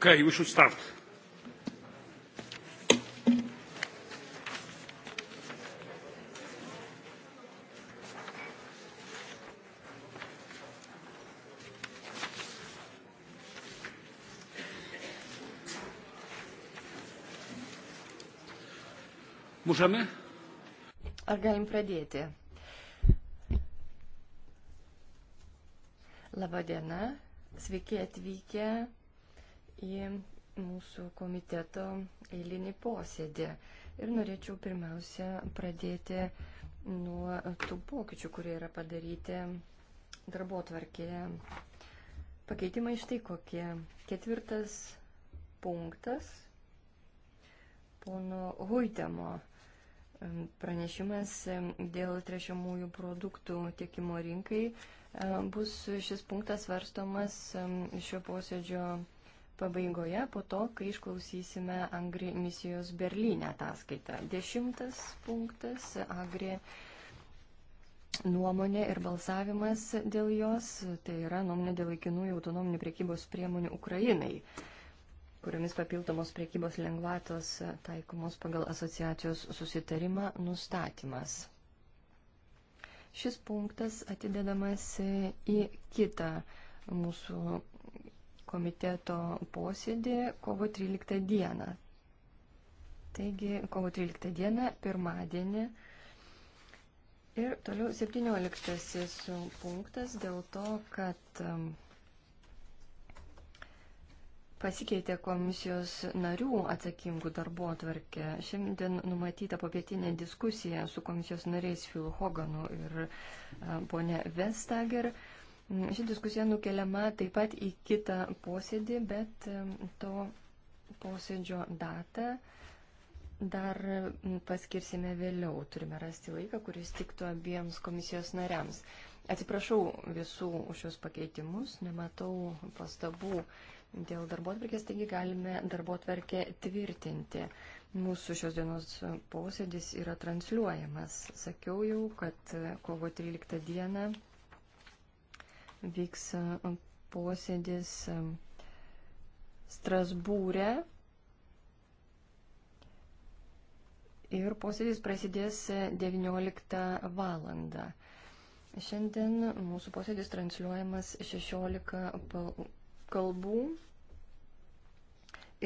Okay, we should start. Можеме? Ar galim pradėti? Labadiena, sveiki atvykę į mūsų komiteto eilinį posėdį. Ir norėčiau pirmiausia pradėti nuo tų pokyčių, kurie yra padaryti darbo tvarkėje. Pakeitimai štai kokie. Ketvirtas punktas. Pono Huitemo pranešimas dėl trešiamųjų produktų tiekimo rinkai bus šis punktas varstomas šio posėdžio pabaigoje, po to, kai išklausysime Angri misijos Berlyne ataskaitą. Dešimtas punktas - Agri nuomonė ir balsavimas dėl jos, tai yra nuomonė dėl laikinųjų autonominių priekybos priemonių Ukrainai kuriomis papildomos priekybos lengvatos taikomos pagal asociacijos susitarimą nustatymas. Šis punktas atidedamas į kitą mūsų komiteto posėdį kovo 13 dieną. Taigi, kovo 13 dieną, pirmadienį. Ir toliau 17 punktas dėl to, kad um, pasikeitė komisijos narių atsakingų darbo atvarkė. Šiandien numatyta popietinė diskusija su komisijos nariais Phil Hoganu ir um, ponė Vestager. Ši diskusija nukeliama taip pat į kitą posėdį, bet to posėdžio datą dar paskirsime vėliau. Turime rasti laiką, kuris tiktų abiems komisijos nariams. Atsiprašau visų už šios pakeitimus, nematau pastabų dėl darbotvarkės, taigi galime darbotvarkę tvirtinti. Mūsų šios dienos posėdis yra transliuojamas. Sakiau jau, kad kovo 13 dieną vyks e, posėdis e, Strasbūrė. Ir posėdis prasidės 19 e, valandą. Šiandien mūsų posėdis transliuojamas 16 kalbų.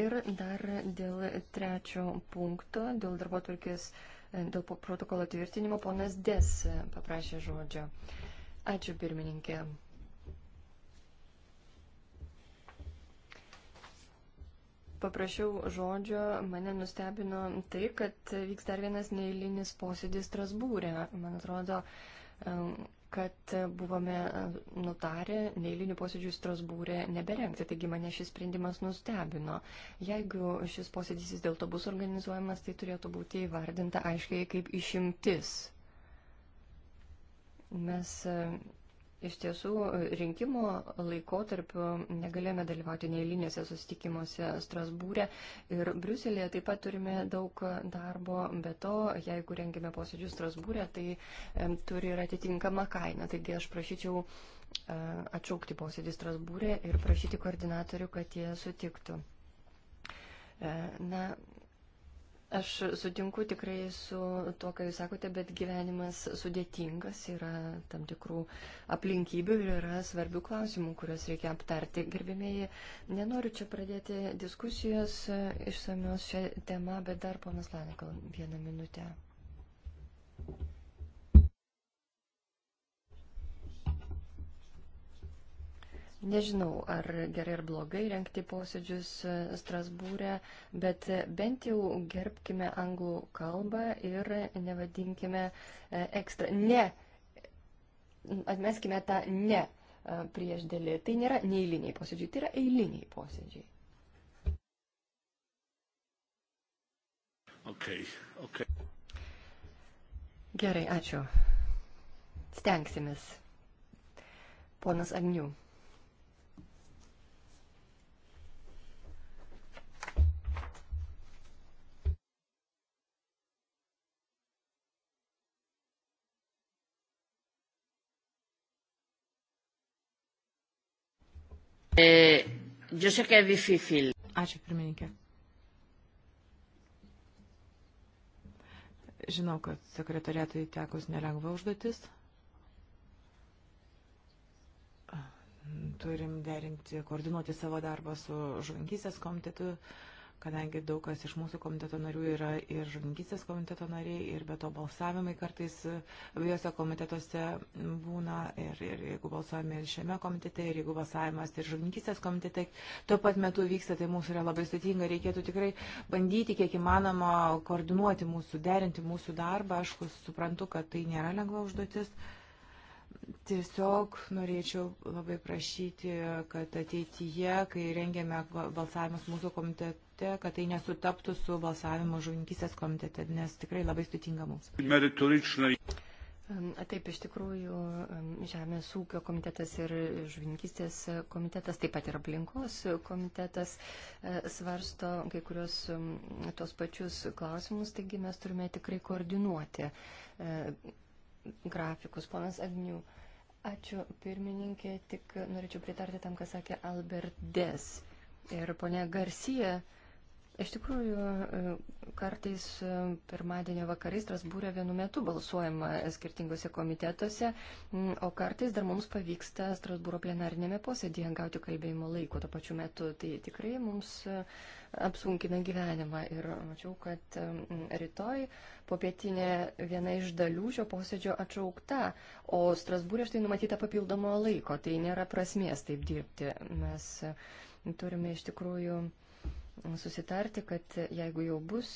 Ir dar dėl trečio punkto, dėl darbo tvarkės, dėl protokolo tvirtinimo, ponas Des paprašė žodžio. Ačiū pirmininkė. paprašiau žodžio, mane nustebino tai, kad vyks dar vienas neįlinis posėdis Strasbūrė. Man atrodo, kad buvome nutarę neįlinių posėdžių Strasbūrė neberengti, taigi mane šis sprendimas nustebino. Jeigu šis posėdis vis dėlto bus organizuojamas, tai turėtų būti įvardinta aiškiai kaip išimtis. Mes Iš tiesų, rinkimo laikotarpiu negalėjome dalyvauti neįlinėse susitikimuose Strasbūrė ir Briuselėje taip pat turime daug darbo, bet to, jeigu rengime posėdžius Strasbūrė, tai e, turi ir atitinkamą kainą. Taigi aš prašyčiau e, atšaukti posėdį Strasbūrė ir prašyti koordinatorių, kad jie sutiktų. E, na, Aš sutinku tikrai su tuo, ką jūs sakote, bet gyvenimas sudėtingas, yra tam tikrų aplinkybių ir yra svarbių klausimų, kuriuos reikia aptarti. Gerbėmėji, nenoriu čia pradėti diskusijos išsamios šią temą, bet dar ponas Lanikal, vieną minutę. Nežinau, ar gerai ar blogai renkti posėdžius e, Strasbūrė, bet e, bent jau gerbkime anglų kalbą ir nevadinkime e, ekstra. Ne. Atmeskime tą ne priešdėlį. Tai nėra neįliniai posėdžiai, tai yra eiliniai posėdžiai. Okay, okay. Gerai, ačiū. Stengsimės. Ponas Agniu. Eh, Ačiū, pirmininkė. Žinau, kad sekretariatui tekus nelengva užduotis. Turim derinti, koordinuoti savo darbą su žuvinkysės komitetu. Uh, kadangi daug kas iš mūsų komiteto narių yra ir žuvininkystės komiteto nariai, ir be to balsavimai kartais abiejose komitetuose būna, ir, ir jeigu balsuojame ir šiame komitete, ir jeigu balsavimas ir žuvininkystės komitete tuo pat metu vyksta, tai mūsų yra labai sudėtinga, reikėtų tikrai bandyti kiek įmanoma koordinuoti mūsų, derinti mūsų darbą, aš suprantu, kad tai nėra lengva užduotis. Tiesiog norėčiau labai prašyti, kad ateityje, kai rengiame balsavimus mūsų komitetui, komitete, kad tai nesutaptų su balsavimu žuvininkystės komitete, nes tikrai labai sutinga mums. Meritoričnai. Taip, iš tikrųjų, Žemės ūkio komitetas ir žuvininkystės komitetas, taip pat ir aplinkos komitetas e, svarsto kai kurios tos pačius klausimus, taigi mes turime tikrai koordinuoti e, grafikus. Ponas Agnių, ačiū pirmininkė, tik norėčiau pritarti tam, ką sakė Albert Des ir ponia Garcija Iš tikrųjų, e, kartais e, pirmadienio vakarai Strasbūrė vienu metu balsuojama skirtingose komitetuose, o kartais dar mums pavyksta Strasbūro plenarinėme posėdėje gauti kalbėjimo laiko tuo pačiu metu. Tai tikrai mums e, apsunkina gyvenimą. Ir mačiau, kad rytoj popietinė viena iš dalių šio posėdžio atšaukta, o Strasbūrė štai numatyta papildomo laiko. Tai nėra prasmės taip dirbti. Mes turime iš tikrųjų susitarti, kad jeigu jau bus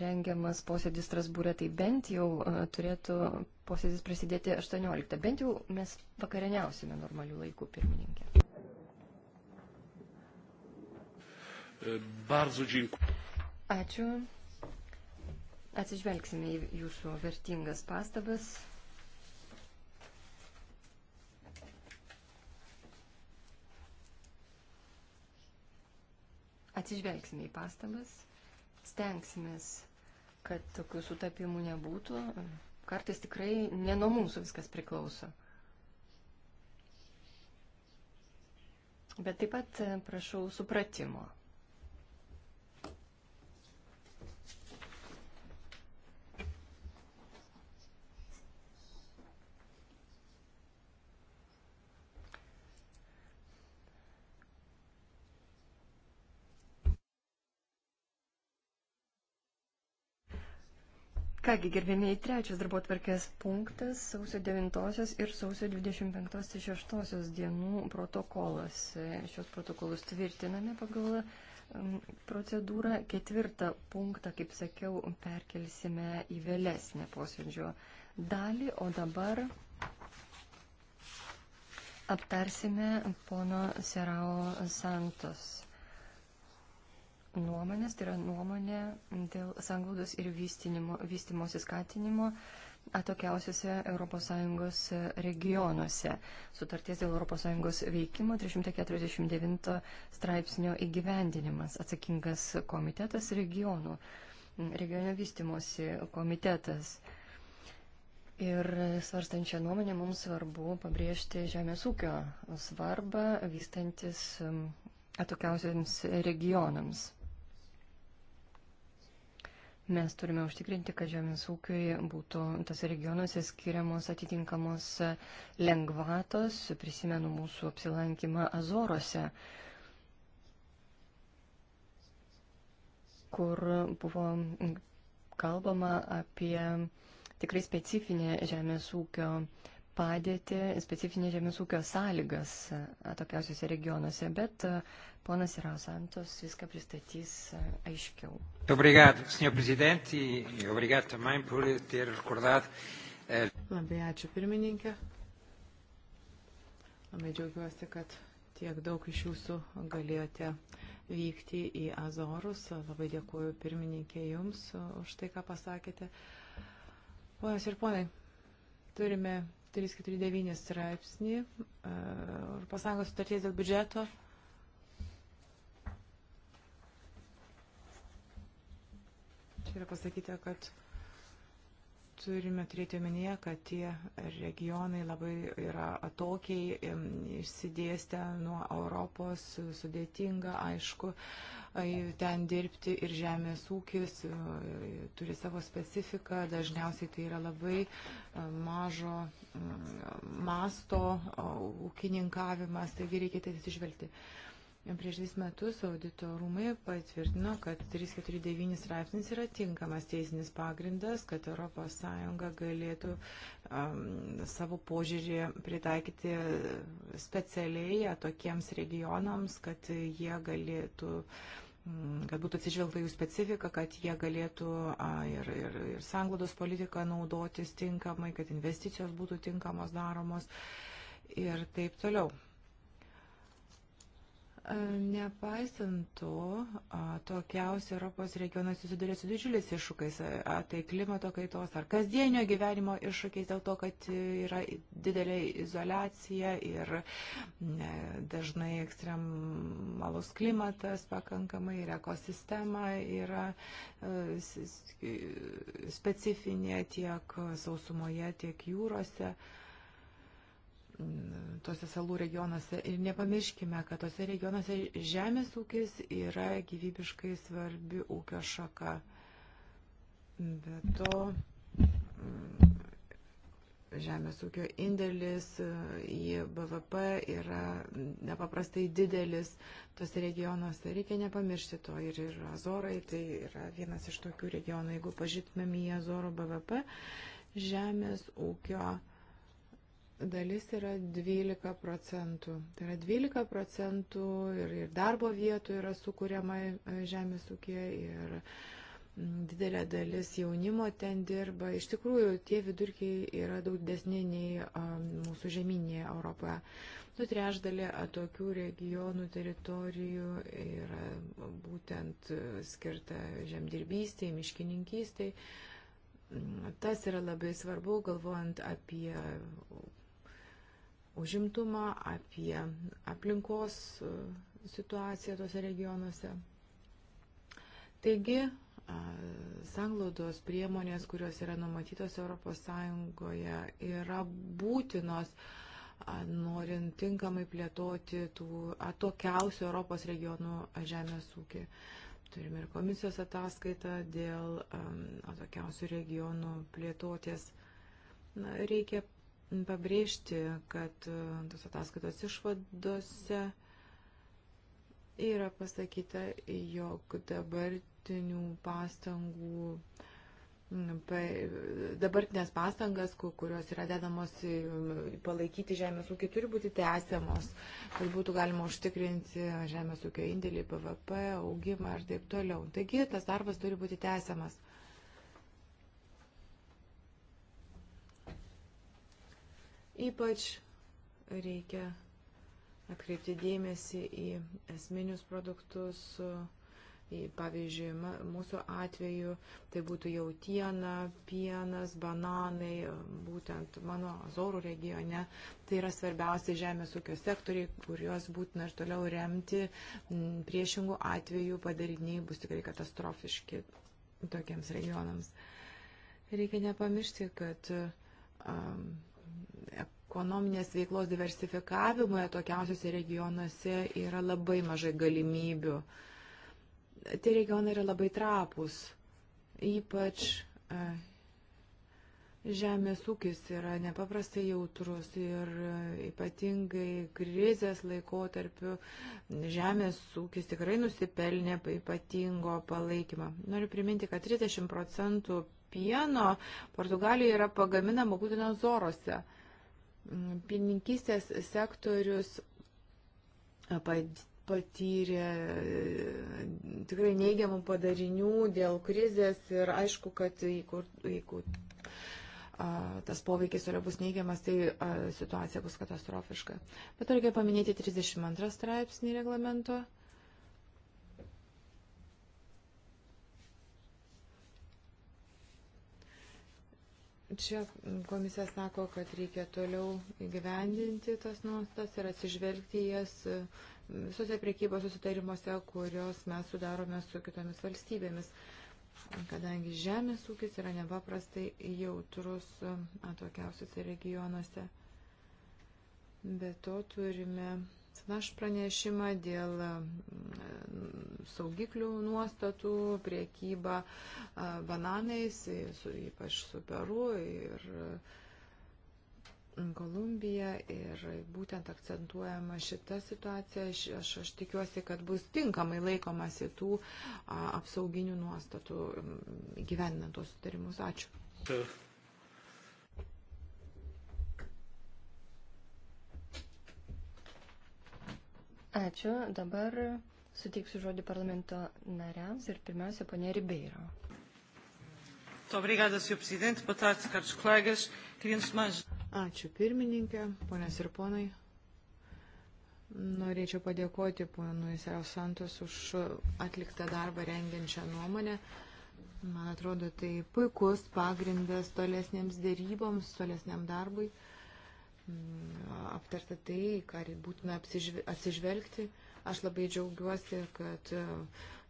rengiamas posėdis Strasbūrė, tai bent jau e, turėtų posėdis prasidėti 18. Bent jau mes vakarieniausime normalių laikų pirmininkė. E, bardzo dziękuję. Ačiū. Atsižvelgsime į jūsų vertingas pastabas. atsižvelgsime į pastabas, stengsimės, kad tokių sutapimų nebūtų. Kartais tikrai ne nuo mūsų viskas priklauso. Bet taip pat e, prašau supratimo Kągi, gerbėmiai, trečias darbo tvarkės punktas - sausio 9 ir sausio 25-6 dienų protokolas. Šios protokolus tvirtiname pagal um, procedūrą. Ketvirtą punktą, kaip sakiau, perkelsime į vėlesnę posėdžio dalį, o dabar aptarsime pono Serao Santos nuomonės, tai yra nuomonė dėl sanglaudos ir vystimosi skatinimo atokiausiuose ES regionuose. Sutarties dėl ES veikimo 349 straipsnio įgyvendinimas atsakingas komitetas regionų, regionio vystimosi komitetas. Ir svarstant šią nuomonę, mums svarbu pabrėžti žemės ūkio svarbą vystantis um, atokiausiams regionams. Mes turime užtikrinti, kad žemės ūkiui būtų tose regionuose skiriamos atitinkamos lengvatos. Prisimenu mūsų apsilankymą Azorose, kur buvo kalbama apie tikrai specifinę žemės ūkio uh, padėtį, specifinės žemės ūkio sąlygas e, atokiausiuose regionuose, bet e, ponas Irausantos viską pristatys e, aiškiau. Obrigado, senhor prezidente, ir obrigado também por ter recordado. Eh, Labai ačiū pirmininkė. Labai džiaugiuosi, kad tiek daug iš jūsų galėjote vykti į Azorus. Labai dėkuoju pirmininkė Jums už tai, ką pasakėte. Ponas ir ponai, turime 349 straipsnį e, Europos Sąjungos sutarties dėl biudžeto. Čia yra pasakyta, kad turime turėti omenyje, kad tie regionai labai yra atokiai išsidėstę nuo Europos, sudėtinga, aišku, ten dirbti ir žemės ūkis e, turi savo specifiką, dažniausiai tai yra labai e, mažo masto ūkininkavimas, taigi reikia tai atsižvelgti. Tai Prieš vis metus audito rūmai patvirtino, kad 349 straipsnis yra tinkamas teisinis pagrindas, kad ES galėtų um, savo požiūrį pritaikyti specialiai tokiems regionams, kad jie galėtų kad būtų atsižvelgta jų specifika, kad jie galėtų a, ir, ir, ir sanglados politiką naudotis tinkamai, kad investicijos būtų tinkamos daromos ir taip toliau. E, nepaisant to, tokiausi Europos regionai susiduria su didžiuliais iššūkiais, e, a, tai klimato kaitos ar kasdienio gyvenimo iššūkiais dėl to, kad yra didelė izolacija ir ne, dažnai ekstremalus klimatas pakankamai ir ekosistema yra e, specifinė tiek sausumoje, tiek jūrose. A, tose salų regionuose. Ir nepamirškime, kad tose regionuose žemės ūkis yra gyvybiškai svarbi ūkio šaka. Be to, mm, žemės ūkio indėlis į BVP yra nepaprastai didelis tose regionuose. Reikia nepamiršti to ir, ir Azorai, tai yra vienas iš tokių regionų. Jeigu pažytumėm į Azoro BVP, žemės ūkio indėlis dalis yra 12 procentų. Tai yra 12 procentų ir, ir darbo vietų yra sukūriama e, žemės ūkė ir didelė dalis jaunimo ten dirba. Iš tikrųjų, tie vidurkiai yra daug desni nei mūsų žemynėje Europoje. Du nu, trešdalė tokių regionų teritorijų yra būtent e, skirta žemdirbystėj, miškininkystėj. Tas yra labai svarbu, galvojant apie užimtumą, apie aplinkos e, situaciją tose regionuose. Taigi, sanglaudos priemonės, kurios yra numatytos ES, yra būtinos, norint tinkamai plėtoti tų atokiausių Europos regionų žemės ūkį. Turime ir komisijos ataskaitą dėl atokiausių regionų plėtotės. Na, reikia pabrėžti, kad e, tos ataskaitos išvadose yra pasakyta, jog dabartinių pastangų dabartinės pastangas, kurios yra dedamos palaikyti žemės ūkį, turi būti tęsiamos, kad būtų galima užtikrinti žemės ūkio indėlį, PVP, augimą ir taip toliau. Taigi tas darbas turi būti tęsiamas. Ypač reikia atkreipti dėmesį į esminius produktus, į, pavyzdžiui, mūsų atveju tai būtų jautiena, pienas, bananai, būtent mano Azorų regione. Tai yra svarbiausi žemės ūkio sektoriai, kuriuos būtina ir toliau remti. Mm, priešingų atveju padariniai bus tikrai katastrofiški tokiems regionams. Reikia nepamiršti, kad um, ekonominės veiklos diversifikavimui tokiausiuose regionuose yra labai mažai galimybių. Tie regionai yra labai trapus. Ypač e, žemės ūkis yra nepaprastai jautrus ir e, ypatingai krizės laikotarpiu žemės ūkis tikrai nusipelnė ypatingo palaikymą. Noriu priminti, kad 30 procentų pieno Portugalijoje yra pagaminama būtent zoruose. Pininkystės sektorius patyrė e, tikrai neigiamų padarinių dėl krizės ir aišku, kad jeigu tas poveikis yra bus neigiamas, tai a, situacija bus katastrofiška. Bet reikia paminėti 32 straipsnį reglamento. Čia komisija sako, kad reikia toliau įgyvendinti tas nuostas ir atsižvelgti jas e, visose priekybos susitarimuose, kurios mes sudarome su kitomis valstybėmis, kadangi žemės ūkis yra nepaprastai jautrus e, atokiausiuose regionuose. Be to turime Smaš pranešimą dėl mm, saugiklių nuostatų, priekyba bananais, su, ypač su Peru ir mm, Kolumbija. Ir būtent akcentuojama šita situacija. Aš, aš tikiuosi, kad bus tinkamai laikomasi tų apsauginių nuostatų mm, gyveninant tuos sutarimus. Ačiū. Ačiū. Dabar suteiksiu žodį parlamento nariams ir pirmiausia, ponė Ribeiro. Obrigada, Sr. Presidente. Boa tarde, caros colegas. Queríamos mais. Ačiū pirmininkė, ponės ir ponai. Norėčiau padėkoti ponui Sero Santos už atliktą darbą rengiančią nuomonę. Man atrodo, tai puikus pagrindas tolesnėms dėryboms, tolesniam darbui. Uh, aptarta tai, ką būtina atsižvelgti. Aš labai džiaugiuosi, kad e,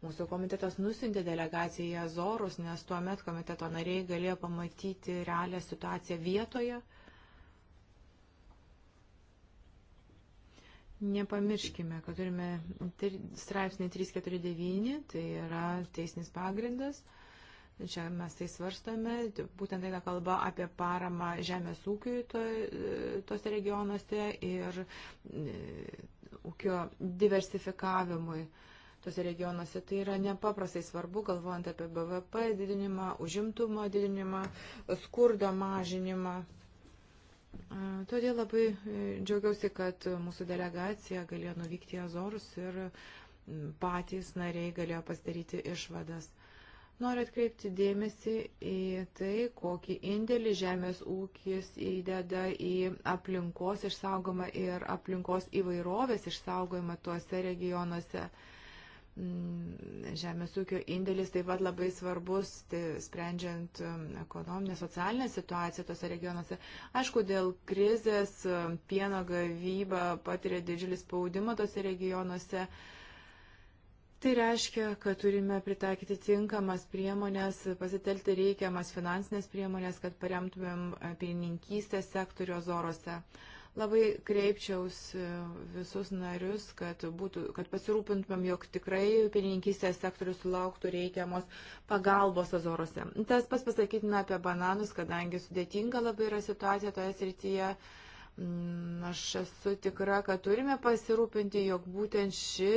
mūsų komitetas nusintė delegaciją į Azorus, nes tuo met komiteto nariai galėjo pamatyti realią situaciją vietoje. Nepamirškime, kad turime straipsnį 349, tai yra teisinis pagrindas. Čia mes tai svarstame, būtent tai kalba apie paramą žemės ūkiui to, tose regionuose ir e, ūkio diversifikavimui tose regionuose. Tai yra nepaprastai svarbu, galvojant apie BVP didinimą, užimtumo didinimą, skurdo mažinimą. E, todėl labai e, džiaugiausi, kad mūsų delegacija galėjo nuvykti į Azorus ir patys nariai galėjo pasidaryti išvadas. Noriu atkreipti dėmesį į tai, kokį indėlį žemės ūkis įdeda į aplinkos išsaugomą ir aplinkos įvairovės išsaugojimą tuose regionuose mm, žemės ūkio indėlis taip pat labai svarbus, tai sprendžiant um, ekonominę, socialinę situaciją tose regionuose. Aišku, dėl krizės um, pieno gavyba patiria didžiulį spaudimą tose regionuose. Uh, Tai reiškia, kad turime pritaikyti tinkamas priemonės, pasitelti reikiamas finansinės priemonės, kad paremtumėm pieninkystės sektorio zorose. Labai kreipčiaus visus narius, kad, būtų, kad pasirūpintumėm, jog tikrai pieninkystės sektorius sulauktų reikiamos pagalbos azorose. Tas pas pasakytina apie bananus, kadangi sudėtinga labai yra situacija toje srityje. Tai Mm, aš esu tikra, kad turime pasirūpinti, jog būtent ši,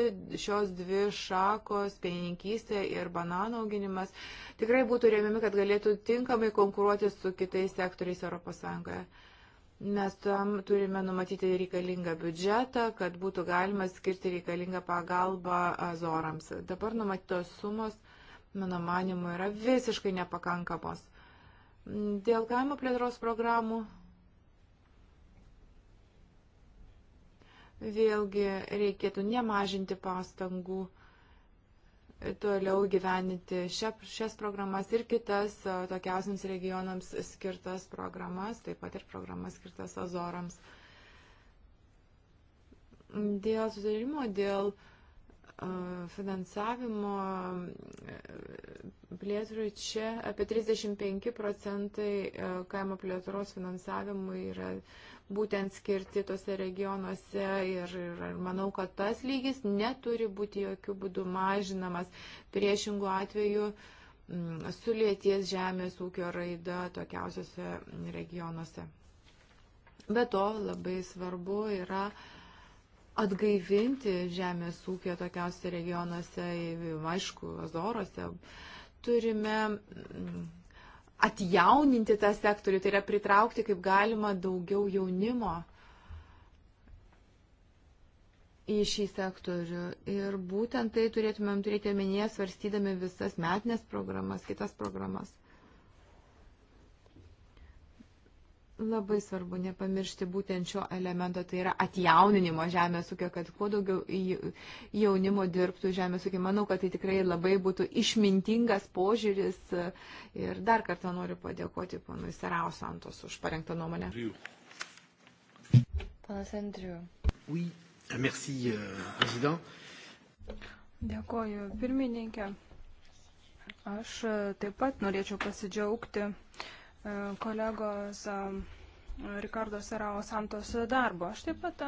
šios dvi šakos, pieninkystė ir bananų auginimas, tikrai būtų remiami, kad galėtų tinkamai konkuruoti su kitais sektoriais ES. Mes tam turime numatyti reikalingą biudžetą, kad būtų galima skirti reikalingą pagalbą azorams. Dabar numatytos sumos, mano manimu, yra visiškai nepakankamos. Dėl kaimo plėtros programų vėlgi reikėtų nemažinti pastangų e, toliau gyveninti šia, šias programas ir kitas e, tokiausiams regionams skirtas programas, taip pat ir programas skirtas Azorams. Dėl sudarimo, dėl e, finansavimo plėtrai čia apie 35 procentai kaimo plėtros finansavimui yra būtent skirti tose regionuose ir, ir manau, kad tas lygis neturi būti jokių būdų mažinamas. Priešingų atveju mm, sulėties žemės ūkio raida tokiausiose regionuose. Be to labai svarbu yra atgaivinti žemės ūkio tokiausiose regionuose, aišku, Azorose. Turime mm, atjauninti tą sektorių, tai yra pritraukti kaip galima daugiau jaunimo į šį sektorių. Ir būtent tai turėtumėm turėti omenyje svarstydami visas metinės programas, kitas programas. Labai svarbu nepamiršti būtent šio elemento, tai yra atjauninimo žemės ūkio, kad kuo daugiau jaunimo dirbtų žemės ūkio. Manau, kad tai tikrai labai būtų išmintingas požiūris. Ir dar kartą noriu padėkoti ponui Serausantos už parengtą nuomonę. Panas Andriu. Oui, merci, euh, prezident. Dėkoju, pirmininkė. Aš e, taip pat norėčiau pasidžiaugti kolegos Ricardo Serao Santos darbo. Aš taip pat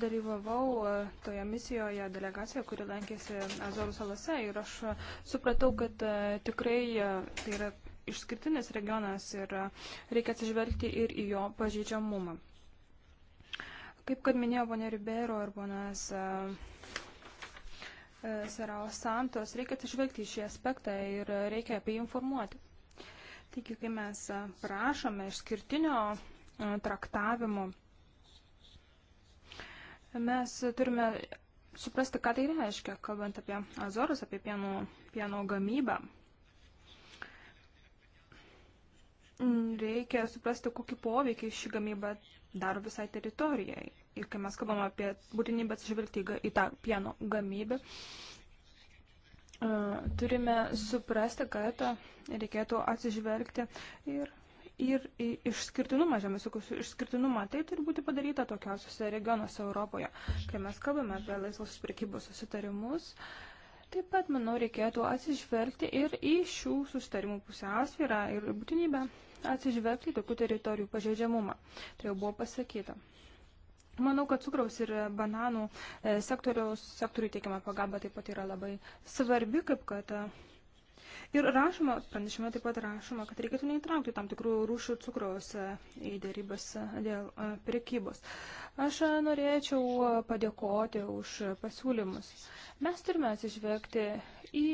dalyvavau toje misijoje delegacijoje, kuri lankėsi Azorų salose ir aš supratau, kad tikrai tai yra išskirtinis regionas ir reikia atsižvelgti ir į jo pažydžiamumą. Kaip kad minėjo ponė Ribeiro ir ponas Serao Santos, reikia atsižvelgti į šį aspektą ir reikia apie jį informuoti. Taigi, kai mes prašome išskirtinio e, traktavimo, mes turime suprasti, ką tai reiškia, kalbant apie Azorus, apie pieno, pieno gamybą. Reikia suprasti, kokį poveikį ši gamyba daro visai teritorijai. Ir kai mes kalbame apie būtinybę atsižvelgti į tą pieno gamybę, turime suprasti, kad reikėtų atsižvelgti ir, ir į išskirtinumą, žemės ūkio išskirtinumą. Tai turi būti padaryta tokiausiuose regionuose Europoje, kai mes kalbame apie laisvos prekybos susitarimus. Taip pat, manau, reikėtų atsižvelgti ir į šių sustarimų pusiausvyrą ir būtinybę atsižvelgti į tokių teritorijų pažeidžiamumą. Tai jau buvo pasakyta. Manau, kad cukraus ir bananų e, sektoriui teikiama pagalba taip pat yra labai svarbi, kaip kad e, Ir rašoma, pranešime taip pat rašoma, kad reikėtų neįtraukti tam tikrų rūšių cukraus e, į dėrybas dėl prekybos. Aš norėčiau padėkoti už pasiūlymus. Mes turime atsižvelgti į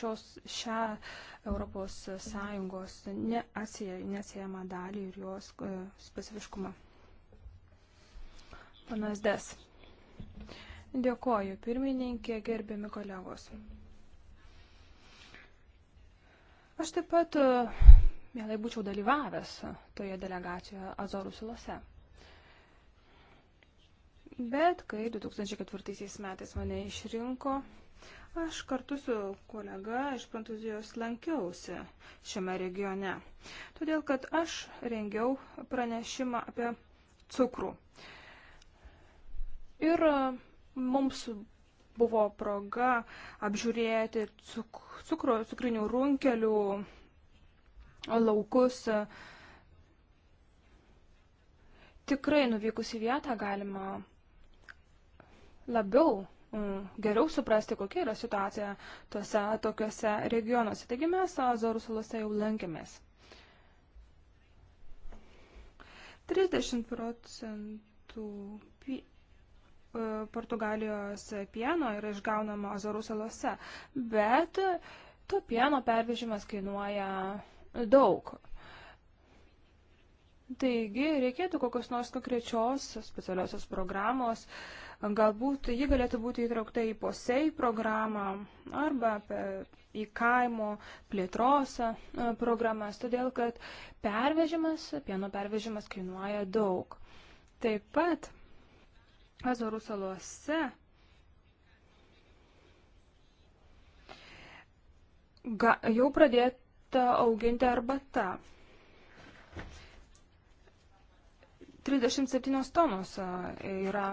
šios, šią Europos Sąjungos neatsiejamą dalį ir jos specifiškumą. Panas Des. Dėkoju, pirmininkė, gerbiami kolegos. Aš taip pat e, mielai būčiau dalyvavęs toje delegacijoje Azorų silose. Bet kai 2004 metais mane išrinko, aš kartu su kolega iš Prancūzijos lankiausi šiame regione. Todėl, kad aš rengiau pranešimą apie cukrų. Uh, Ir e, mums buvo proga apžiūrėti cuk, cukro, cukrinių runkelių laukus. Tikrai nuvykus į vietą galima labiau, mm, geriau suprasti, kokia yra situacija tuose tokiuose regionuose. Taigi mes Azorų salose jau lankėmės. 30 procentų E, Portugalijos pieno yra išgaunama Azorų salose, bet to pieno pervežimas kainuoja daug. Taigi reikėtų kokios nors konkrečios specialiosios programos, galbūt ji galėtų būti įtraukta į posei programą arba į kaimo plėtros e, programas, todėl kad pervežimas, pieno pervežimas kainuoja daug. Taip pat Azorų salose ga, jau pradėta auginti arbata. 37 tonos yra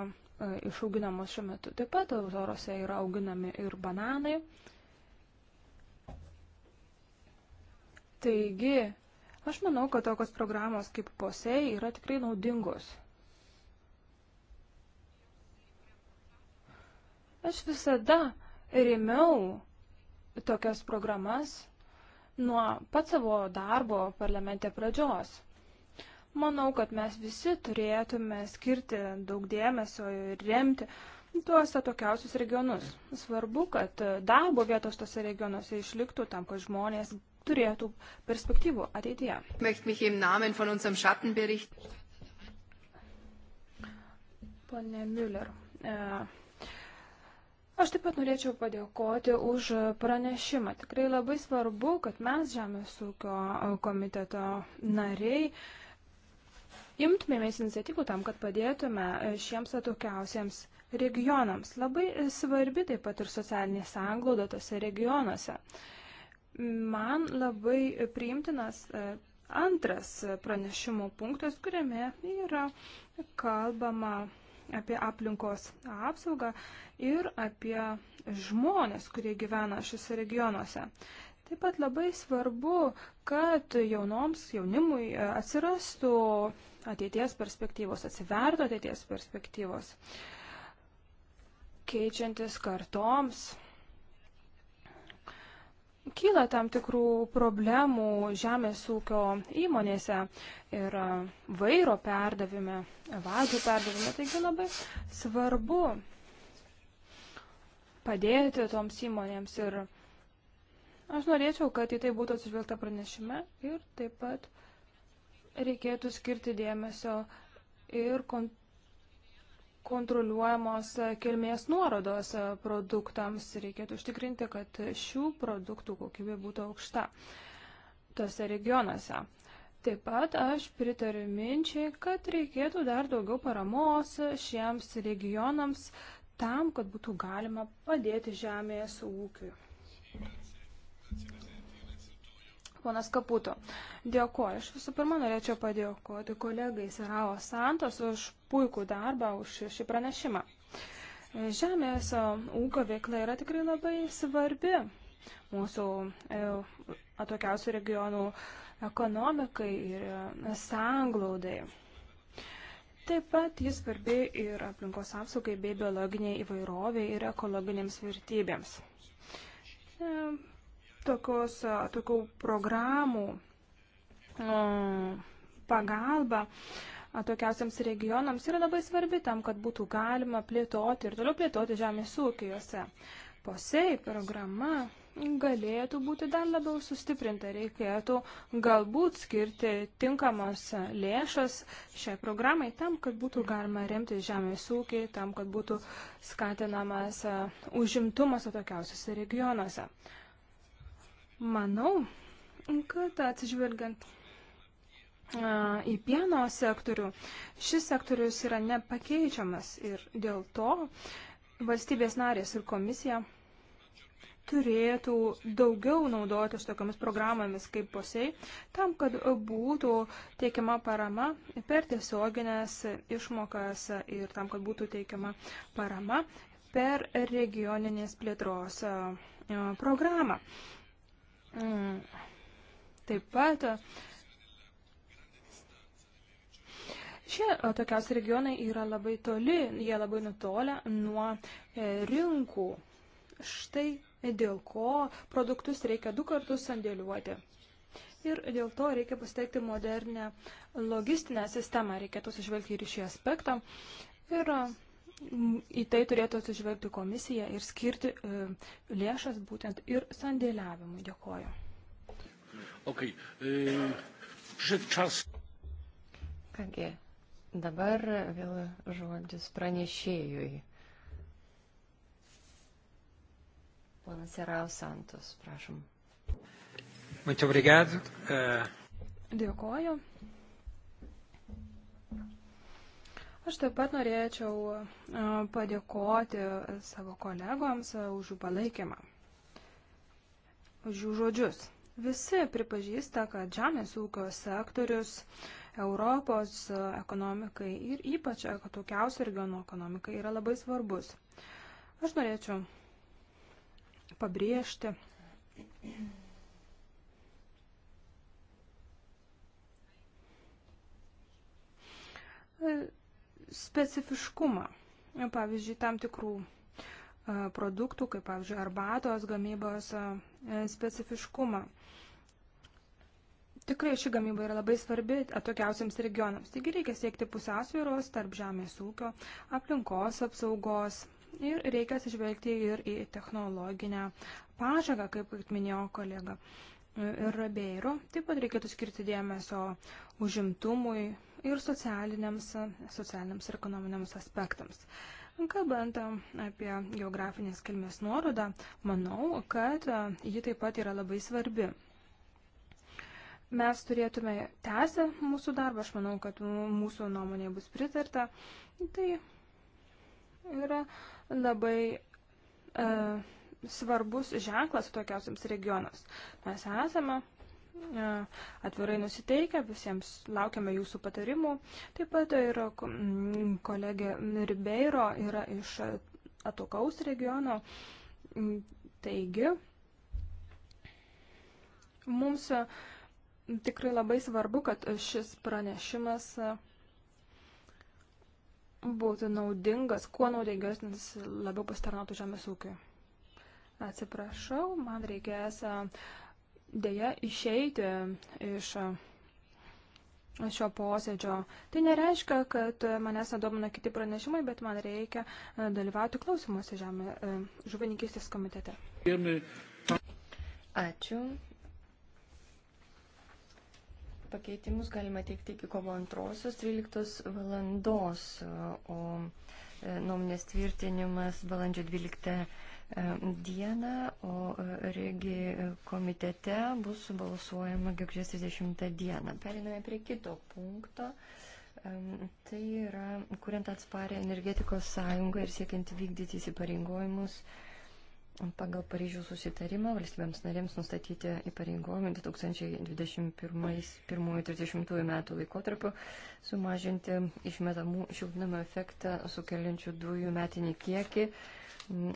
išauginamos šiuo metu. Taip pat Azorose yra auginami ir bananai. Taigi, aš manau, kad tokios programos kaip posei yra tikrai naudingos. Aš visada rėmiau tokias programas nuo pat savo darbo parlamente pradžios. Manau, kad mes visi turėtume skirti daug dėmesio ir remti tuos atokiausius regionus. Svarbu, kad darbo vietos tose regionuose išliktų tam, kad žmonės turėtų perspektyvų ateityje. Pane Müller, e, Aš taip pat norėčiau padėkoti už pranešimą. Tikrai labai svarbu, kad mes Žemės ūkio komiteto nariai imtumėmės iniciatyvų tam, kad padėtume šiems atokiausiems regionams. Labai svarbi taip pat ir socialinė sanglauda tose regionuose. Man labai priimtinas e, antras pranešimo punktas, kuriame yra kalbama apie aplinkos apsaugą ir apie žmonės, kurie gyvena šiuose regionuose. Taip pat labai svarbu, kad jaunoms, jaunimui atsirastų ateities perspektyvos, atsivertų ateities perspektyvos, keičiantis kartoms kyla tam tikrų problemų žemės ūkio įmonėse ir vairo perdavime, vadų perdavime. Taigi labai svarbu padėti toms įmonėms ir aš norėčiau, kad į tai būtų atsižvelgta pranešime ir taip pat reikėtų skirti dėmesio ir kontrolę kontroliuojamos e, kilmės nuorodos e, produktams. Reikėtų užtikrinti, kad šių produktų kokybė būtų aukšta tose regionuose. Taip pat aš pritariu minčiai, kad reikėtų dar daugiau paramos šiems regionams tam, kad būtų galima padėti žemės ūkiui ponas Kaputo. Dėkuoju. Aš visų pirma norėčiau padėkoti kolegai Serao Santos už puikų darbą, už šį pranešimą. Žemės ūkio veikla yra tikrai labai svarbi mūsų e, atokiausių regionų ekonomikai ir sanglaudai. Taip pat jis svarbi ir aplinkos apsaugai bei biologiniai įvairoviai ir ekologinėms vertybėms. E, tokios, tokių programų pagalba atokiausiams regionams yra labai svarbi tam, kad būtų galima plėtoti ir toliau plėtoti žemės ūkijuose. Posei programa galėtų būti dar labiau sustiprinta, reikėtų galbūt skirti tinkamos lėšas šiai programai tam, kad būtų galima remti žemės ūkį, tam, kad būtų skatinamas užimtumas atokiausiuose regionuose. Manau, kad atsižvelgiant į pieno sektorių, šis sektorius yra nepakeičiamas ir dėl to valstybės narės ir komisija turėtų daugiau naudotis tokiamis programomis kaip posei, tam, kad būtų teikiama parama per tiesioginės išmokas ir tam, kad būtų teikiama parama per regioninės plėtros programą. Mm. Taip pat šie tokiausi regionai yra labai toli, jie labai nutolę nuo e, rinkų. Štai dėl ko produktus reikia du kartus sandėliuoti. Ir dėl to reikia pasitelkti modernę logistinę sistemą, reikėtų sužvelgti ir šį aspektą. Ir uh, į tai turėtų atsižvelgti komisija ir skirti e, lėšas būtent ir sandėliavimui. Dėkoju. Okay. E, Kągi, dabar vėl žodis pranešėjui. Ponas Erau Santos, prašom. Muito obrigado. Uh... Dėkoju. Aš taip pat norėčiau padėkoti savo kolegoms už jų palaikymą, už jų žodžius. Visi pripažįsta, kad žemės ūkio sektorius Europos ekonomikai ir ypač atokiausių regionų ekonomikai yra labai svarbus. Aš norėčiau pabrėžti specifiškumą. Pavyzdžiui, tam tikrų e, produktų, kaip pavyzdžiui, arbatos gamybos e, specifiškumą. Tikrai ši gamyba yra labai svarbi atokiausiams regionams. Taigi reikia siekti pusiausvyros tarp žemės ūkio, aplinkos apsaugos ir reikia atsižvelgti ir į technologinę pažangą, kaip minėjo kolega. E, ir rabėjų. Taip pat reikėtų skirti dėmesio užimtumui, ir socialiniams, socialiniams ir ekonominiams aspektams. Kalbant apie geografinės kilmės nuorodą, manau, kad e, ji taip pat yra labai svarbi. Mes turėtume tęsę mūsų darbą, aš manau, kad mūsų nuomonė bus pritarta. Tai yra labai. Uh, e, svarbus ženklas tokiausiams regionams. Mes esame E, atvirai nusiteikę, visiems laukiame jūsų patarimų. Taip pat ir mm, kolegė Ribeiro yra iš atokaus regiono. Mm, taigi, mums e, tikrai labai svarbu, kad šis pranešimas e, būtų naudingas, kuo naudingesnis labiau pastarnautų žemės ūkiui. Atsiprašau, man reikės uh, dėja išeiti iš šio posėdžio. Tai nereiškia, kad manęs nedomina kiti pranešimai, bet man reikia e, dalyvauti klausimuose žemė e, žuvininkystės komitete. Ačiū. Pakeitimus galima teikti iki kovo 2.13 valandos, o e, nuomonės tvirtinimas balandžio 12 dieną, o e, regi e, komitete bus balsuojama gegužės 30 dieną. Periname prie kito punkto. Tai yra, kuriant atsparę energetikos sąjungą ir siekiant vykdyti įsipareigojimus pagal Paryžių susitarimą valstybėms narėms nustatyti įpareigojimą 2021-2030 metų laikotarpiu sumažinti išmetamų šiltnamio efektą sukeliančių dujų metinį kiekį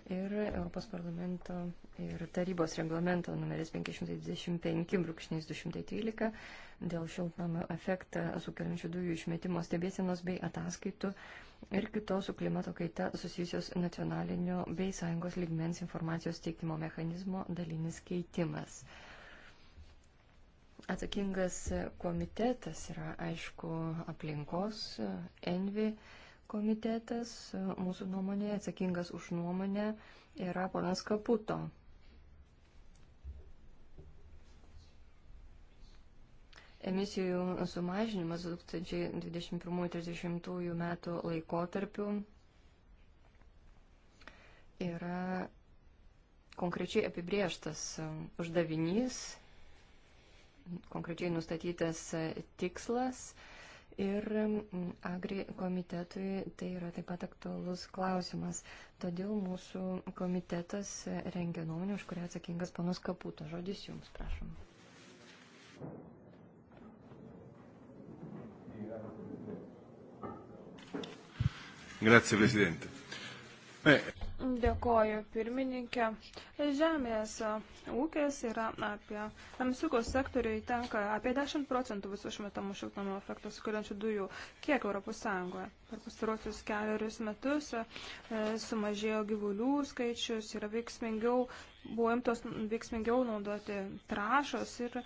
ir Europos parlamento ir tarybos reglamento numeris 525-213 dėl šiltnamio efektą sukeliančių dujų išmetimo stebėsienos bei ataskaitų ir kitos su klimato kaita susijusios nacionalinio bei sąjungos lygmens informacijos teikimo mechanizmo dalinis keitimas. Atsakingas komitetas yra, aišku, aplinkos, envi, komitetas, mūsų nuomonė, atsakingas už nuomonę yra ponas Kaputo. Emisijų sumažinimas 2021-2030 metų laikotarpiu yra konkrečiai apibrieštas uždavinys, konkrečiai nustatytas tikslas Ir agri komitetui tai yra taip pat aktualus klausimas. Todėl mūsų komitetas rengia nuomonę, už kurią atsakingas panas Kaputo. Žodis jums, prašom. Grazie Presidente. Beh. Dėkoju, pirmininkė. Žemės ūkis yra apie tamsiukos sektoriui tenka apie 10 procentų visų išmetamų šiltnamio efektą sukeliančių dujų. Kiek Europos Sąjungoje? per pastarosius keliarius metus e, sumažėjo gyvulių skaičius, yra veiksmingiau, buvo imtos veiksmingiau naudoti trašos ir e,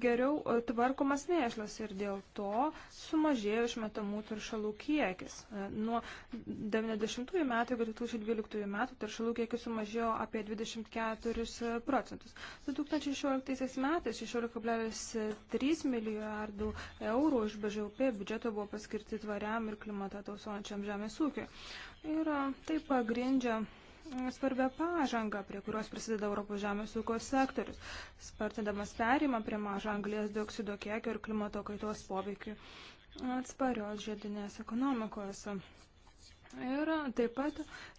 geriau e, tvarkomas lėšas ir dėl to sumažėjo išmetamų taršalų kiekis. Nuo 90 metų iki 2012 metų taršalų kiekis sumažėjo apie 24 procentus. 2016 metais 16,3 milijardų eurų iš BŽUP biudžeto buvo paskirti tvariam ir ir klimatą tausojančiam žemės ūkiui. Ir tai pagrindžia svarbia pažanga, prie kurios prisideda Europos žemės ūkio sektorius, spartindamas perimą prie mažo anglės dioksido kiekio ir klimato kaitos poveikių atsparios žiedinės ekonomikos. Ir taip pat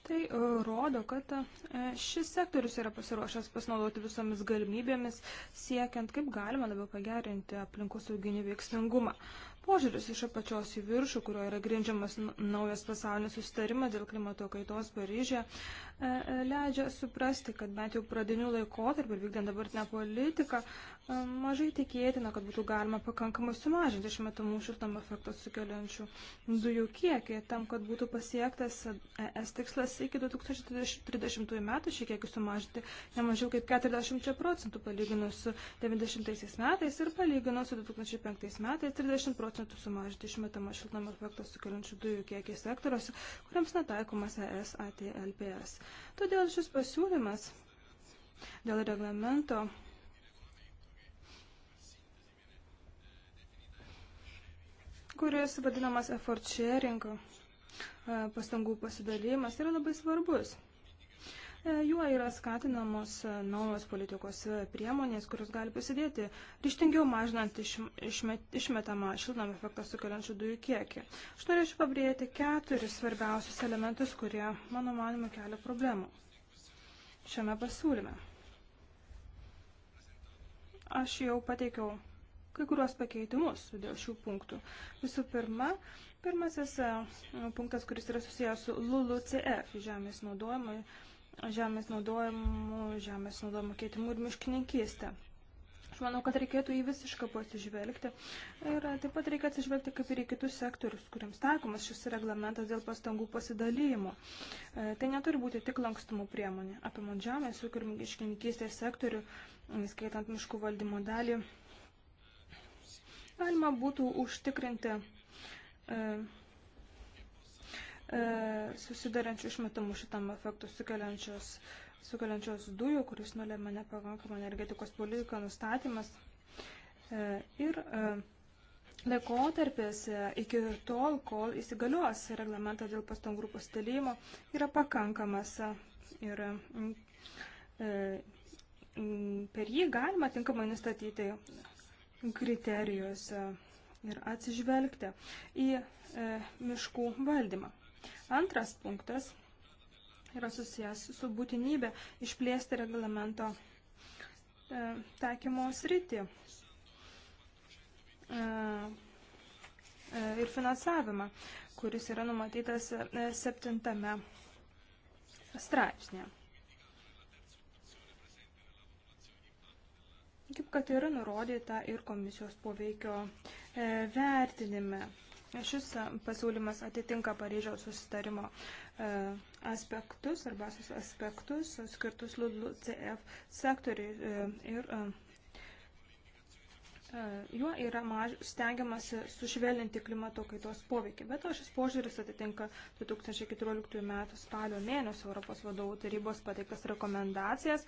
tai rodo, kad šis sektorius yra pasiruošęs pasinaudoti visomis galimybėmis, siekiant kaip galima labiau pagerinti aplinkosauginį veiksmingumą požiūris iš apačios į viršų, kurio yra grindžiamas naujas pasaulinis sustarimas dėl klimato kaitos Paryžė, e, e, leidžia suprasti, kad bent jau pradinių laikotarpių, vykdant dabartinę politiką, mažai tikėtina, kad būtų galima pakankamai sumažinti iš metamų šiltnamio efektą sukeliančių dujų kiekį, tam, kad būtų pasiektas ES tikslas iki 2030 metų šį kiekį sumažinti ne mažiau kaip 40 procentų palyginus su 90 metais ir palyginus su 2005 metais 30 procentų sumažinti iš metamą šiltnamio efektą sukeliančių dujų kiekį sektoriuose, kuriams netaikomas ES ATLPS. Todėl šis pasiūlymas dėl reglamento kuris vadinamas effort sharing, e, pastangų pasidalymas, yra labai svarbus. E, juo yra skatinamos e, naujos politikos priemonės, kurios gali prisidėti ryštingiau mažinant išmetamą šiltnamą efektą sukeliančių dujų kiekį. Aš norėčiau pabrėžti keturis svarbiausius elementus, kurie, mano manimo, kelia problemų šiame pasiūlyme. Aš jau pateikiau kai kuriuos pakeitimus dėl šių punktų. Visų pirma, pirmasis e, punktas, kuris yra susijęs su LULUCF, žemės naudojimui, žemės naudojimu, žemės naudojimo keitimu ir miškininkystė. Aš manau, kad reikėtų į visišką pasižvelgti. Ir e, taip pat reikia atsižvelgti kaip ir į kitus sektorius, kuriems taikomas šis reglamentas dėl pastangų pasidalymo. E, tai neturi būti tik lankstumo priemonė. Apimant žemės ūkio ir miškininkystės sektorių, skaitant miškų valdymo dalį, galima būtų užtikrinti e, e, susidarančių išmetamų šitam efektų sukeliančios, sukeliančios dujų, kuris nulėmė nepakankamą energetikos politiką nustatymas. E, ir laikotarpis iki tol, kol įsigalios reglamentą dėl pastangų pasidalimo, yra pakankamas. Ir per jį galima tinkamai nustatyti kriterijuose ir atsižvelgti į e, miškų valdymą. Antras punktas yra susijęs su būtinybė išplėsti reglamento e, taikymo sritį e, e ir finansavimą, kuris yra numatytas e, septintame straipsnėje. kaip kad yra nurodyta ir komisijos poveikio e, vertinime. Šis pasiūlymas atitinka Paryžiaus susitarimo e, aspektus arba aspektus skirtus LULUCF sektoriui e, ir E, juo yra maž, stengiamasi sušvelninti klimato kaitos poveikį, bet šis požiūris atitinka 2014 m. spalio mėnesio Europos vadovų tarybos pateiktas rekomendacijas,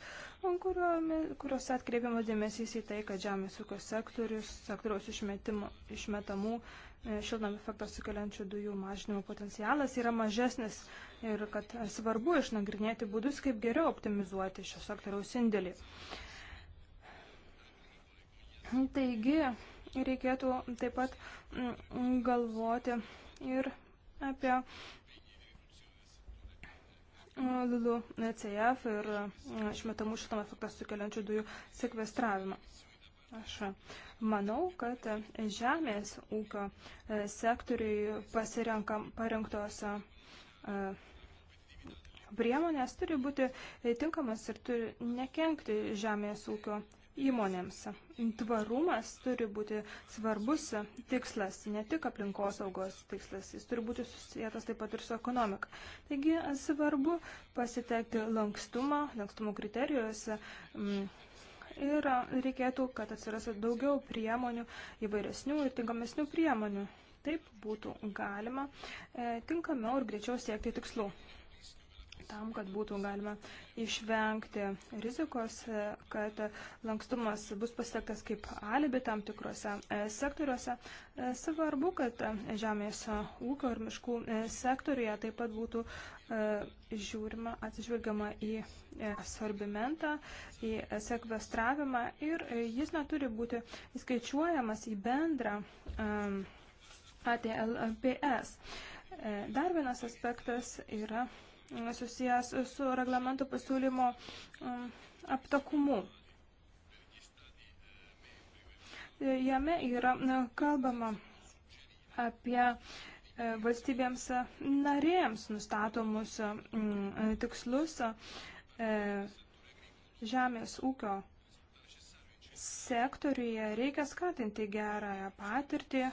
kurio, kuriuose atkreipiamas dėmesys į tai, kad žemės ūkio sektorius, sektoriaus išmetamų e, šiltnamio efektą sukeliančių dujų mažinimo potencialas yra mažesnis ir kad svarbu išnagrinėti būdus, kaip geriau optimizuoti šio sektoriaus indėlį. Uh, Taigi, reikėtų taip pat mm, galvoti ir apie mm, LULUCF ir mm, išmetamų šitam efektą sukeliančių dujų sekvestravimą. Aš manau, kad žemės ūkio e, sektoriai pasirinktos e, priemonės turi būti e, tinkamas ir turi nekenkti žemės ūkio įmonėms. Tvarumas turi būti svarbus tikslas, ne tik aplinkosaugos tikslas, jis turi būti susijęs taip pat ir su ekonomika. Taigi svarbu pasitekti lankstumą, lankstumo kriterijuose. Mm, ir reikėtų, kad atsirastų daugiau priemonių, įvairesnių ir tinkamesnių priemonių. Taip būtų galima e, tinkamiau ir greičiau siekti tikslų tam, kad būtų galima išvengti rizikos, kad lankstumas bus pasiektas kaip alibi tam tikrose e, sektoriuose. E, svarbu, kad žemės ūkio ir miškų e, sektoriuje taip pat būtų žiūrima, atsižvelgiama į sorbimentą, į sekvestravimą ir jis neturi būti įskaičiuojamas į bendrą ATLPS. Dar vienas aspektas yra susijęs su reglamento pasiūlymo mm, aptakumu. Jame yra kalbama apie e, valstybėms narėms nustatomus mm, tikslus e, žemės ūkio sektoriuje reikia skatinti gerąją patirtį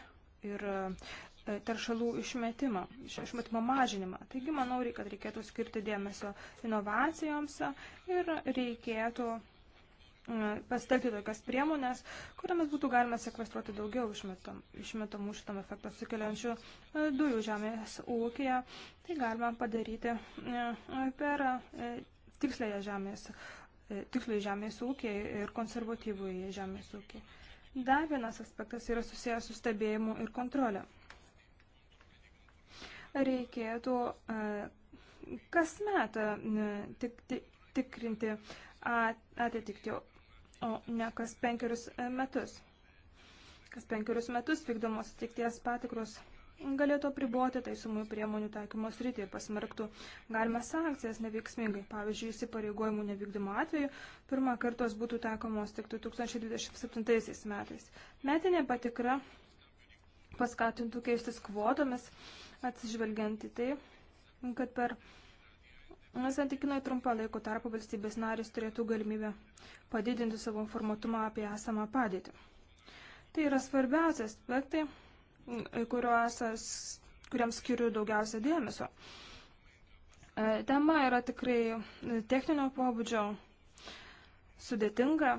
ir E, teršalų išmetimą, išmetimo mažinimą. Taigi, manau, kad reikėtų skirti dėmesio inovacijoms ir reikėtų e, pasitelkti tokias priemonės, kuriamis būtų galima sekvestruoti daugiau išmetam, išmetamų šitam efektą sukeliančių e, dujų žemės ūkija. Tai galima padaryti per tikslėje žemės, tikslai žemės ūkį ir konservatyvųjį žemės ūkį. Dar vienas aspektas yra susijęs su stebėjimu ir kontrolė reikėtų e, kasmet e, tik, tik, tikrinti atitikti, o ne kas penkerius e, metus. Kas penkerius metus vykdomos tikties patikros galėtų apriboti taisomųjų priemonių taikymo sritį ir pasmerktų galima sankcijas neveiksmingai. Pavyzdžiui, įsipareigojimų nevykdymo atveju pirmą kartos būtų taikomos tik 2027 metais. Metinė patikra paskatintų keistis kvotomis atsižvelgiant į tai, kad per santykinai trumpą laiko tarpą valstybės narės turėtų galimybę padidinti savo informatumą apie esamą padėtį. Tai yra svarbiausi aspektai, kuriuos, kuriems skiriu daugiausia dėmesio. E, tema yra tikrai techninio pobūdžio, sudėtinga,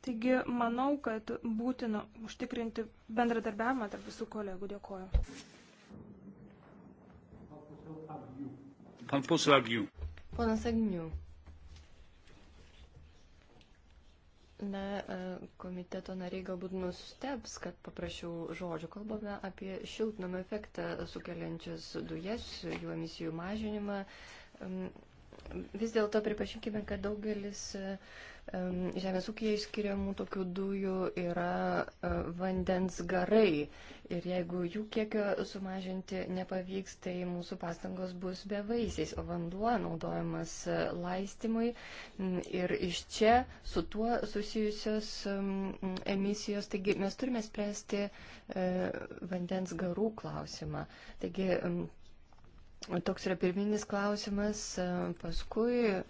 Taigi manau, kad būtina užtikrinti bendradarbiavimą tarp visų kolegų. Dėkuoju. Pan poseł Agniu. Ponas Agniu. Na, e, komiteto nariai galbūt nustebs, kad paprašiau žodžių. Kalbame apie šiltnamą efektą sukeliančias dujas, jų emisijų mažinimą. Mm, Vis dėlto pripažinkime, kad daugelis žemės ūkiai išskiriamų tokių dujų yra e, vandens garai. Ir jeigu jų kiekio sumažinti nepavyks, tai mūsų pastangos bus bevaisiais. O vanduo naudojamas e, laistimui mm, ir iš čia su tuo susijusios emisijos. Taigi mes turime spręsti e, vandens garų klausimą. Taigi, Toks yra pirminis klausimas. E, paskui e,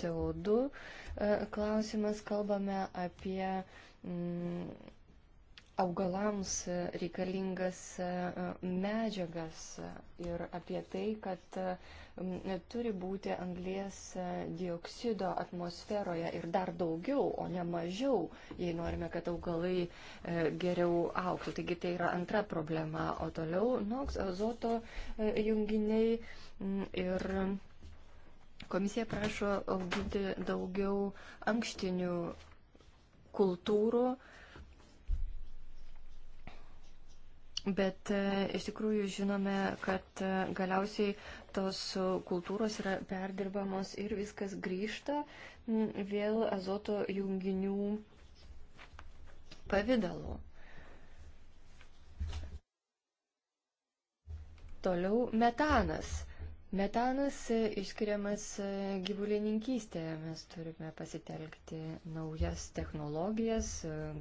CO2 e, klausimas kalbame apie mm, augalams reikalingas medžiagas ir apie tai, kad turi būti anglės e, dioksido atmosferoje ir dar daugiau, o ne mažiau, jei norime, kad augalai e, geriau auktų. Taigi tai yra antra problema. O toliau NOX azoto e, junginiai ir komisija prašo auginti daugiau ankštinių kultūrų Bet e, iš tikrųjų žinome, kad e, galiausiai tos kultūros yra perdirbamos ir viskas grįžta vėl azoto junginių pavydalu. Toliau metanas. Metanas išskiriamas gyvulininkystėje. Mes turime pasitelkti naujas technologijas,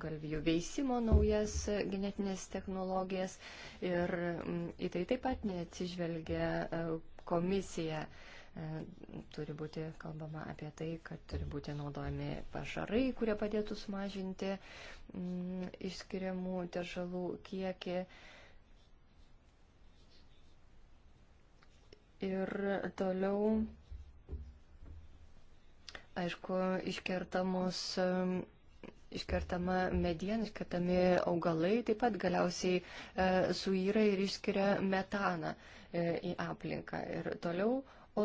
galvijų veisimo naujas genetinės technologijas ir mm, į tai taip pat neatsižvelgia e, komisija. E, turi būti kalbama apie tai, kad turi būti naudojami pašarai, kurie padėtų sumažinti mm, išskiriamų teršalų kiekį. Ir toliau, aišku, iškertamos, iškertama mediena, iškertami augalai taip pat galiausiai e, suyra ir išskiria metaną e, į aplinką. Ir toliau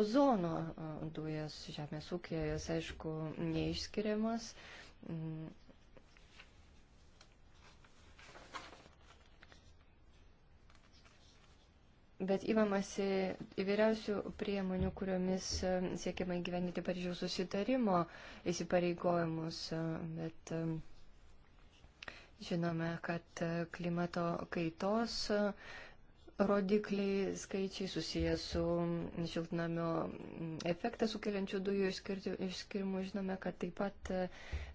ozono e, dujas žemės ūkėje, jis aišku, neišskiriamas. E, mm, bet įmamasi įvairiausių priemonių, kuriomis e, siekiama įgyvendyti Paryžiaus susitarimo įsipareigojimus. E, bet e, žinome, kad klimato kaitos rodikliai, skaičiai susijęs su šiltnamio efektą sukeliančių dujų išskirimu, žinome, kad taip pat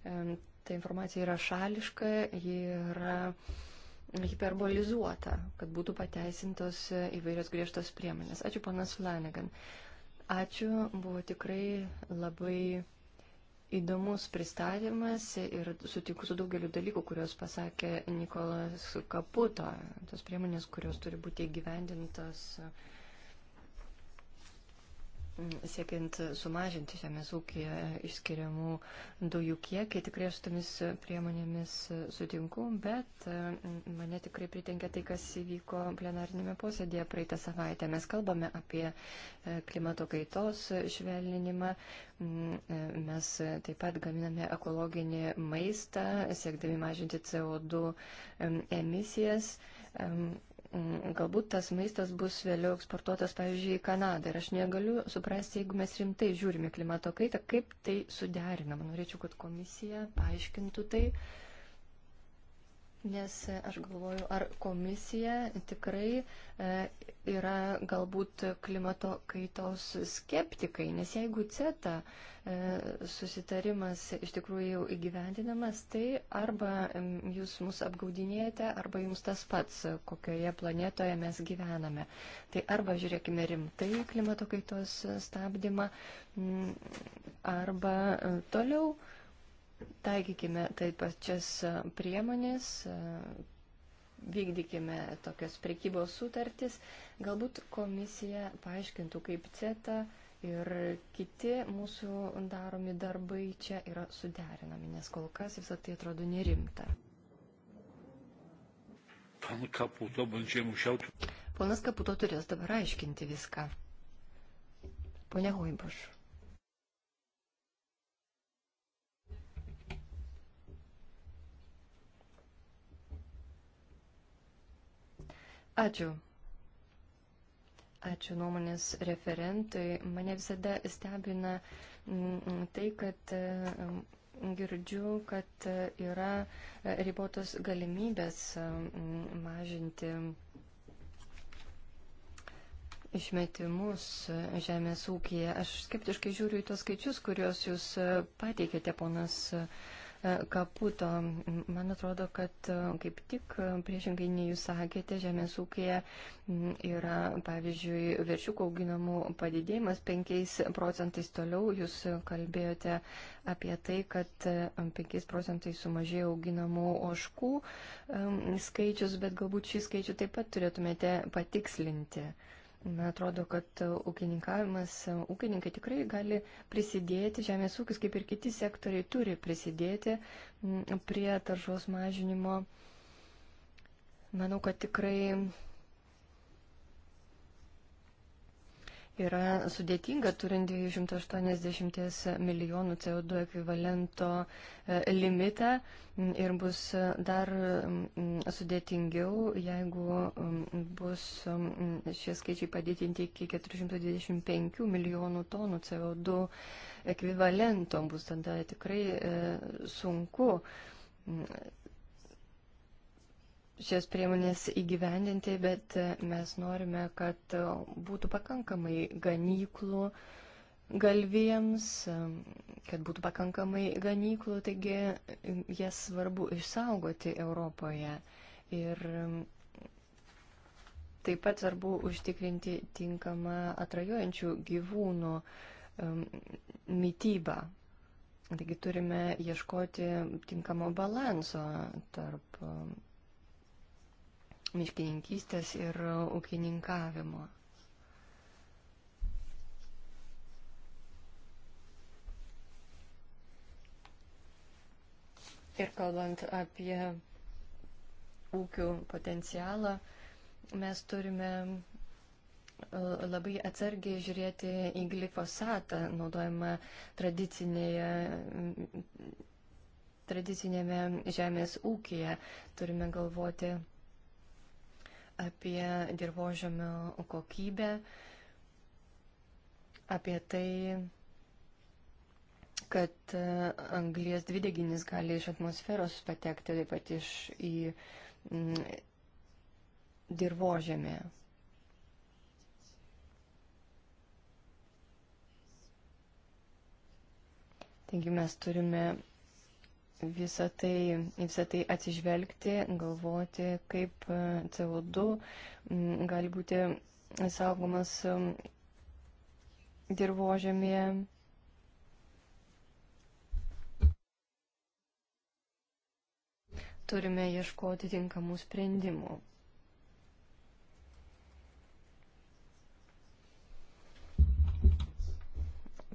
ta informacija yra šališka, ji yra hiperbolizuota, kad būtų pateisintos įvairios griežtos priemonės. Ačiū, panas Flanagan. Ačiū, buvo tikrai labai įdomus pristatymas ir sutiku su daugeliu dalykų, kuriuos pasakė Nikolas Kaputo, tos priemonės, kurios turi būti įgyvendintos. Uh, siekiant sumažinti žemės ūkija išskiriamų dujų kiekį. Tikrai aš tomis priemonėmis sutinku, bet e, mane tikrai pritenkia tai, kas įvyko plenarinėme posėdėje praeitą savaitę. Mes kalbame apie e, klimato kaitos švelninimą, mm, e, mes taip pat gaminame ekologinį maistą, siekdami mažinti CO2 emisijas Mm, galbūt tas maistas bus vėliau eksportuotas, pavyzdžiui, į Kanadą. Ir aš negaliu suprasti, jeigu mes rimtai žiūrime klimato kaitą, kaip tai suderinama. Norėčiau, kad komisija paaiškintų tai. Uh, Nes aš galvoju, ar komisija tikrai e, yra galbūt klimato kaitos skeptikai, nes jeigu CETA e, susitarimas iš tikrųjų jau įgyvendinamas, tai arba jūs mus apgaudinėjate, arba jums tas pats, kokioje planetoje mes gyvename. Tai arba žiūrėkime rimtai klimato kaitos stabdymą, arba e, toliau Taikykime taip pačias priemonės, vykdykime tokios prekybos sutartys. Galbūt komisija paaiškintų, kaip CETA ir kiti mūsų daromi darbai čia yra suderinami, nes kol kas visą tai atrodo nerimta. Ponas Kaputo turės dabar aiškinti viską. Pone Hoimbuš. Ačiū. Ačiū nuomonės referentui. Mane visada stebina mm, mm, tai, kad mm, girdžiu, kad e, yra e, ribotos galimybės mažinti išmetimus e, žemės ūkija. Aš skeptiškai žiūriu į tos skaičius, kuriuos jūs pateikėte, ponas Kaputo. Man atrodo, kad e, kaip tik e, priešingai nei jūs sakėte, žemės ūkėje yra, pavyzdžiui, veršiukų auginamų padidėjimas 5 procentais toliau. Jūs kalbėjote apie tai, kad 5 e, procentais sumažėjo auginamų oškų skaičius, bet galbūt šį skaičių taip pat turėtumėte patikslinti. Man atrodo, kad e, ūkininkavimas, e, ūkininkai tikrai gali prisidėti, žemės ūkis kaip ir kiti sektoriai turi prisidėti prie taršos mažinimo. Manau, kad tikrai yra sudėtinga turint 280 milijonų CO2 ekvivalento e, limitą ir bus dar sudėtingiau, jeigu bus šie skaičiai padidinti iki 425 milijonų tonų CO2 ekvivalento, bus tada tikrai e, sunku šias priemonės įgyvendinti, bet e, mes norime, kad e, būtų pakankamai ganyklų galvijams, e, kad būtų pakankamai ganyklų, taigi jas svarbu išsaugoti Europoje. Ir taip pat svarbu užtikrinti tinkamą atrajuojančių gyvūnų mytybą. Taigi turime ieškoti tinkamo balanso tarp miškininkystės ir ūkininkavimo. Ir kalbant apie ūkių potencialą, mes turime e, labai atsargiai žiūrėti į glifosatą, naudojama tradicinėje, tradicinėme žemės ūkija. Turime galvoti apie dirbožėmio kokybę, apie tai, kad e, anglijas dvideginis gali iš atmosferos patekti taip pat iš į mm, dirbožėmį. Taigi mes turime visą tai, visą tai atsižvelgti, galvoti, kaip e, CO2 gali būti saugomas e, dirbožėmėje. Turime ieškoti tinkamų sprendimų.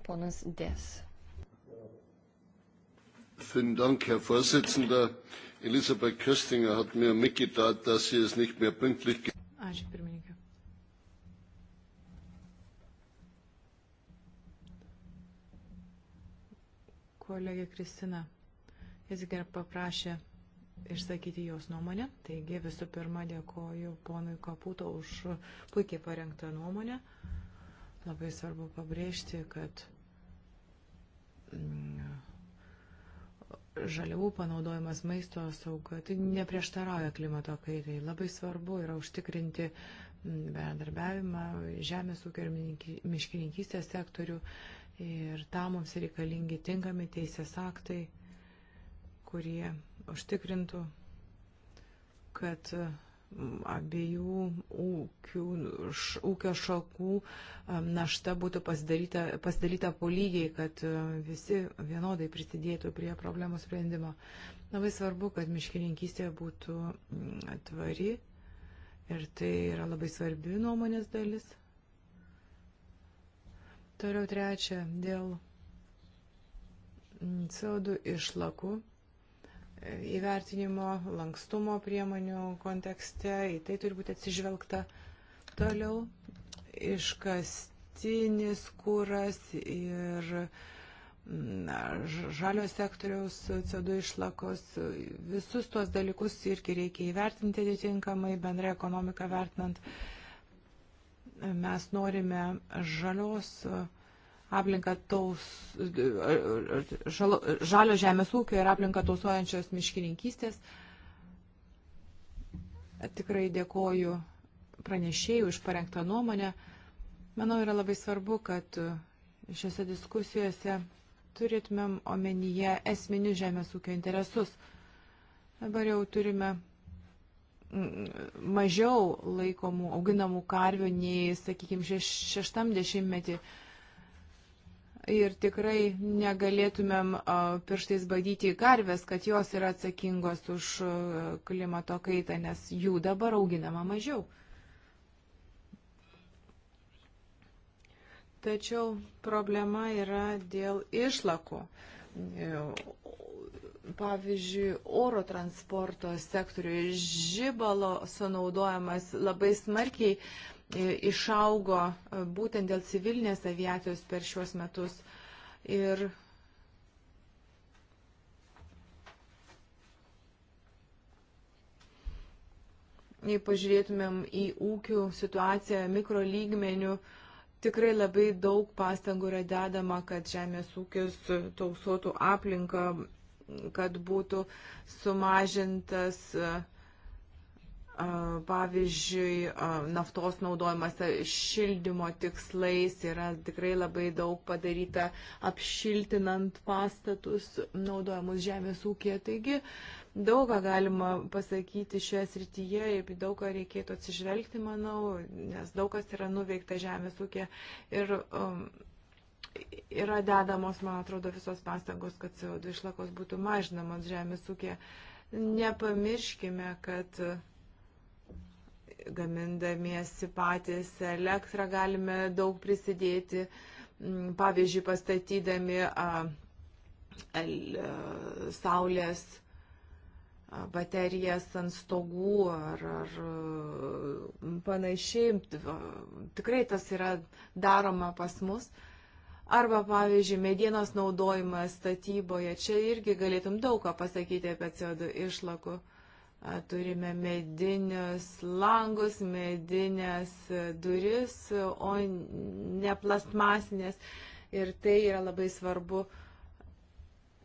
Ponas Des. Vielen Dank, Herr Vorsitzender. Elisabeth Köstinger hat mir mitgeteilt, dass sie es nicht mehr pünktlich. Ačiū, pirmininkė. Kolegė Kristina Jezger paprašė išsakyti jos nuomonę. Taigi visų pirma dėkoju ponui Kaputo už puikiai parengtą nuomonę. Labai svarbu pabrėžti, kad mm, žaliavų panaudojimas maisto sauga, tai neprieštarauja klimato kaitai. Labai svarbu yra užtikrinti mm, bendarbiavimą žemės ūkio ir miškininkystės sektorių ir tam mums reikalingi tinkami teisės aktai, kurie užtikrintų, kad abiejų ūkių, ūkio šakų našta būtų pasidaryta, pasidaryta po lygiai, kad visi vienodai prisidėtų prie problemų sprendimo. Labai svarbu, kad miškininkystė būtų mm, tvari ir tai yra labai svarbi nuomonės dalis. Toliau trečia, dėl mm, CO2 išlakų įvertinimo, lankstumo priemonių kontekste, į tai turi būti atsižvelgta toliau iškastinis kūras ir mm, žalio sektoriaus CO2 išlakos, visus tuos dalykus irgi reikia įvertinti atitinkamai, bendrai ekonomiką vertinant. Mes norime žalios aplinką taus, žalo, žalio žemės ūkio ir aplinką tausojančios miškininkystės. Tikrai dėkoju pranešėjų iš parengtą nuomonę. Manau, yra labai svarbu, kad šiuose diskusijose turėtumėm omenyje esminius žemės ūkio interesus. Dabar jau turime mažiau laikomų auginamų karvių nei, sakykime, šeštam dešimtmetį. Uh, ir tikrai negalėtumėm pirštais badyti į karves, kad jos yra atsakingos už klimato kaitą, nes jų dabar auginama mažiau. Tačiau problema yra dėl išlakų. E, pavyzdžiui, oro transporto sektoriuje žibalo sunaudojamas labai smarkiai uh, E, išaugo e, būtent dėl civilinės aviacijos per šiuos metus. Ir jei pažiūrėtumėm į ūkių situaciją mikro lygmenių, tikrai labai daug pastangų yra dedama, kad žemės ūkis tausotų aplinką, kad būtų sumažintas uh, Pavyzdžiui, naftos naudojimas šildymo tikslais yra tikrai labai daug padaryta apšiltinant pastatus naudojamus žemės ūkėje. Taigi daug ką galima pasakyti šioje srityje ir daug ką reikėtų atsižvelgti, manau, nes daug kas yra nuveikta žemės ūkėje. Ir, um, Yra dedamos, man atrodo, visos pastangos, kad CO2 išlakos būtų mažinamos žemės ūkė. Nepamirškime, kad uh, gamindamiesi patys elektrą galime daug prisidėti, pavyzdžiui, pastatydami saulės baterijas ant stogų ar, ar panašiai. Tikrai tas yra daroma pas mus. Arba, pavyzdžiui, medienos naudojimas statyboje. Čia irgi galėtum daug ką pasakyti apie CO2 išlakų. Uh, turime medinius langus, medinės duris, o ne plastmasinės. Ir tai yra labai svarbu.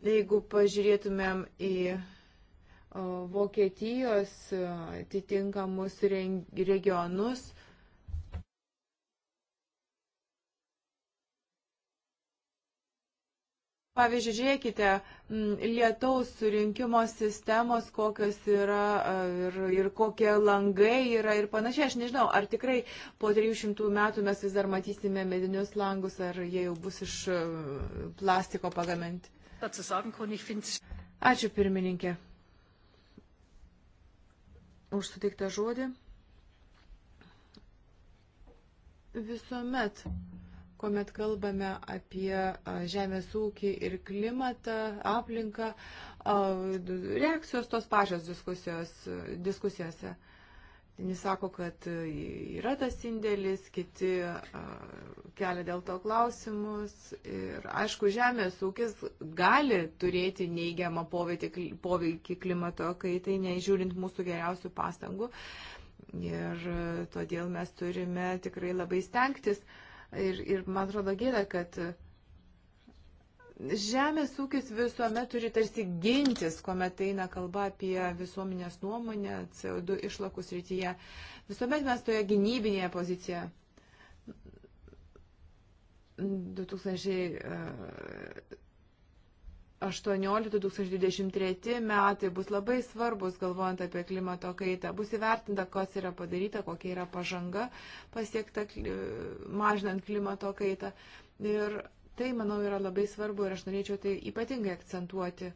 Jeigu pažiūrėtumėm į Vokietijos atitinkamus regionus, Pavyzdžiui, žiūrėkite, mm, lietaus surinkimo sistemos, kokios yra ir, ir kokie langai yra ir panašiai. Aš nežinau, ar tikrai po 300 metų mes vis dar matysime medinius langus, ar jie jau bus iš plastiko pagaminti. Ačiū pirmininkė. Už suteiktą žodį. Visuomet kuomet kalbame apie žemės ūkį ir klimatą, aplinką, reakcijos tos pačios diskusijos, diskusijose. Vieni sako, kad e, yra tas indėlis, kiti kelia dėl to klausimus. Ir aišku, žemės ūkis gali turėti neigiamą poveikį klimato kaitai, nežiūrint mūsų geriausių pastangų. Ir e, todėl mes turime tikrai labai stengtis uh, Ir, ir man atrodo gėda, kad žemės ūkis visuomet turi tarsi gintis, kuomet eina kalba apie visuomenės nuomonę CO2 išlakus rytyje. Visuomet mes toje gynybinėje pozicijoje. 2000 2018-2023 metai bus labai svarbus, galvojant apie klimato kaitą. Bus įvertinta, kas yra padaryta, kokia yra pažanga pasiekta mažinant klimato kaitą. Ir tai, manau, yra labai svarbu ir aš norėčiau tai ypatingai akcentuoti,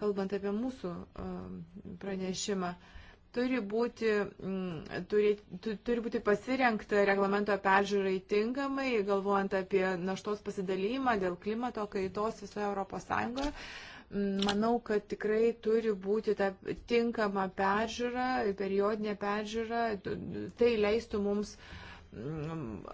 kalbant apie mūsų um, pranešimą. Uh, turi būti, mm, turi, turi būti pasirenkta reglamento peržiūrai tinkamai, galvojant apie naštos pasidalymą dėl klimato kaitos visoje Europos Sąjungoje. Mm, manau, kad tikrai turi būti ta tinkama peržiūra, periodinė peržiūra. Tai leistų mums mm,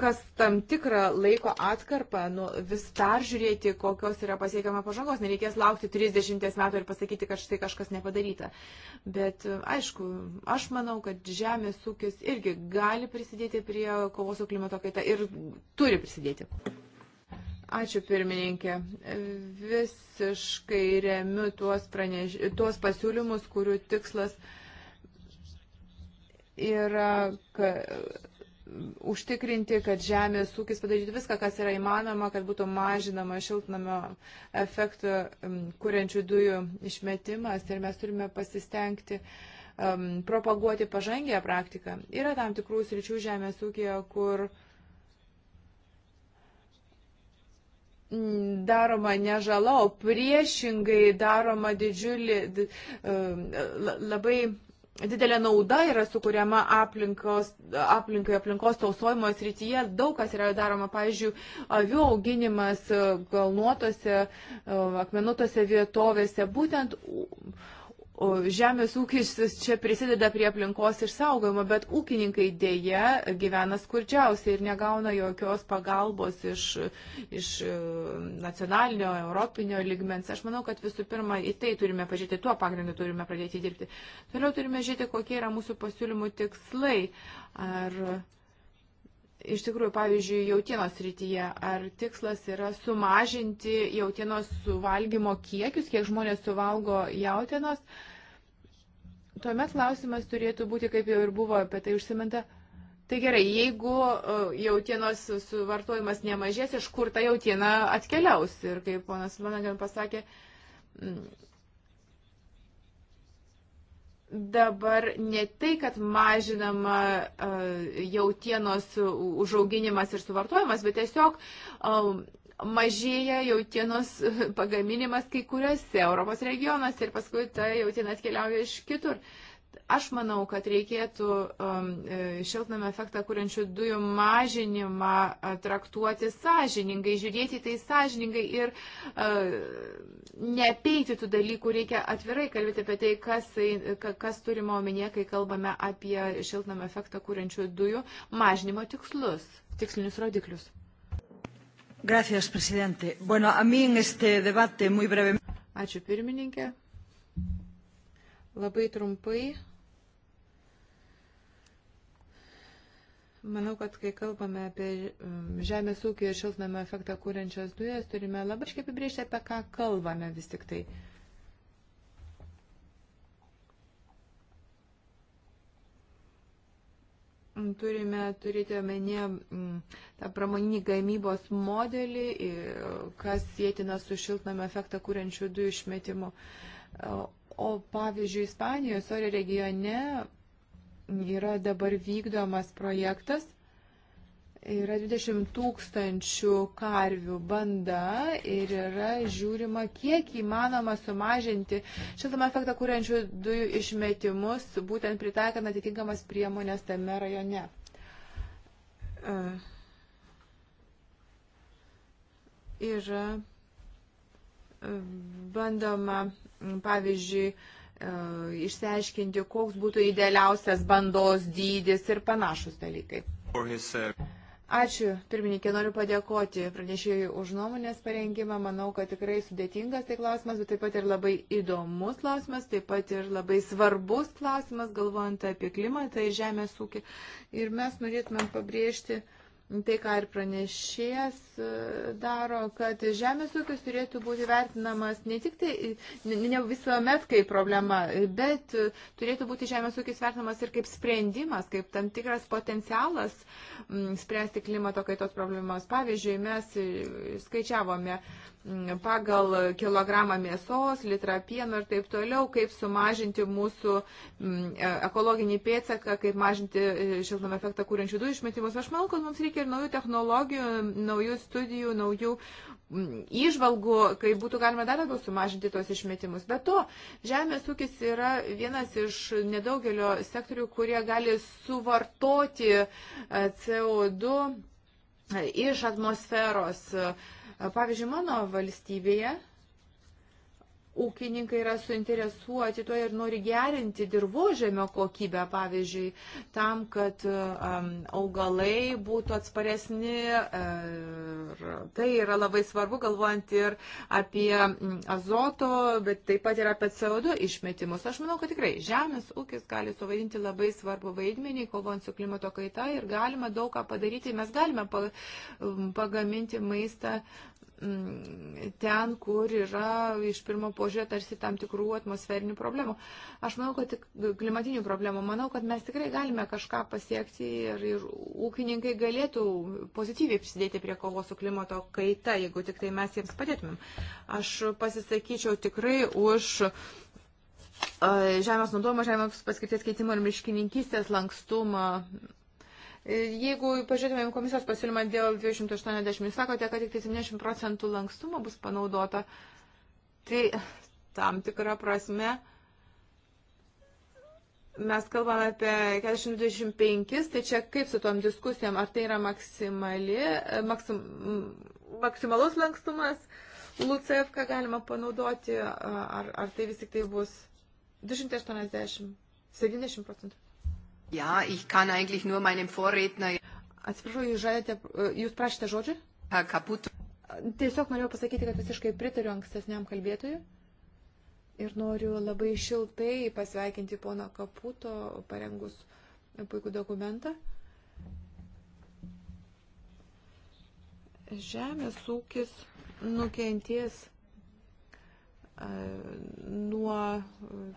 kas tam tikrą laiko atkarpą nu, vis peržiūrėti, kokios yra pasiekiama pažangos. Nereikės laukti 30 metų ir pasakyti, kad štai kažkas nepadaryta. Bet aišku, aš manau, kad žemės ūkis irgi gali prisidėti prie kovos su klimato kaita ir turi prisidėti. Ačiū pirmininkė. Visiškai remiu tuos, pranež... tuos pasiūlymus, kurių tikslas yra. Ka užtikrinti, kad žemės ūkis padarytų viską, kas yra įmanoma, kad būtų mažinama šiltnamio efektą mm, kuriančių dujų išmetimas ir mes turime pasistengti um, propaguoti pažangę praktiką. Yra tam tikrų sričių žemės ūkija, kur mm, daroma nežala, o priešingai daroma didžiulį, labai didelė nauda yra sukuriama aplinkos, aplinkai, aplinkos tausojimo srityje. Daug kas yra daroma, pavyzdžiui, avių auginimas kalnuotose, e, akmenuotose vietovėse. Būtent Žemės ūkis čia prisideda prie aplinkos išsaugojimo, bet ūkininkai dėje gyvena skurdžiausiai ir negauna jokios pagalbos iš, iš e, nacionalinio, europinio ligmens. Aš manau, kad visų pirma į tai turime pažiūrėti, tuo pagrindu turime pradėti dirbti. Toliau turime žiūrėti, kokie yra mūsų pasiūlymų tikslai. Ar iš tikrųjų, pavyzdžiui, jautienos rytyje, ar tikslas yra sumažinti jautienos suvalgymo kiekius, kiek žmonės suvalgo jautienos, uh, Tuomet klausimas turėtų būti, kaip jau ir buvo apie tai užsiminta. Tai gerai, jeigu e, jautienos suvartojimas nemažės, iš kur ta jautiena atkeliaus? Ir kaip ponas Lanagan pasakė, mm, dabar ne tai, kad mažinama e, jautienos užauginimas ir suvartojimas, bet tiesiog e, mažėja jautienos pagaminimas kai kuriuose Europos regionuose ir paskui ta jautiena atkeliauja iš kitur. Aš manau, kad reikėtų um, e, šiltnamio efektą kuriančių dujų mažinimą traktuoti sąžiningai, žiūrėti tai sąžiningai ir nepeiti tų dalykų. Reikia atvirai kalbėti apie tai, kas, tai, kas turime omenyje, kai kalbame apie šiltnamio efektą kuriančių dujų mažinimo tikslus, tikslinius rodiklius. Gracias, presidente. Bueno, a mí en este debate muy breve. Ačiū pirmininkė. Labai trumpai. Manau, kad kai kalbame apie um, žemės ūkį ir šiltnamio efektą kūrenčias dujas, turime labai aiškiai apibriežti, apie ką kalbame vis tik tai. Uh, turime turėti omenyje mm, tą pramoninį gamybos modelį, kas sėtina su šiltnamio efektą kūrenčių dujų išmetimu. O pavyzdžiui, Ispanijoje, Sorio regione yra dabar vykdomas projektas, Yra 20 tūkstančių karvių banda ir yra žiūrima, kiek įmanoma sumažinti šiltame efektą kūrenčių dujų išmetimus, būtent pritaikant atitinkamas priemonės tame rajone. E, yra e, bandoma, pavyzdžiui, e, išsiaiškinti, koks būtų idealiausias bandos dydis ir panašus dalykai. For his, uh... Ačiū, pirmininkė, noriu padėkoti pranešėjui už nuomonės parengimą. Manau, kad tikrai sudėtingas tai klausimas, bet taip pat ir labai įdomus klausimas, taip pat ir labai svarbus klausimas, galvojant apie klimatą ir žemės ūkį. Ir mes norėtumėm pabrėžti, uh, tai, ką ir pranešėjas e, daro, kad žemės ūkis turėtų būti vertinamas ne tik tai, ne visuomet kaip problema, bet e, turėtų būti žemės ūkis vertinamas ir kaip sprendimas, kaip tam tikras potencialas spręsti klimato kaitos problemas. Pavyzdžiui, mes e, skaičiavome Mm, pagal kilogramą mėsos, litrą pieno ir taip toliau, kaip sumažinti mūsų mm, e, ekologinį pėtsaką, kaip mažinti e, šiltnamą efektą kūrenčių dujų išmetimus. Aš manau, kad mums reikia ir naujų technologijų, naujų studijų, naujų išvalgų, mm, kaip būtų galima dar labiau sumažinti tos išmetimus. Be to, žemės ūkis yra vienas iš nedaugelio sektorių, kurie gali suvartoti e, CO2 iš atmosferos. Uh, Pavyzdžiui, mano valstybėje ūkininkai yra suinteresuoti tuo ir nori gerinti dirbožėmio kokybę, pavyzdžiui, tam, kad um, augalai būtų atsparesni. Ir tai yra labai svarbu, galvojant ir apie mm, azoto, bet taip pat ir apie CO2 išmetimus. Aš manau, kad tikrai žemės ūkis gali suvaidinti labai svarbu vaidmenį, kovant su klimato kaita ir galima daug ką padaryti. Mes galime mm, pagaminti maistą Mm, ten, kur yra iš pirmo požiūrio tarsi tam tikrų atmosferinių problemų. Aš manau, kad tik klimatinių problemų, manau, kad mes tikrai galime kažką pasiekti ir, ir ūkininkai galėtų pozityviai prisidėti prie kovos su klimato kaita, jeigu tik tai mes jiems padėtumėm. Aš pasisakyčiau tikrai už žemės naudojimo, žemės paskirties keitimo ir miškininkystės lankstumą Jeigu pažiūrėtumėm komisijos pasiūlymą dėl 280, jūs sakote, kad tik 70 tai procentų lankstumo bus panaudota, tai tam tikrą prasme mes kalbame apie 425, tai čia kaip su tom diskusijom, ar tai yra maksimali, maksim, maksimalus lankstumas, LUCF, ką galima panaudoti, ar, ar tai vis tik tai bus 280, 70 procentų. Ja, ich kann eigentlich nur meinem Vorredner. Atsiprašau, jūs, žalėte, jūs prašėte žodžių? Kaputų. Tiesiog norėjau pasakyti, kad visiškai pritariu ankstesniam kalbėtojui. Ir noriu labai šiltai pasveikinti pono Kaputo, parengus puikų dokumentą. Žemės ūkis nukentės nuo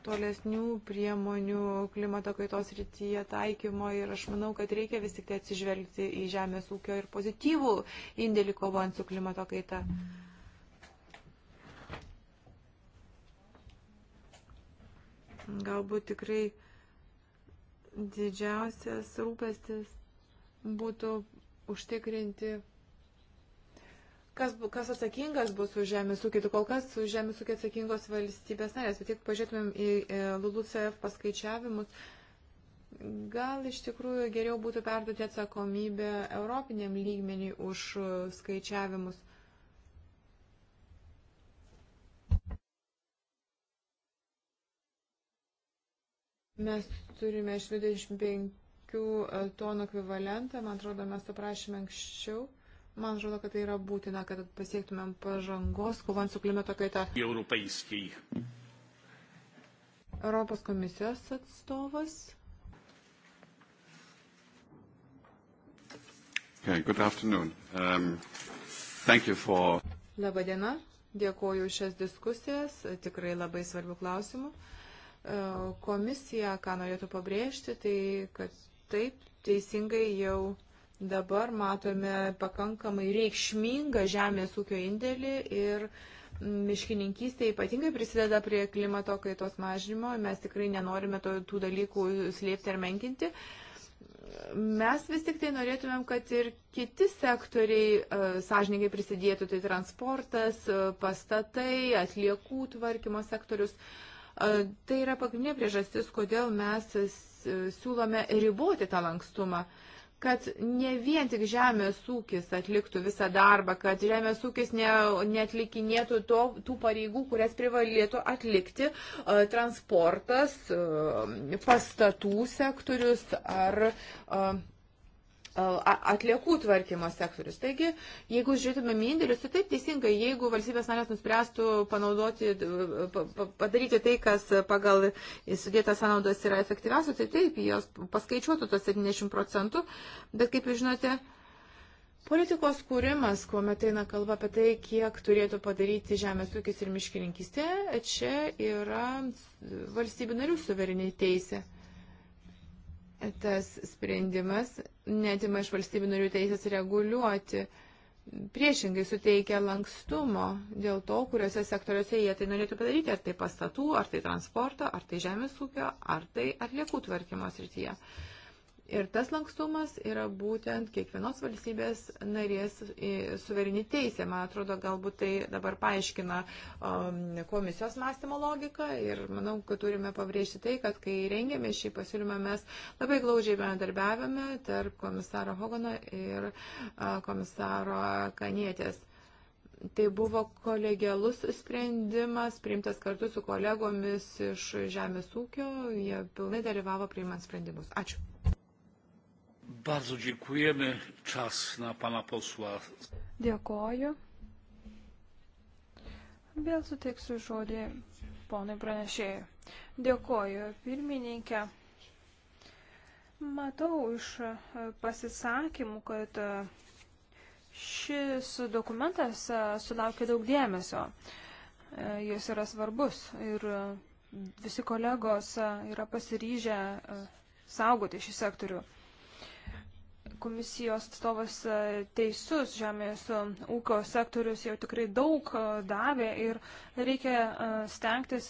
tolesnių priemonių klimato kaitos rytyje taikymo ir aš manau, kad reikia vis tik tai atsižvelgti į žemės ūkio ir pozityvų indėlį kovojant su klimato kaita. Galbūt tikrai didžiausias rūpestis būtų užtikrinti kas, kas atsakingas bus už žemės ūkį. Tai kol kas už žemės ūkį atsakingos valstybės narės, bet jeigu pažiūrėtumėm į LULUCF paskaičiavimus, gal iš tikrųjų geriau būtų perduoti atsakomybę europiniam lygmenį už skaičiavimus. Mes turime iš 25 e, tonų ekvivalentą, man atrodo, mes to prašėme anksčiau. Man atrodo, kad tai yra būtina, kad pasiektumėm pažangos, kovant su klimato kaita. Europaiskiai. Europos komisijos atstovas. Okay, good afternoon. Um, thank you for... Labadiena. Dėkuoju šias diskusijas, tikrai labai svarbių klausimų. E, komisija, ką norėtų pabrėžti, tai kad taip teisingai jau Dabar matome pakankamai reikšmingą žemės ūkio indėlį ir miškininkystė ypatingai prisideda prie klimato kaitos mažinimo. Mes tikrai nenorime to, tų dalykų slėpti ar menkinti. Mes vis tik tai norėtumėm, kad ir kiti sektoriai e, sąžininkai prisidėtų, tai transportas, e, pastatai, atliekų tvarkymo sektorius. E, tai yra pagrindinė priežastis, kodėl mes siūlome riboti tą lankstumą kad ne vien tik žemės ūkis atliktų visą darbą, kad žemės ūkis ne, netlikinėtų to, tų pareigų, kurias privalėtų atlikti e, transportas, e, pastatų sektorius ar e, atliekų tvarkymo sektorius. Taigi, jeigu žiūrėtume indėlius, tai taip teisingai, jeigu valstybės narės nuspręstų panaudoti, padaryti tai, kas pagal sudėtas sąnaudas yra efektyviausia, tai taip, jos paskaičiuotų tos 70 procentų, bet kaip jūs žinote, Politikos kūrimas, kuomet eina kalba apie tai, kiek turėtų padaryti žemės ūkis ir miškininkistė, čia yra valstybių narių suvereniai teisė tas sprendimas netima iš valstybių narių teisės reguliuoti, priešingai suteikia lankstumo dėl to, kuriuose sektoriuose jie tai norėtų padaryti, ar tai pastatų, ar tai transporto, ar tai žemės ūkio, ar tai atliekų tvarkymo srityje. Tai Ir tas lankstumas yra būtent kiekvienos valstybės narės suvereni teisė. Man atrodo, galbūt tai dabar paaiškina um, komisijos mąstymo logiką ir manau, kad turime pabrėžti tai, kad kai rengėme šį pasiūlymą, mes labai glaudžiai bendarbiavome tarp komisaro Hogano ir uh, komisaro Kanietės. Tai buvo kolegialus sprendimas, priimtas kartu su kolegomis iš Žemės ūkio. Jie pilnai dalyvavo priimant sprendimus. Ačiū. Bardzo dziękujemy. Czas na pana posła. Dėkoju. Vėl suteiksiu žodį ponai pranešėjai. Dėkoju, pirmininkė. Matau iš e, pasisakymų, kad e, šis dokumentas e, sulaukė daug dėmesio. Jis yra svarbus ir visi kolegos yra pasiryžę saugoti šį sektorių komisijos atstovas e, teisus, žemės e, ūkio sektorius jau tikrai daug e, davė ir reikia stengtis,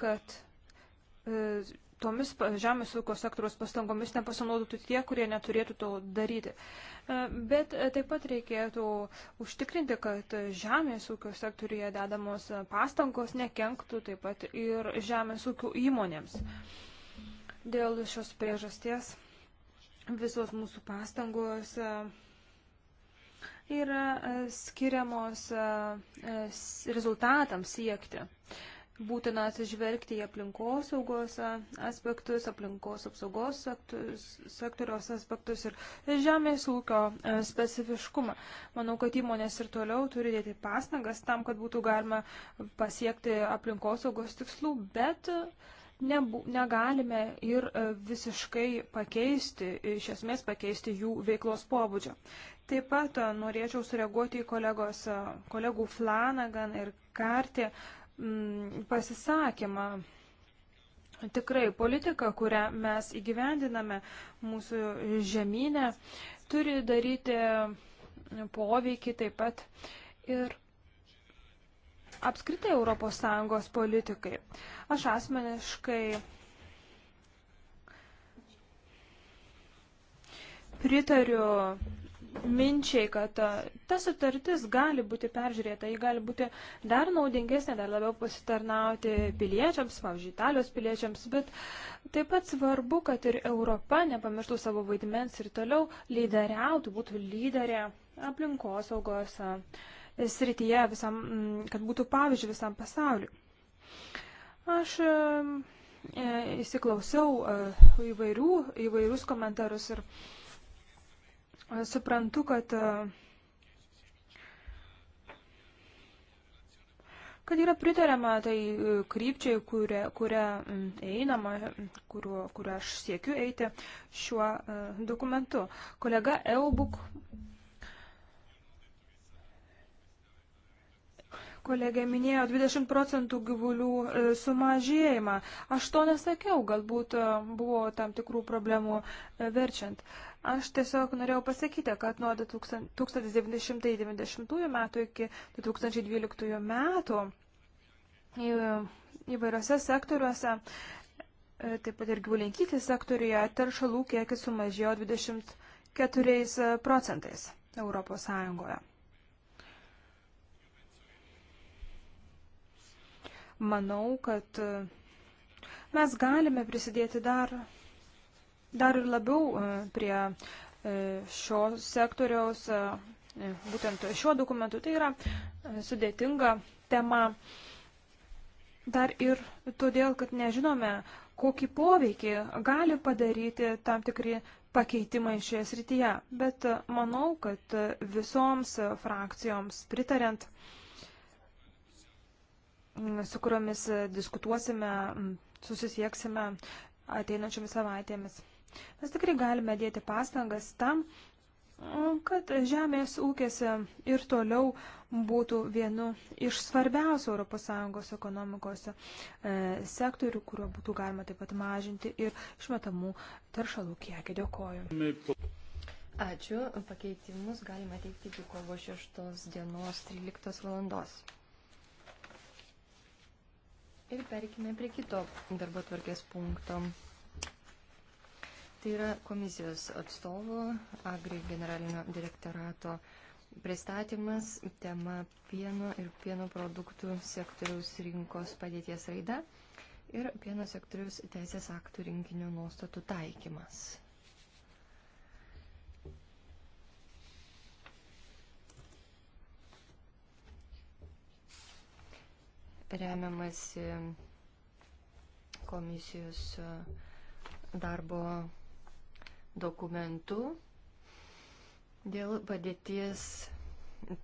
kad tomis žemės ūkio sektoriaus pastangomis nepasinaudotų tie, kurie neturėtų to daryti. Bet taip pat reikėtų užtikrinti, kad žemės ūkio sektoriuje dedamos pastangos nekenktų taip pat ir žemės ūkio įmonėms. Dėl šios priežasties visos mūsų pastangos e, yra e, skiriamos e, rezultatams siekti. Būtina atsižvelgti į aplinkosaugos aspektus, aplinkos apsaugos sektus, sektoriaus aspektus ir žemės ūkio specifiškumą. Manau, kad įmonės ir toliau turi dėti pastangas tam, kad būtų galima pasiekti aplinkosaugos tikslų, bet uh, nebu, negalime ir e, visiškai pakeisti, iš esmės pakeisti jų veiklos pobūdžio. Taip pat e, norėčiau sureaguoti į kolegos, e, kolegų Flanagan ir Kartį m, mm, pasisakymą. Tikrai politika, kurią mes įgyvendiname mūsų žemynę, turi daryti poveikį taip pat ir apskritai ES politikai. Aš asmeniškai pritariu minčiai, kad ta sutartis gali būti peržiūrėta, ji gali būti dar naudingesnė, dar labiau pasitarnauti piliečiams, pavyzdžiui, italijos piliečiams, bet taip pat svarbu, kad ir Europa nepamirštų savo vaidmens ir toliau lyderiautų, būtų lyderė aplinkosaugos srityje, visam, mm, kad būtų pavyzdžių visam pasauliu. Aš e, įsiklausiau e, įvairių, įvairius komentarus ir e, suprantu, kad kad yra pritariama tai krypčiai, kuria, kuria mm, einama, kuriuo, kuriuo aš siekiu eiti šiuo dokumentu. Kolega Elbuk Kolegė minėjo 20 procentų gyvulių e, sumažėjimą. Aš to nesakiau, galbūt e, buvo tam tikrų problemų e, verčiant. Aš tiesiog norėjau pasakyti, kad nuo 1990 metų iki 2012 metų įvairiose sektoriuose, taip pat ir gyvulinkystės sektoriuje, teršalų kiekis sumažėjo 24 procentais Europos Sąjungoje. manau, kad e, mes galime prisidėti dar, dar ir labiau e, prie e, šio sektoriaus, būtent šiuo dokumentu. Tai yra sudėtinga tema. Dar ir todėl, kad nežinome, kokį poveikį gali padaryti tam tikri pakeitimai šioje srityje. Bet manau, kad visoms frakcijoms pritarent, uh, Mm, su kuriomis e, diskutuosime, mm, susisieksime ateinančiomis savaitėmis. Mes tikrai galime dėti pastangas tam, mm, kad žemės ūkis e, ir toliau būtų vienu iš svarbiausių ES ekonomikos e, sektorių, kuriuo būtų galima taip pat mažinti ir išmetamų taršalų kiekį. Dėkoju. Ačiū. Pakeitimus galima teikti iki kovo 6 dienos 13 valandos. Ir perkime prie kito darbo tvarkės punkto. Tai yra komisijos atstovo Agri generalinio direktorato pristatymas tema pieno ir pieno produktų sektoriaus rinkos padėties raida ir pieno sektoriaus teisės aktų rinkinio nuostatų taikymas. remiamasi komisijos e, darbo dokumentu dėl padėties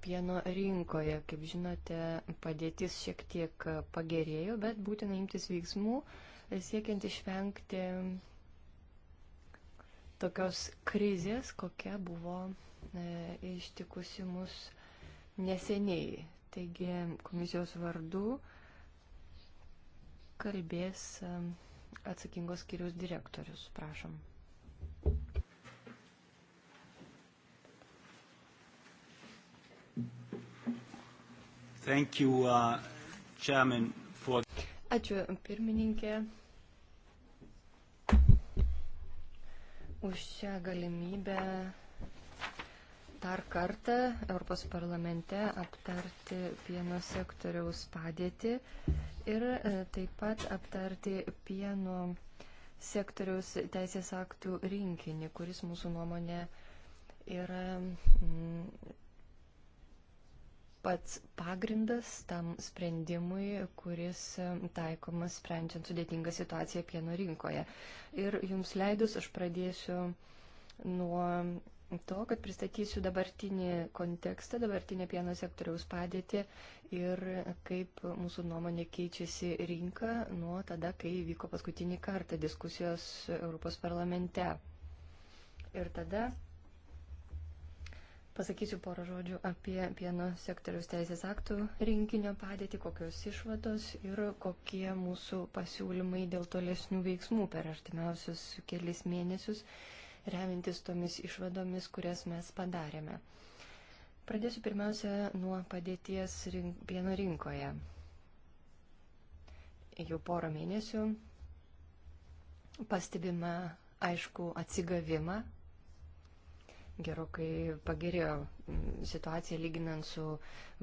pieno rinkoje. Kaip žinote, padėtis šiek tiek pagerėjo, bet būtina imtis veiksmų siekiant išvengti tokios krizės, kokia buvo e, ištikusi mus neseniai. Taigi komisijos vardu e, kalbės atsakingos skiriaus direktorius. Prašom. Thank you, uh, Chairman, for... Ačiū pirmininkė už šią galimybę dar kartą Europos parlamente aptarti pieno sektoriaus padėtį ir e, taip pat aptarti pieno sektoriaus teisės aktų rinkinį, kuris mūsų nuomonė yra mm, pats pagrindas tam sprendimui, kuris e, taikomas sprendžiant sudėtingą situaciją pieno rinkoje. Ir jums leidus aš pradėsiu nuo to, kad pristatysiu dabartinį kontekstą, dabartinę pieno sektoriaus padėtį ir kaip mūsų nuomonė keičiasi rinka nuo tada, kai vyko paskutinį kartą diskusijos Europos parlamente. Ir tada pasakysiu porą žodžių apie pieno sektoriaus teisės aktų rinkinio padėtį, kokios išvados ir kokie mūsų pasiūlymai dėl tolesnių veiksmų per artimiausius kelis mėnesius remintis tomis išvadomis, kurias mes padarėme. Pradėsiu pirmiausia nuo padėties rink, pieno rinkoje. Jau porą mėnesių pastebima aišku atsigavimą. Gerokai pagerėjo mm, situacija lyginant su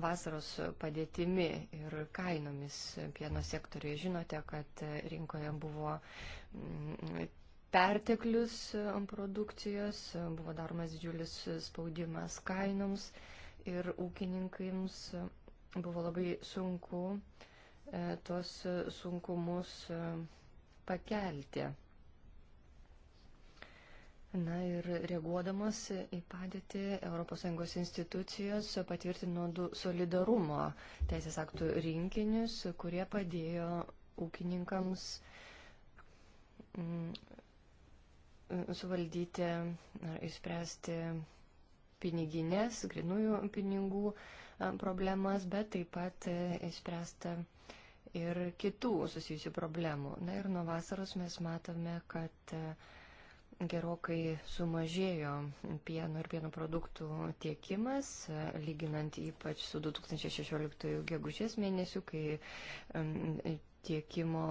vasaros padėtimi ir kainomis pieno sektoriuje. Žinote, kad rinkoje buvo mm, perteklius e, produkcijos, e, buvo daromas didžiulis e, spaudimas kainoms ir ūkininkams buvo labai sunku tuos sunkumus pakelti. Na ir reaguodamas į padėtį, ES institucijos patvirtino du solidarumo teisės aktų rinkinius, kurie padėjo ūkininkams suvaldyti ar įspręsti piniginės, grinųjų pinigų problemas, bet taip pat įspręsta e, ir kitų susijusių problemų. Na ir nuo vasaros mes matome, kad e, gerokai sumažėjo pieno ir pieno produktų tiekimas, e, lyginant ypač su 2016 gegužės mėnesiu, kai tiekimo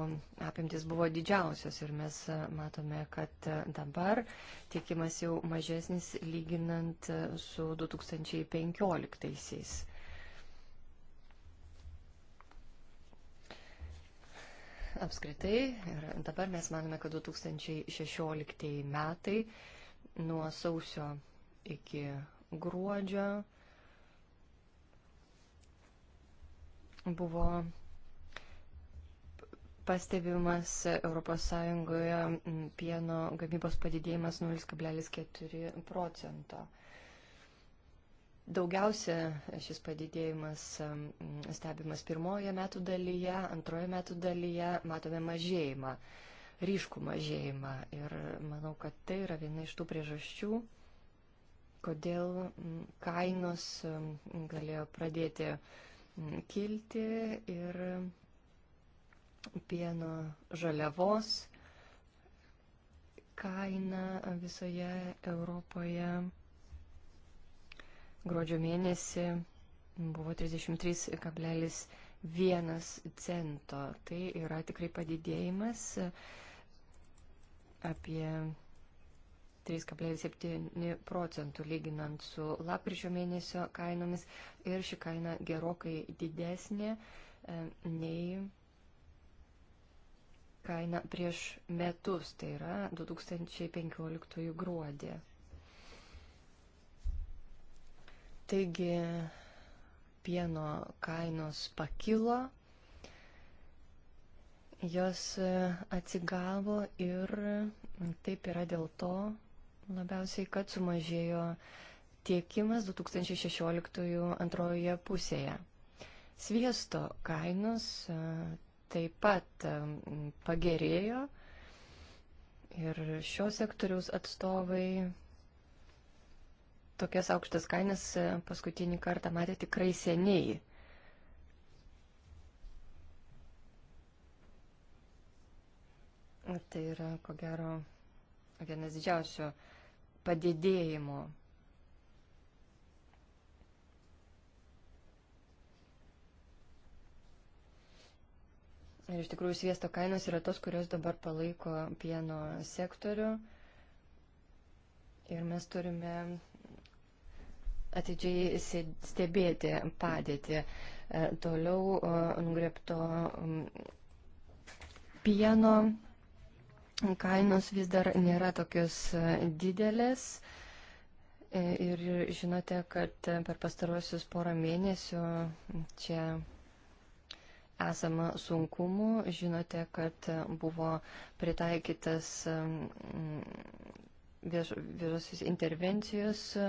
apimtis buvo didžiausios ir mes matome, kad dabar tiekimas jau mažesnis lyginant su 2015. -aisiais. Apskritai, ir dabar mes manome, kad 2016 metai nuo sausio iki gruodžio buvo pastebimas ES pieno gamybos padidėjimas 0,4 procento. Daugiausia šis padidėjimas stebimas pirmoje metų dalyje, antroje metų dalyje matome mažėjimą, ryškų mažėjimą. Ir manau, kad tai yra viena iš tų priežasčių, kodėl kainos galėjo pradėti kilti ir pieno žaliavos kaina visoje Europoje gruodžio mėnesį buvo 33,1 cento. Tai yra tikrai padidėjimas apie 3,7 procentų lyginant su lapkričio mėnesio kainomis ir ši kaina gerokai didesnė e, nei kainą prieš metus, tai yra 2015 gruodį. Taigi pieno kainos pakilo, jos atsigavo ir taip yra dėl to labiausiai, kad sumažėjo tiekimas 2016 antrojoje pusėje. Sviesto kainos taip pat pagerėjo ir šio sektoriaus atstovai tokias aukštas kainas e, paskutinį kartą matė tikrai seniai. Tai yra, ko gero, vienas didžiausių padidėjimo Ir iš tikrųjų sviesto kainos yra tos, kurios dabar palaiko pieno sektorių. Ir mes turime atidžiai stebėti padėtį. E, toliau nugrepto pieno kainos vis dar nėra tokios e, didelės. E, ir žinote, kad per pastarosius porą mėnesių čia esama sunkumų. Žinote, kad buvo pritaikytas vieš, viešosios intervencijos e,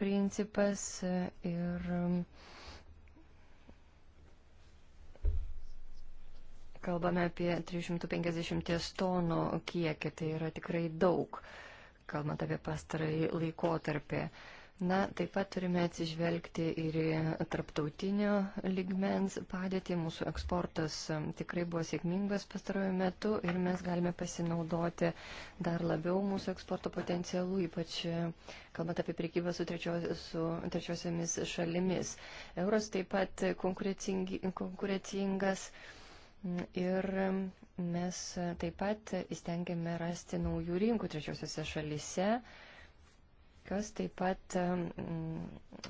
principas ir kalbame apie 350 tonų kiekį, tai yra tikrai daug, kalbant apie pastarąjį laikotarpį. Na, taip pat turime atsižvelgti ir į tarptautinio ligmens padėtį. Mūsų eksportas um, tikrai buvo sėkmingas pastarojų metų ir mes galime pasinaudoti dar labiau mūsų eksporto potencialų, ypač e, kalbant apie priekybą su, trečio, su trečiosiamis šalimis. Euros taip pat konkurencingas mm, ir mm, mes e, taip pat įstengiame rasti naujų rinkų trečiosiose šalise kas taip pat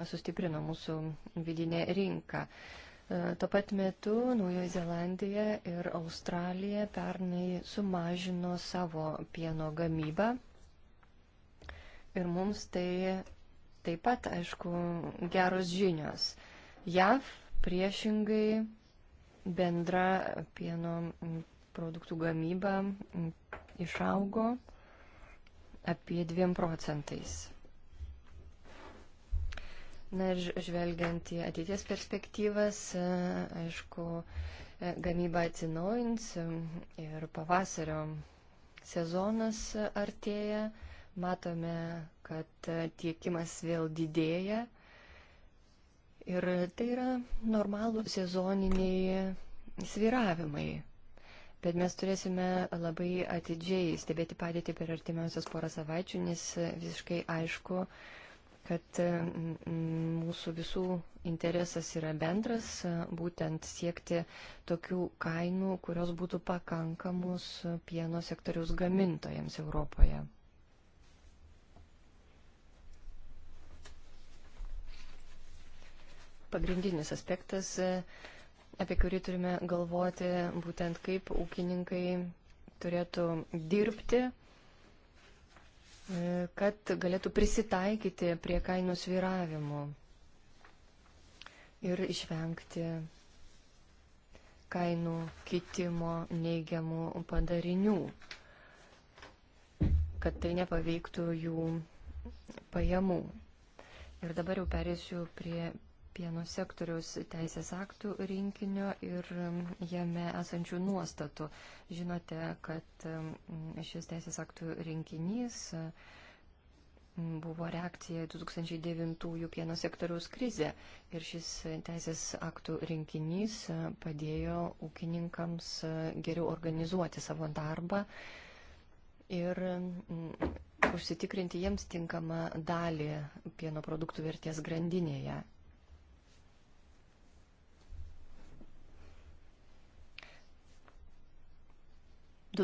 sustiprino mūsų vidinę rinką. E, tuo pat metu Naujoji Zelandija ir Australija pernai sumažino savo pieno gamybą. Ir mums tai taip pat, aišku, geros žinios. JAV priešingai bendra pieno produktų gamyba išaugo apie 2 procentais. Na ir žvelgiant į ateities perspektyvas, aišku, gamyba atsinaujins ir pavasario sezonas artėja. Matome, kad tiekimas vėl didėja. Ir tai yra normalų sezoniniai sviravimai. Bet mes turėsime labai atidžiai stebėti padėtį per artimiausias porą savaičių, nes visiškai aišku, kad e, mūsų visų interesas yra bendras, e, būtent siekti tokių kainų, kurios būtų pakankamus pieno sektoriaus gamintojams Europoje. Pagrindinis aspektas, e, apie kurį turime galvoti, būtent kaip ūkininkai turėtų dirbti kad galėtų prisitaikyti prie kainų sviravimų ir išvengti kainų kitimo neigiamų padarinių, kad tai nepaveiktų jų pajamų. Ir dabar jau perėsiu prie pieno sektoriaus teisės aktų rinkinio ir um, jame esančių nuostatų. Žinote, kad um, šis teisės aktų rinkinys um, buvo reakcija 2009 pieno sektoriaus krizė ir šis teisės aktų rinkinys uh, padėjo ūkininkams uh, geriau organizuoti savo darbą ir užsitikrinti jiems tinkamą dalį pieno produktų vertės grandinėje.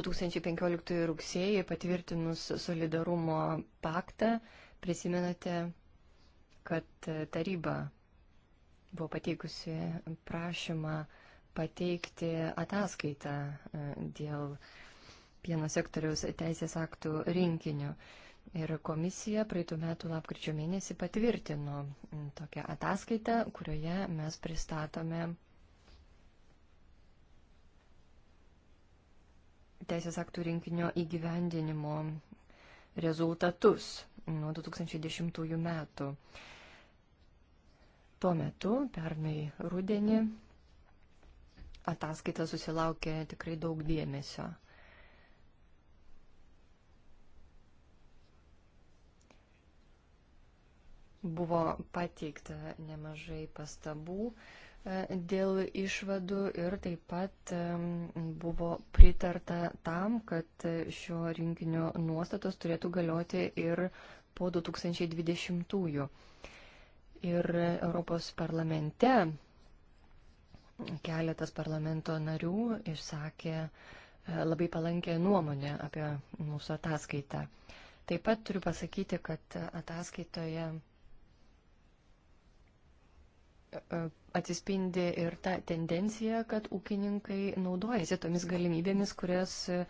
2015 rugsėjai patvirtinus solidarumo paktą, prisimenate, kad taryba buvo pateikusi prašymą pateikti ataskaitą e, dėl pieno sektoriaus teisės aktų rinkinių. Ir komisija praeitų metų lapkričio mėnesį patvirtino tokią ataskaitą, kurioje mes pristatome teisės aktų rinkinio įgyvendinimo rezultatus nuo 2010 metų. Tuo metu, pernai rudenį, ataskaita susilaukė tikrai daug dėmesio. Buvo pateikta nemažai pastabų, dėl išvadų ir taip pat buvo pritarta tam, kad šio rinkinio nuostatos turėtų galioti ir po 2020-ųjų. Ir Europos parlamente keletas parlamento narių išsakė e, labai palankę nuomonę apie mūsų ataskaitą. Taip pat turiu pasakyti, kad ataskaitoje e, e, atsispindi ir ta tendencija, kad ūkininkai naudojasi tomis galimybėmis, kurias e,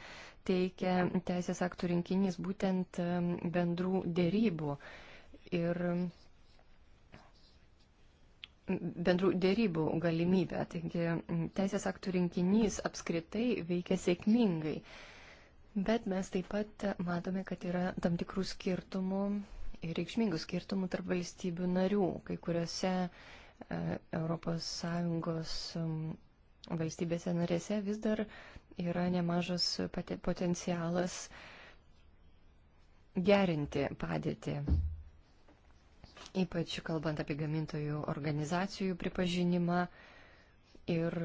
teikia teisės aktų rinkinys būtent e, bendrų dėrybų. Ir bendrų dėrybų galimybę. Taigi teisės aktų rinkinys apskritai veikia sėkmingai. Bet mes taip pat matome, kad yra tam tikrų skirtumų ir reikšmingų skirtumų tarp valstybių narių. Kai kuriuose ES valstybėse narėse vis dar yra nemažas potencialas gerinti padėtį. Ypač kalbant apie gamintojų organizacijų pripažinimą ir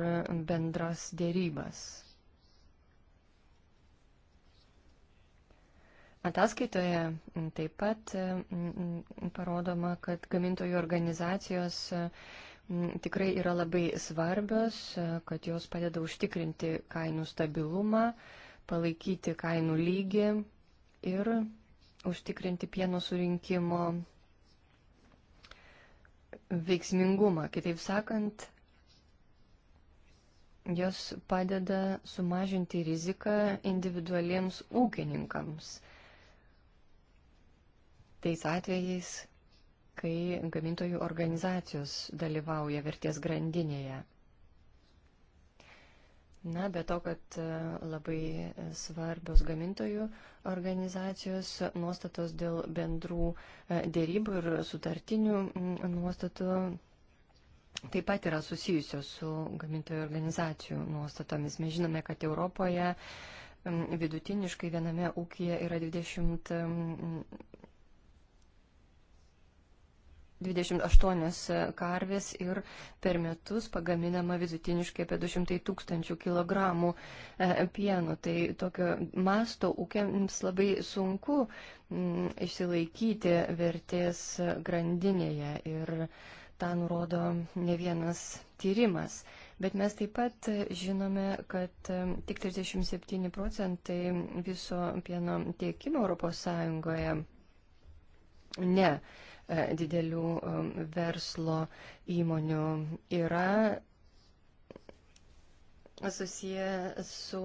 bendras dėrybas Ataskaitoje taip pat parodoma, kad gamintojų organizacijos tikrai yra labai svarbios, kad jos padeda užtikrinti kainų stabilumą, palaikyti kainų lygį ir užtikrinti pieno surinkimo veiksmingumą. Kitaip sakant, jos padeda sumažinti riziką individualiems ūkininkams tais atvejais, kai gamintojų organizacijos dalyvauja vertės grandinėje. Na, be to, kad e, labai svarbios gamintojų organizacijos nuostatos dėl bendrų e, dėrybų ir sutartinių nuostatų taip pat yra susijusios su gamintojų organizacijų nuostatomis. Mes žinome, kad Europoje vidutiniškai viename ūkija yra 20 28 karvės ir per metus pagaminama vidutiniškai apie 200 tūkstančių kilogramų e, pieno. Tai tokio masto ūkiams labai sunku m, mm, išsilaikyti vertės grandinėje ir tą nurodo ne vienas tyrimas. Bet mes taip pat žinome, kad e, tik 37 procentai viso pieno tiekimo ES ne E, didelių e, verslo įmonių yra susiję su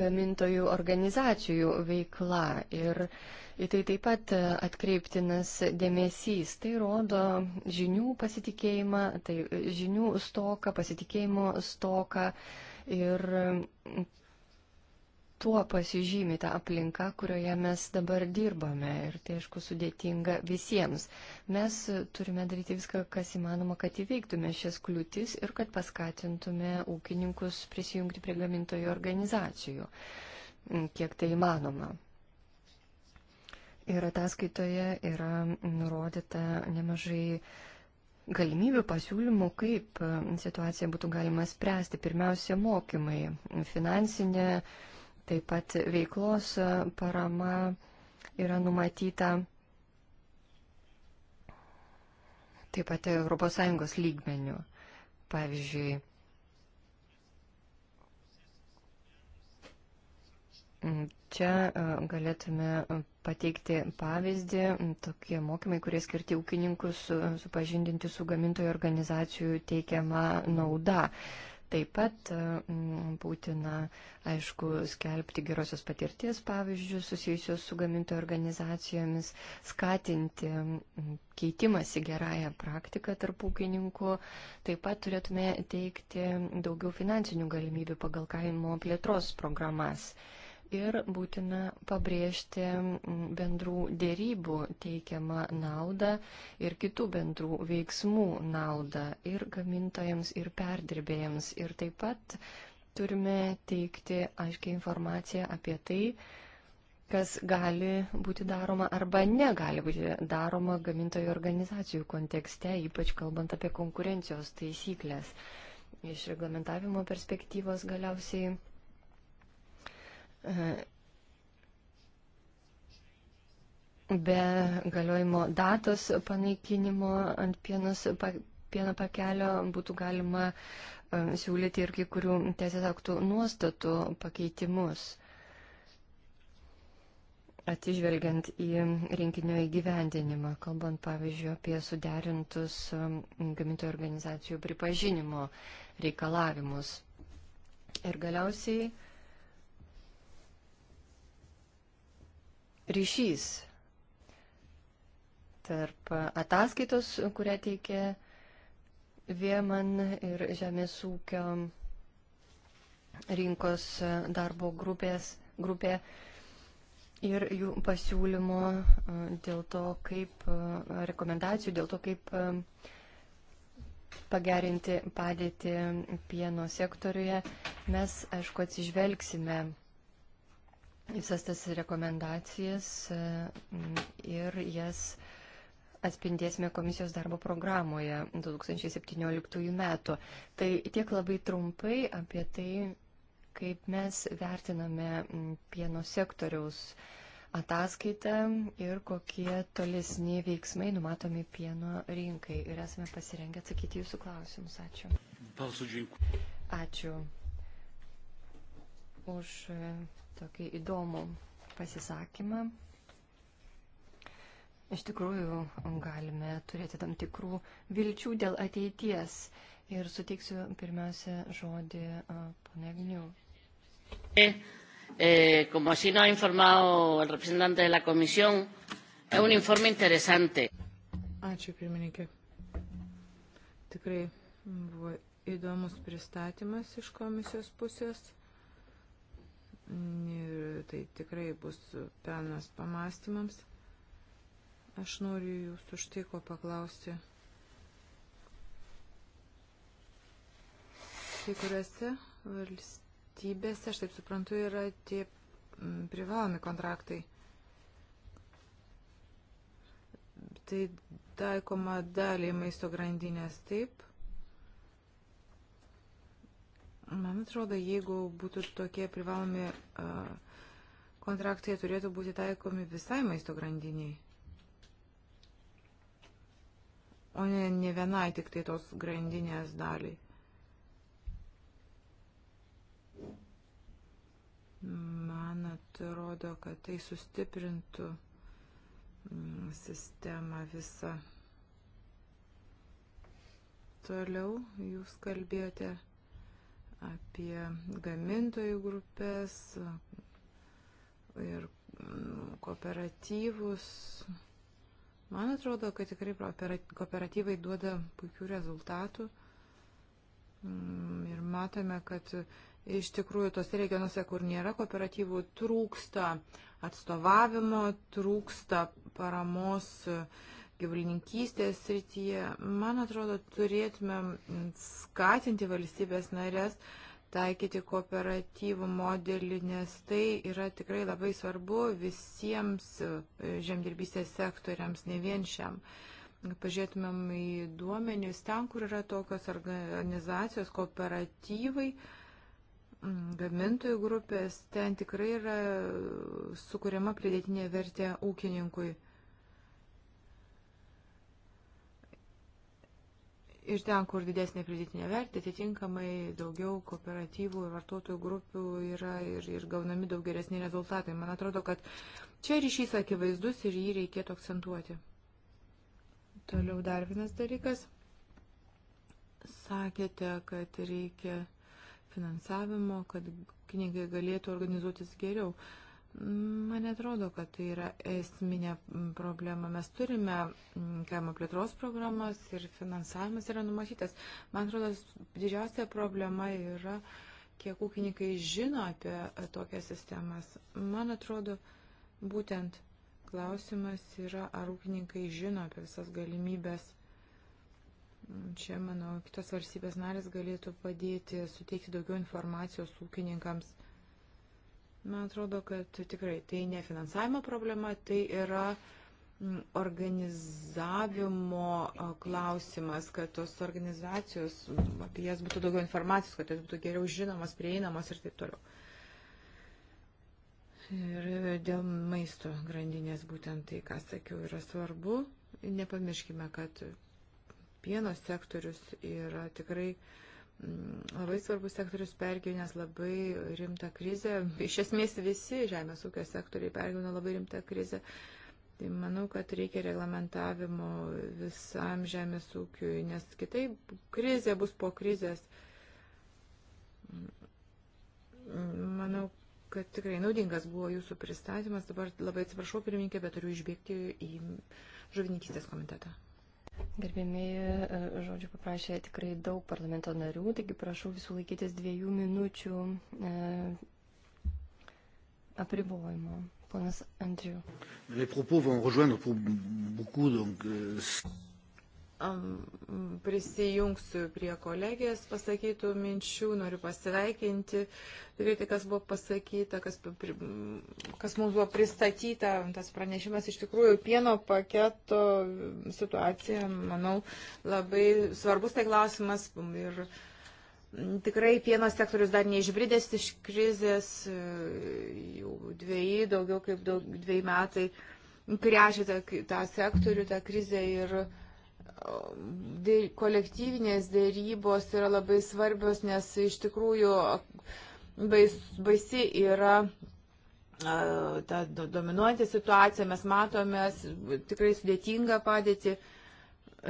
gamintojų organizacijų veikla ir į tai taip pat atkreiptinas dėmesys. Tai rodo žinių pasitikėjimą, tai žinių stoką, pasitikėjimo stoką ir tuo pasižymi ta aplinka, kurioje mes dabar dirbame. Ir tai, aišku, sudėtinga visiems. Mes turime daryti viską, kas įmanoma, kad įveiktume šias kliūtis ir kad paskatintume ūkininkus prisijungti prie gamintojų organizacijų, kiek tai įmanoma. Ir ataskaitoje yra nurodyta nemažai galimybių pasiūlymų, kaip situaciją būtų galima spręsti. Pirmiausia, mokymai, finansinė Taip pat veiklos e, parama yra numatyta taip pat ES lygmenių. Pavyzdžiui, čia e, galėtume pateikti pavyzdį, tokie mokymai, kurie skirti ūkininkus e, supažindinti su gamintojų organizacijų teikiama nauda. Taip pat e, būtina, aišku, skelbti gerosios patirties pavyzdžius susijusios su gamintojų organizacijomis, skatinti keitimąsi gerąją praktiką tarp ūkininkų. Taip pat turėtume teikti daugiau finansinių galimybių pagal kaimo plėtros programas ir būtina pabrėžti bendrų dėrybų teikiamą naudą ir kitų bendrų veiksmų naudą ir gamintojams, ir perdirbėjams. Ir taip pat turime teikti aiškiai informaciją apie tai, kas gali būti daroma arba negali būti daroma gamintojų organizacijų kontekste, ypač kalbant apie konkurencijos taisyklės. Iš reglamentavimo perspektyvos galiausiai be galiojimo datos panaikinimo ant pienos, pieno pakelio būtų galima e, siūlyti ir kai kurių teisės aktų nuostatų pakeitimus, atsižvelgiant į rinkinio įgyvendinimą, kalbant pavyzdžiui apie suderintus e, gamintojų organizacijų pripažinimo reikalavimus. Ir galiausiai ryšys tarp ataskaitos, kurią teikė Vieman ir Žemės ūkio rinkos darbo grupės, grupė ir jų pasiūlymo e, dėl to, kaip e, rekomendacijų, dėl to, kaip e, pagerinti padėtį pieno sektoriuje. Mes, aišku, atsižvelgsime visas tas rekomendacijas e, ir jas atspindėsime komisijos darbo programoje 2017 metų. Tai tiek labai trumpai apie tai, kaip mes vertiname pieno sektoriaus ataskaitą ir kokie tolesni veiksmai numatomi pieno rinkai. Ir esame pasirengę atsakyti jūsų klausimus. Ačiū. Balsu džinkui. Ačiū už tokį įdomų pasisakymą. Iš tikrųjų, galime turėti tam tikrų vilčių dėl ateities. Ir suteiksiu pirmiausia žodį panegniu. Eh, eh, como así nos ha informado el representante de la Comisión, es un informe interesante. Ačiū, pirmininkė. Tikrai buvo įdomus pristatymas iš komisijos pusės. Ir tai tikrai bus pelnas pamastymams. Aš noriu jūsų už tai ko paklausti. Kai kuriuose valstybėse, aš taip suprantu, yra tie mm, privalomi kontraktai. Tai taikoma daliai maisto grandinės taip. Man atrodo, jeigu būtų tokie privalomi kontraktai, turėtų būti taikomi visai maisto grandiniai. O ne, ne vienai tik tai tos grandinės daliai. Man atrodo, kad tai sustiprintų mm, sistemą visą. Toliau jūs kalbėjote apie gamintojų grupės ir mm, kooperatyvus. Man atrodo, kad tikrai kooperatyvai duoda puikių rezultatų mm, ir matome, kad iš tikrųjų tose regionuose, kur nėra kooperatyvų, trūksta atstovavimo, trūksta paramos uh, gyvulininkystės srityje. Man atrodo, turėtumėm skatinti valstybės narės taikyti kooperatyvų modelį, nes tai yra tikrai labai svarbu visiems e, žemdirbystės sektoriams, ne vien šiam. Pažiūrėtumėm į duomenius, ten, kur yra tokios organizacijos, kooperatyvai, mm, gamintojų grupės, ten tikrai yra sukuriama pridėtinė vertė ūkininkui. Ir ten, kur didesnė pridėtinė vertė, atitinkamai daugiau kooperatyvų ir vartotojų grupių yra ir, ir gaunami daug geresni rezultatai. Man atrodo, kad čia ryšys akivaizdus ir jį reikėtų akcentuoti. Toliau dar vienas dalykas. Sakėte, kad reikia finansavimo, kad knygai galėtų organizuotis geriau. Uh, Man atrodo, kad tai yra esminė problema. Mes turime mm, kaimo plėtros programas ir finansavimas yra numatytas. Man atrodo, didžiausia problema yra, kiek ūkininkai žino apie tokias sistemas. Man atrodo, būtent klausimas yra, ar ūkininkai žino apie visas galimybės. Čia, manau, kitos valstybės narės galėtų padėti suteikti daugiau informacijos ūkininkams Man atrodo, kad tikrai tai ne finansavimo problema, tai yra mm, organizavimo klausimas, kad tos organizacijos, mm, apie jas būtų daugiau informacijos, kad jos būtų geriau žinomas, prieinamas ir taip toliau. Ir dėl maisto grandinės būtent tai, ką sakiau, yra svarbu. Nepamirškime, kad pieno sektorius yra tikrai uh, Mm, labai svarbus sektorius pergyvenęs labai rimtą krizę. Iš esmės visi žemės ūkio sektoriai pergyvena labai rimtą krizę. Tai manau, kad reikia reglamentavimo visam žemės ūkiui, nes kitaip krizė bus po krizės. Mm, manau, kad tikrai naudingas buvo jūsų pristatymas. Dabar labai atsiprašau, pirmininkė, bet turiu išbėgti į žuvininkystės komitetą. Gerbėmiai, e, žodžiu, paprašė tikrai daug parlamento narių, taigi prašau visų laikytis dviejų minučių e, apribojimo. Ponas Andriu prisijungsiu prie kolegijos pasakytų minčių, noriu pasveikinti, tikrai tai, kas buvo pasakyta, kas, kas mums buvo pristatyta, tas pranešimas iš tikrųjų pieno paketo situacija, manau, labai svarbus tai klausimas ir tikrai pieno sektorius dar neišbridęs iš krizės, jau dviejai, daugiau kaip daug, dviejai metai krešė tą, tą sektorių, tą krizę ir dėry, kolektyvinės dėrybos yra labai svarbios, nes iš tikrųjų bais, baisi yra ta dominuojanti situacija, mes matome tikrai sudėtingą padėtį,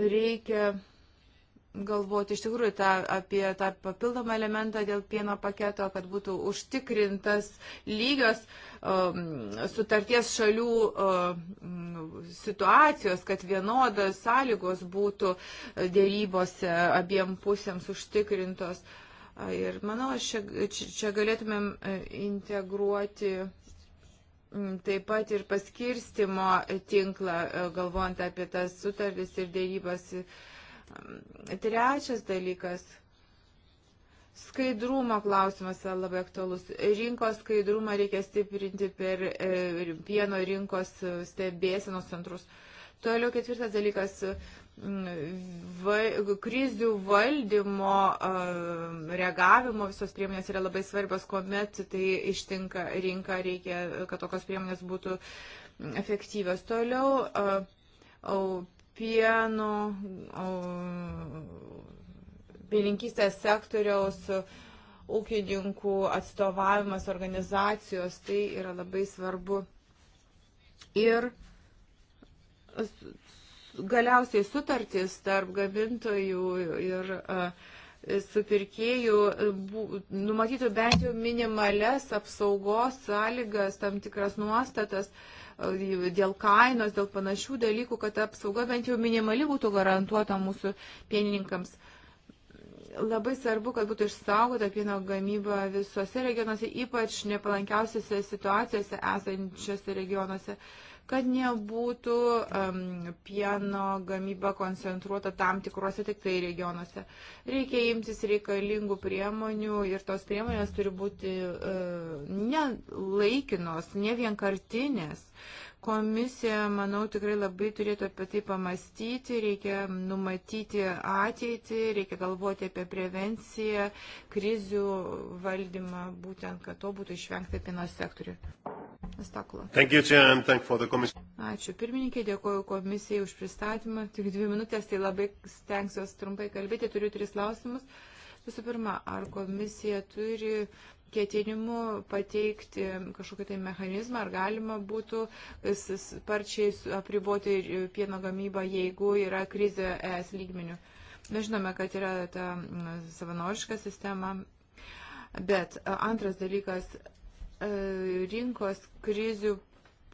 reikia galvoti iš tikrųjų tą, apie tą papildomą elementą dėl pieno paketo, kad būtų užtikrintas lygios um, sutarties šalių um, situacijos, kad vienodas sąlygos būtų uh, dėrybose abiem pusėms užtikrintos. Ir manau, čia, čia galėtumėm e, integruoti taip pat ir paskirstimo tinklą, e, galvojant apie tas sutartis ir dėrybas. Uh, Trečias dalykas Skaidrumo klausimas yra labai aktualus. Rinkos skaidrumą reikia stiprinti per e, pieno rinkos e, stebėsenos centrus. Toliau ketvirtas dalykas va, krizių valdymo, e, reagavimo visos priemonės yra labai svarbios, kuomet tai ištinka rinka, reikia, kad tokios priemonės būtų efektyvios. Toliau pieno, pieninkystės sektoriaus ūkininkų atstovavimas organizacijos, tai yra labai svarbu. Ir galiausiai sutartis tarp gamintojų ir uh, supirkėjų numatytų bent jau minimales apsaugos sąlygas, tam tikras nuostatas, uh, dėl kainos, dėl panašių dalykų, kad apsauga bent jau minimali būtų garantuota mūsų pienininkams. Labai svarbu, kad būtų išsaugota pieno gamyba visose regionuose, ypač nepalankiausiose situacijose esančiose regionuose. Uh, kad nebūtų um, pieno gamyba koncentruota tam tikrose tik tai regionuose. Reikia imtis reikalingų priemonių ir tos priemonės turi būti uh, ne laikinos, ne vienkartinės. Komisija, manau, tikrai labai turėtų apie tai pamastyti, reikia numatyti ateitį, reikia galvoti apie prevenciją, krizių valdymą, būtent, kad to būtų išvengta pieno sektoriui. Stakula. Ačiū pirmininkė, dėkoju komisijai už pristatymą. Tik dvi minutės, tai labai stengsiuos trumpai kalbėti. Turiu tris klausimus. Visų pirma, ar komisija turi ketinimu pateikti kažkokį tai mechanizmą, ar galima būtų sparčiai apriboti pieno gamybą, jeigu yra krizė ES lygmenių. Mes žinome, kad yra ta savanoriška sistema, bet antras dalykas, E, rinkos krizių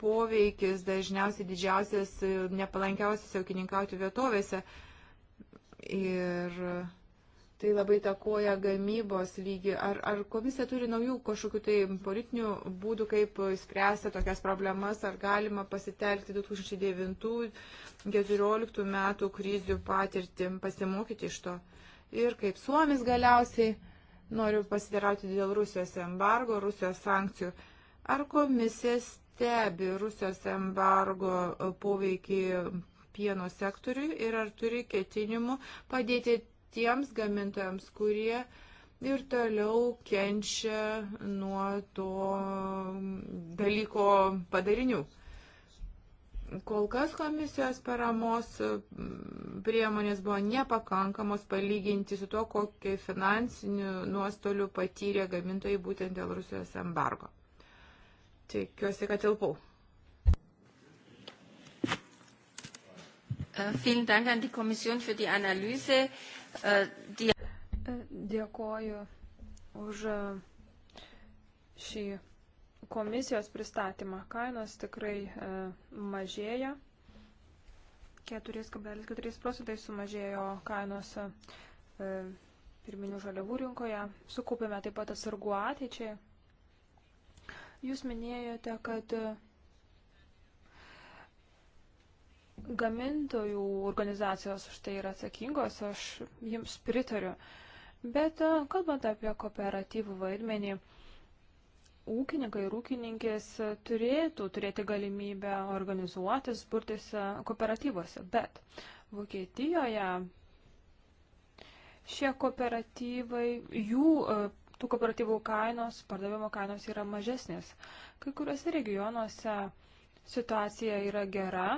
poveikis dažniausiai didžiausias e, nepalankiausiose ūkininkauti vietovėse. Ir tai labai takoja gamybos lygį. Ar, ar komisija turi naujų kažkokių tai politinių būdų, kaip spręsti tokias problemas, ar galima pasitelkti 2009-2014 metų krizių patirtim, pasimokyti iš to. Ir kaip Suomis galiausiai Noriu pasitirauti dėl Rusijos embargo, Rusijos sankcijų. Ar komisija stebi Rusijos embargo poveikį pieno sektoriui ir ar turi ketinimų padėti tiems gamintojams, kurie ir toliau kenčia nuo to dalyko padarinių? Kol kas komisijos paramos priemonės buvo nepakankamos palyginti su to, kokį finansinių nuostolių patyrė gamintojai būtent dėl Rusijos embargo. Tikiuosi, kad tilpau. Äh, äh, Dėkoju už äh, šį komisijos pristatymą. Kainos tikrai e, mažėja. 4,4 procentai sumažėjo kainos e, pirminių žaliavų rinkoje. Sukaupėme taip pat atsargų ateičiai. Jūs minėjote, kad e, gamintojų organizacijos už tai yra atsakingos, aš jums pritariu. Bet e, kalbant apie kooperatyvų vaidmenį, ūkininkai ir ūkininkės turėtų turėti galimybę organizuotis, burtis e, kooperatyvose, bet Vokietijoje šie kooperatyvai, jų e, tų kooperatyvų kainos, pardavimo kainos yra mažesnės. Kai kuriuose regionuose situacija yra gera,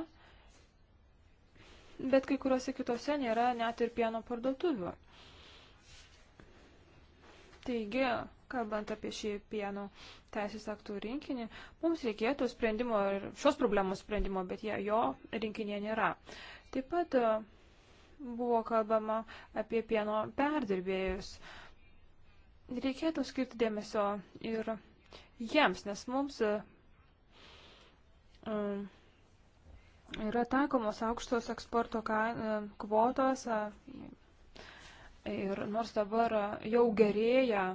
bet kai kuriuose kitose nėra net ir pieno parduotuvių. Taigi, kalbant apie šį pieno teisės aktų rinkinį, mums reikėtų sprendimo ir šios problemos sprendimo, bet jie, jo rinkinėje nėra. Taip pat e, buvo kalbama apie pieno perdirbėjus. Reikėtų skirti dėmesio ir jiems, nes mums e, e, yra taikomos aukštos eksporto kvotos ir nors dabar jau gerėja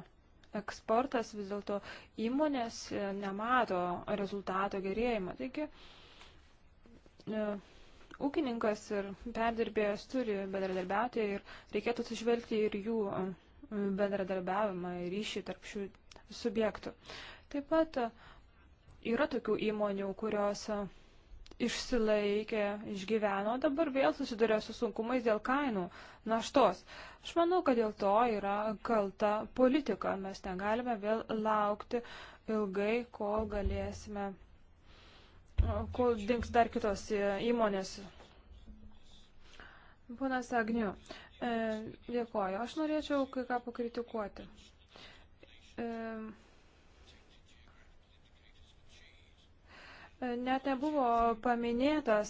eksportas vis dėlto įmonės e, nemato rezultato gerėjimo. Taigi, e, ūkininkas ir perdirbėjas turi bendradarbiauti ir reikėtų atsižvelgti ir jų e, bendradarbiavimą ir ryšį tarp šių subjektų. Taip pat yra tokių įmonių, kurios išsilaikė, išgyveno, dabar vėl susiduria su sunkumais dėl kainų naštos. Aš manau, kad dėl to yra kalta politika. Mes negalime vėl laukti ilgai, kol galėsime, kol dinks dar kitos įmonės. Ponas Agniu, e, dėkoju. Aš norėčiau kai ką pakritikuoti. E, Net nebuvo paminėtas,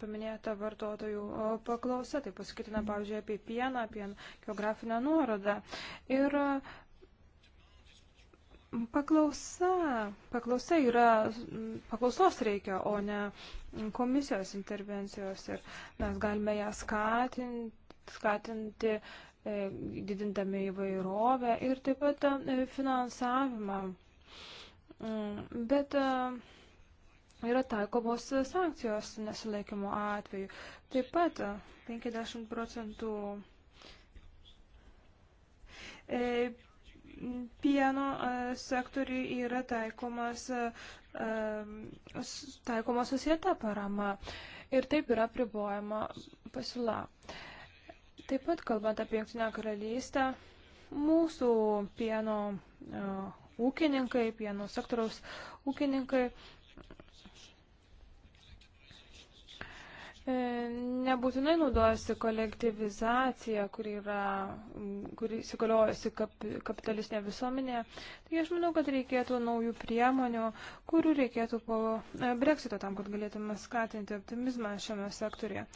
paminėta vartotojų paklausa, tai pasakytina, pavyzdžiui, apie pieną, apie geografinę nuorodą. Ir mm, paklausa, paklausa yra, mm, paklausos reikia, o ne komisijos intervencijos ir mes galime ją skatinti, skatinti e, didindami įvairovę ir taip pat e, finansavimą. Mm, bet uh, yra taikomos sankcijos nesilaikymo atveju. Taip pat 50 e, procentų e, pieno e, sektoriui yra taikomas, taikoma susieta parama ir taip yra pribojama pasiūla. Taip pat kalbant apie Junktinę karalystę, mūsų pieno ūkininkai, pieno sektoriaus ūkininkai E, nebūtinai naudojasi kolektivizacija, kuri yra, kuri įsigaliojusi kap, kapitalistinė visuomenė. Tai aš manau, kad reikėtų naujų priemonių, kurių reikėtų po e, breksito tam, kad galėtume skatinti optimizmą šiame sektorėje.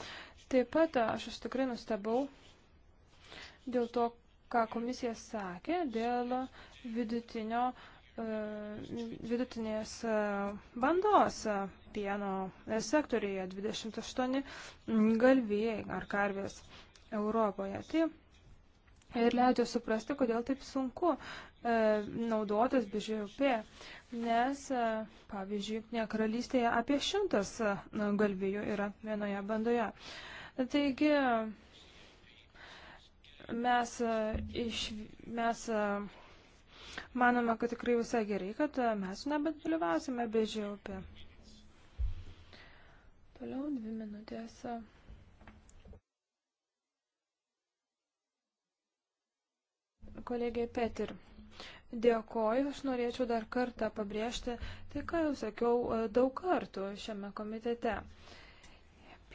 Taip pat e, aš aš tikrai nustebau dėl to, ką komisija sakė dėl vidutinio uh, E, vidutinės e, bandos e, pieno sektoriuje 28 galvijai ar karvės Europoje. Tai ir leidžia suprasti, kodėl taip sunku naudotis BŽUP, nes, pavyzdžiui, ne karalystėje apie šimtas galvijų yra vienoje bandoje. Taigi, mes, iš, mes Manome, kad tikrai visai gerai, kad e, mes nebedalyvausime be žiaupį. Toliau dvi minutės. Kolegė Petir. Dėkoju, aš norėčiau dar kartą pabrėžti tai, ką jau sakiau e, daug kartų šiame komitete.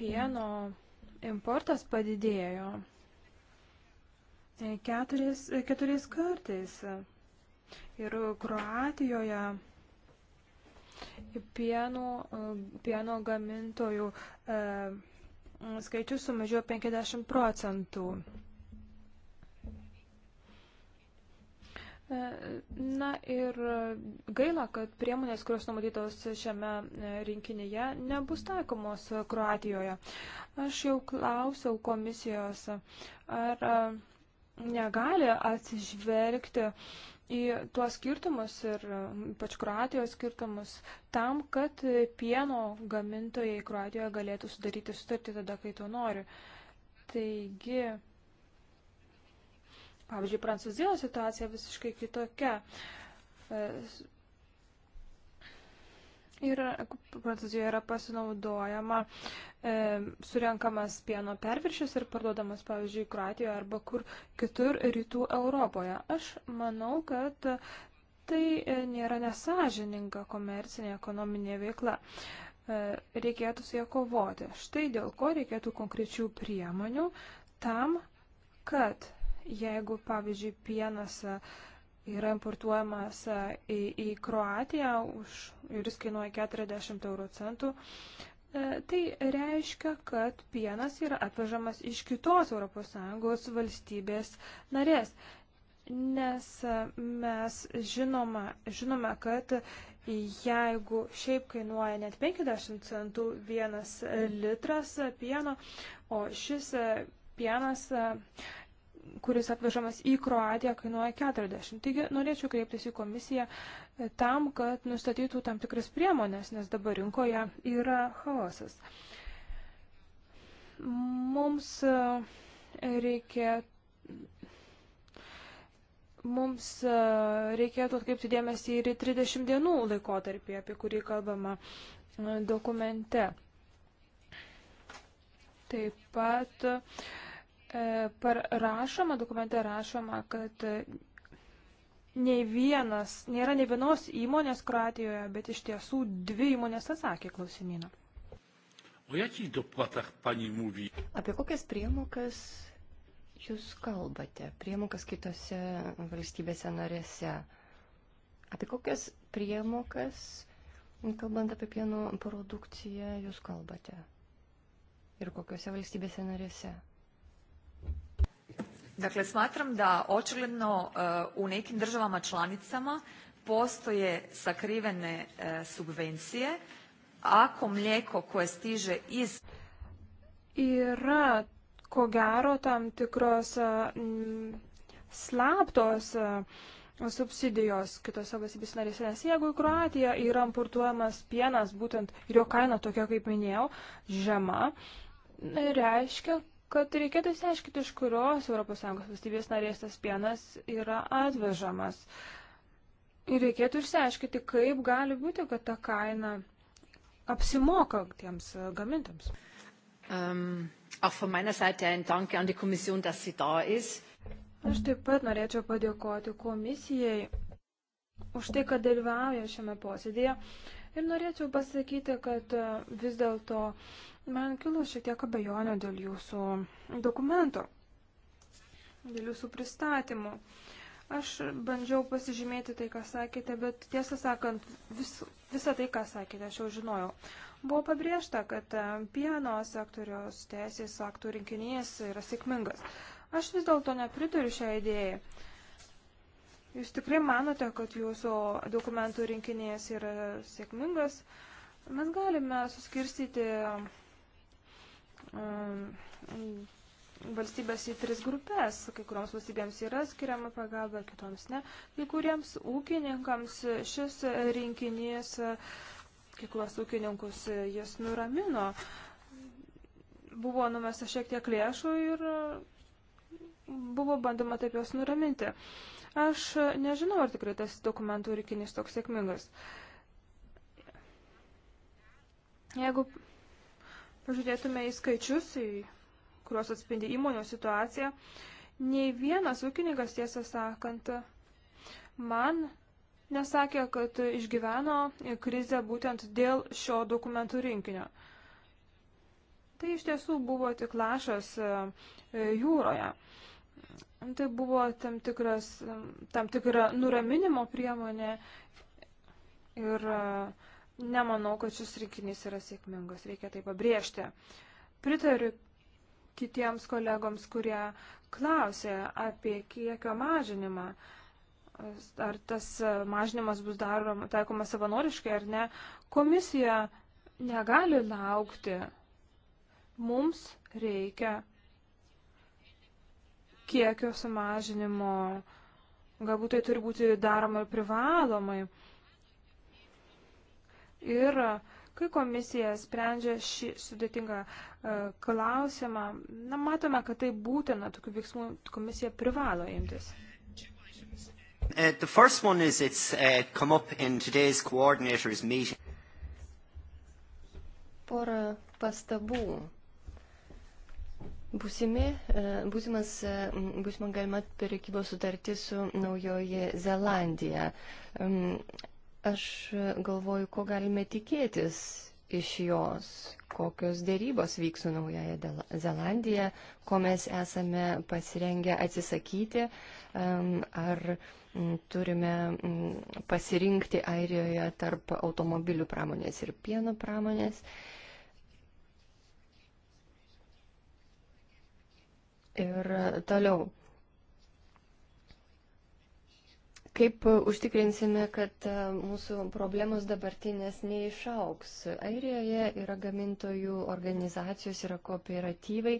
Pieno importas padidėjo e, keturiais, keturiais kartais. Ir Kroatijoje pieno, pieno gamintojų e, skaičius sumažėjo 50 procentų. E, na ir gaila, kad priemonės, kurios numatytos šiame e, rinkinyje, nebus taikomos Kroatijoje. Aš jau klausiau komisijos, ar e, negali atsižvelgti uh, į tuos skirtumus ir pač Kroatijos skirtumus tam, kad pieno gamintojai Kroatijoje galėtų sudaryti sutartį tada, kai to nori. Taigi, pavyzdžiui, Prancūzijos situacija visiškai kitokia. Ir Prancūzijoje yra pasinaudojama e, surenkamas pieno perviršis ir parduodamas, pavyzdžiui, Kroatijoje arba kur kitur rytų Europoje. Aš manau, kad tai e, nėra nesažininga komercinė ekonominė veikla. E, reikėtų su ją kovoti. Štai dėl ko reikėtų konkrečių priemonių tam, kad jeigu, pavyzdžiui, pienas e, yra importuojamas e, į, į Kroatiją už, ir jis kainuoja 40 euro centų. E, tai reiškia, kad pienas yra atvežamas iš kitos ES valstybės narės, nes e, mes žinoma, žinome, kad jeigu šiaip kainuoja net 50 centų vienas litras pieno, o šis pienas kuris atvežamas į Kroatiją, kainuoja 40. Taigi norėčiau kreiptis į komisiją e, tam, kad nustatytų tam tikras priemonės, nes dabar rinkoje yra chaosas. Mums e, reikia. Mums e, reikėtų atkreipti dėmesį ir į 30 dienų laikotarpį, apie kurį kalbama dokumente. Taip pat uh, E, rašoma, dokumente rašoma, kad nei vienas, nėra ne vienos įmonės Kroatijoje, bet iš tiesų dvi įmonės atsakė klausimyną. O jakich dopłatach pani mówi? Apie kokias priemokas jūs kalbate? Priemokas kitose valstybėse narėse. Apie kokias priemokas, kalbant apie pieno produkciją, jūs kalbate? Ir kokiose valstybėse narėse? Dakle, smatram da očigledno e, u nekim državama članicama postoje sakrivene e, subvencije ako mlijeko koje stiže iz yra ko gero tam tikros m, e, slaptos subsidijos kitose valstybės narėse. Nes jeigu į Kroatiją yra importuojamas pienas, būtent ir jo kaina tokia, kaip minėjau, žema, reiškia, kad reikėtų išsiaiškinti, iš kurios ES valstybės narės tas pienas yra atvežamas. Ir reikėtų išsiaiškinti, kaip gali būti, kad ta kaina apsimoka tiems e, gamintams. Um, auch von meiner Seite ein Danke an die Kommission, dass sie da ist. Aš taip pat norėčiau padėkoti komisijai už tai, kad dalyvauja šiame posėdėje. Uh, Ir norėčiau pasakyti, kad e, vis dėlto man kilo šiek tiek abejonė dėl jūsų dokumento, dėl jūsų pristatymų. Aš bandžiau pasižymėti tai, ką sakėte, bet tiesą sakant, vis, visą tai, ką sakėte, aš jau žinojau. Buvo pabrėžta, kad e, pieno sektoriaus teisės aktų rinkinys yra sėkmingas. Aš vis dėlto nepritariu šią idėją. Jūs tikrai manote, kad jūsų dokumentų rinkinės yra sėkmingas. Mes galime suskirstyti um, valstybės į tris grupės. Kai kurioms valstybėms yra skiriama pagalba, kitoms ne. Kai kuriems ūkininkams šis rinkinys, kai kuriuos ūkininkus jis nuramino. Buvo numesta šiek tiek lėšų ir buvo bandoma taip juos nuraminti. Uh, Aš nežinau, ar tikrai tas dokumentų rikinys toks sėkmingas. Jeigu pažiūrėtume į skaičius, į kuriuos atspindi įmonių situaciją, nei vienas ūkininkas, tiesą sakant, man nesakė, kad išgyveno krizę būtent dėl šio dokumentų rinkinio. Tai iš tiesų buvo tik lašas e, jūroje. Tai buvo tam, tikras, tam tikra nuraminimo priemonė ir e, nemanau, kad šis rinkinys yra sėkmingas, reikia tai pabrėžti. Pritariu kitiems kolegoms, kurie klausė apie kiekio mažinimą. Ar tas mažinimas bus daroma, taikoma savanoriškai ar ne. Komisija negali laukti. Mums reikia kiekio sumažinimo. Galbūt tai turi būti daroma ir privalomai. Ir e, kai komisija sprendžia šį sudėtingą e, klausimą, na, matome, kad tai būtina, tokių veiksmų komisija privalo imtis. Uh, the first one is it's uh, come up in today's coordinators meeting. Porą pastabų Būsimi, e, būsimas, e, būsima galima prekybos sutartis su Naujoji Zelandija. Aš galvoju, ko galime tikėtis iš jos, kokios dėrybos vyks su Naujoje Zelandija, ko mes esame pasirengę atsisakyti, ar turime pasirinkti Airijoje tarp automobilių pramonės ir pieno pramonės. Um, ir toliau. Kaip užtikrinsime, kad e, mūsų problemos dabartinės neišauks? Airijoje yra gamintojų organizacijos, yra kooperatyvai,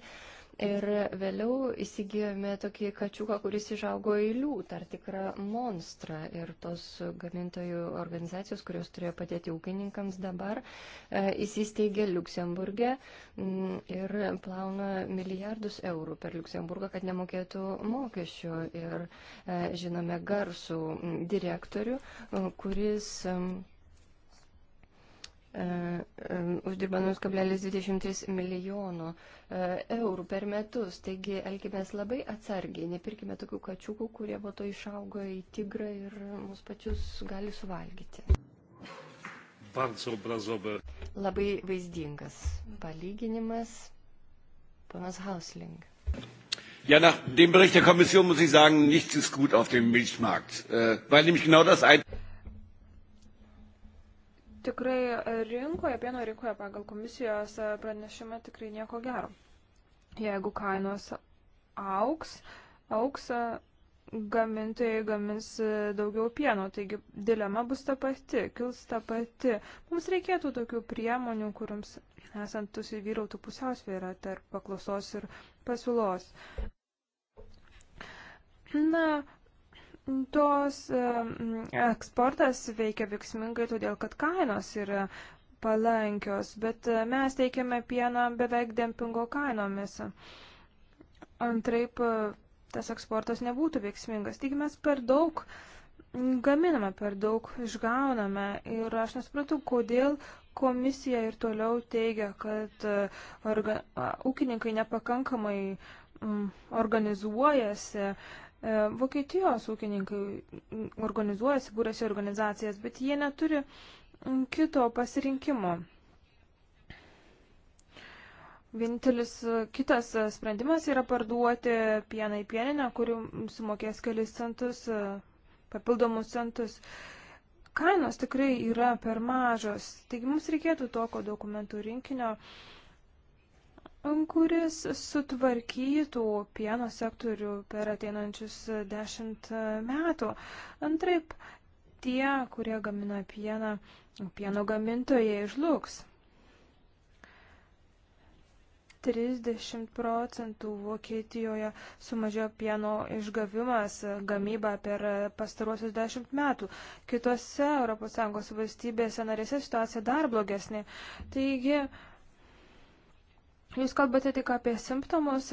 Ir vėliau įsigijome tokį kačiuką, kuris išaugo į liūtą, ar tikrą monstrą. Ir tos gamintojų organizacijos, kurios turėjo padėti ūkininkams dabar, e, įsisteigė Luksemburgė mm, ir plauna milijardus eurų per Luksemburgą, kad nemokėtų mokesčių. Ir e, žinome garsų mm, direktorių, e, kuris mm, E, e, uždirba 0,23 milijono e, eurų per metus. Taigi elgimės labai atsargiai, nepirkime tokių kačiukų, kurie po to išauga į tigrą ir mus pačius gali suvalgyti. Labai vaizdingas palyginimas, panas Hausling. Ja, nach dem Bericht der Kommission muss ich sagen, nichts ist gut auf dem Milchmarkt, äh, weil nämlich genau das ein tikrai e, rinkoje, pieno rinkoje pagal komisijos e, pranešimą tikrai nieko gero. Jeigu kainos auks, auks e, gamintojai gamins daugiau pieno, taigi dilema bus ta pati, kils ta pati. Mums reikėtų tokių priemonių, kuriams esant susivyrautų pusiausvėra tarp paklausos ir pasiūlos. Na, Tos eksportas veikia veiksmingai, todėl kad kainos yra palankios, bet mes teikiame pieną beveik dempingo kainomis. Antraip e, tas eksportas nebūtų veiksmingas. Taigi mes per daug gaminame, per daug išgauname ir aš nesupratau, kodėl komisija ir toliau teigia, kad e, orga, ūkininkai nepakankamai organizuojasi E, Vokietijos ūkininkai organizuojasi, būrėsi organizacijas, bet jie neturi kito pasirinkimo. Vienintelis e, kitas e, sprendimas yra parduoti pieną į pieninę, kuri sumokės kelis centus, papildomus centus. Kainos tikrai yra per mažos, taigi mums reikėtų tokio dokumentų rinkinio, uh, kuris sutvarkytų pieno sektorių per ateinančius dešimt metų. Antraip, tie, kurie gamina pieną, pieno gamintojai žlugs. 30 procentų Vokietijoje sumažėjo pieno išgavimas gamyba per pastaruosius 10 metų. Kitose ES valstybėse narėse situacija dar blogesnė. Taigi, uh, Jūs kalbate tik apie simptomus,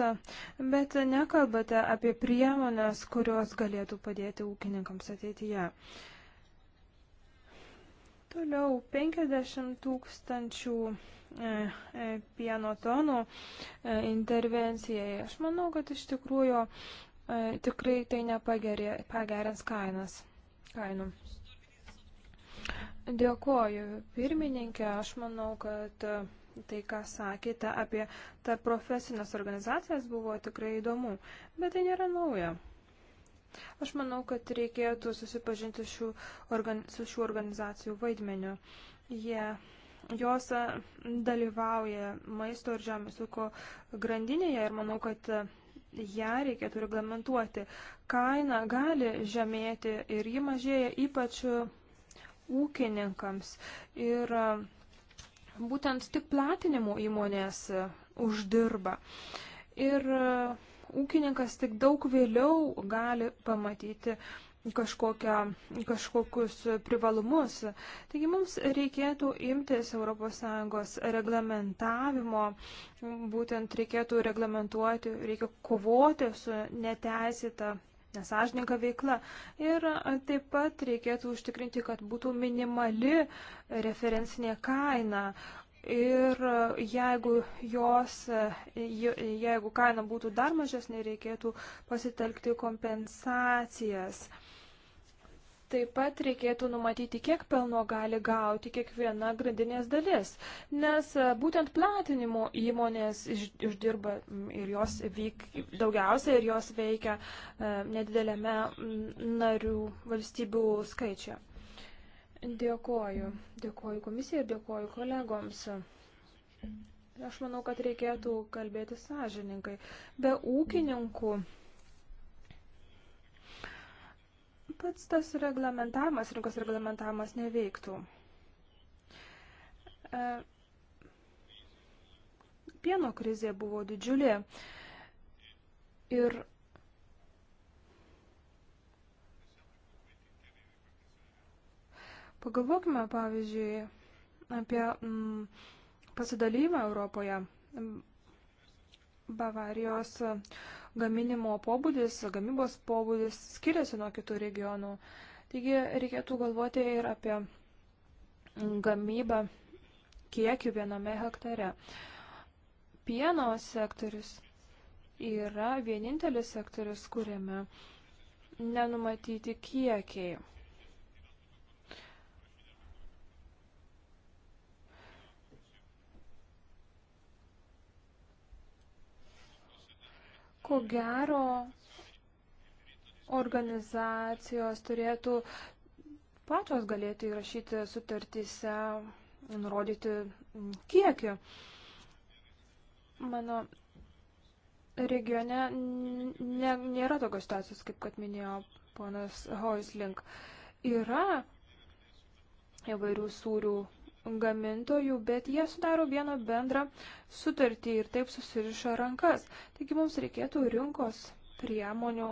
bet nekalbate apie priemonės, kurios galėtų padėti ūkininkams ateityje. Toliau 50 tūkstančių e, e, pieno tonų e, intervencijai. Aš manau, kad iš tikrųjų tikrai tai nepagerė, pagerins kainas, kainų. Dėkuoju, pirmininkė, aš manau, kad tai, ką sakėte apie tą profesinės organizacijas, buvo tikrai įdomu, bet tai nėra nauja. Aš manau, kad reikėtų susipažinti šių organi su šių organizacijų vaidmeniu. Jie, jos dalyvauja maisto ir žemės ūkio grandinėje ir manau, kad ją reikėtų reglamentuoti. Kaina gali žemėti ir ji mažėja ypač ūkininkams. Ir uh, Būtent tik platinimo įmonės e, uždirba. Ir e, ūkininkas tik daug vėliau gali pamatyti kažkokią, kažkokius privalumus. Taigi mums reikėtų imtis ES reglamentavimo, būtent reikėtų reglamentuoti, reikia kovoti su neteisėta nesažininka veikla. Ir taip pat reikėtų užtikrinti, kad būtų minimali referencinė kaina. Ir jeigu, jos, jeigu kaina būtų dar mažesnė, reikėtų pasitelkti kompensacijas. Taip pat reikėtų numatyti, kiek pelno gali gauti kiekviena grandinės dalis, nes e, būtent platinimo įmonės uždirba ir jos vyk, daugiausia ir jos veikia e, nedidelėme narių valstybių skaičiuje. Dėkoju. Dėkoju komisijai ir dėkoju kolegoms. Aš manau, kad reikėtų kalbėti sąžininkai. Be ūkininkų. Mm pats tas reglamentavimas, rinkos reglamentavimas neveiktų. E, pieno krizė buvo didžiulė ir pagalvokime, pavyzdžiui, apie mm, pasidalymą Europoje. Mm, Bavarijos uh, gaminimo pobūdis, gamybos pobūdis skiriasi nuo kitų regionų. Taigi reikėtų galvoti ir apie gamybą kiekį viename hektare. Pieno sektorius yra vienintelis sektorius, kuriame nenumatyti kiekiai. Ko gero, organizacijos turėtų pačios galėti įrašyti sutartyse, nurodyti kiekį. Mano regione ne, nėra tokios situacijos, kaip kad minėjo ponas Hoislink. Yra įvairių sūrių gamintojų, bet jie sudaro vieną bendrą sutartį ir taip susiriša rankas. Taigi mums reikėtų rinkos priemonių,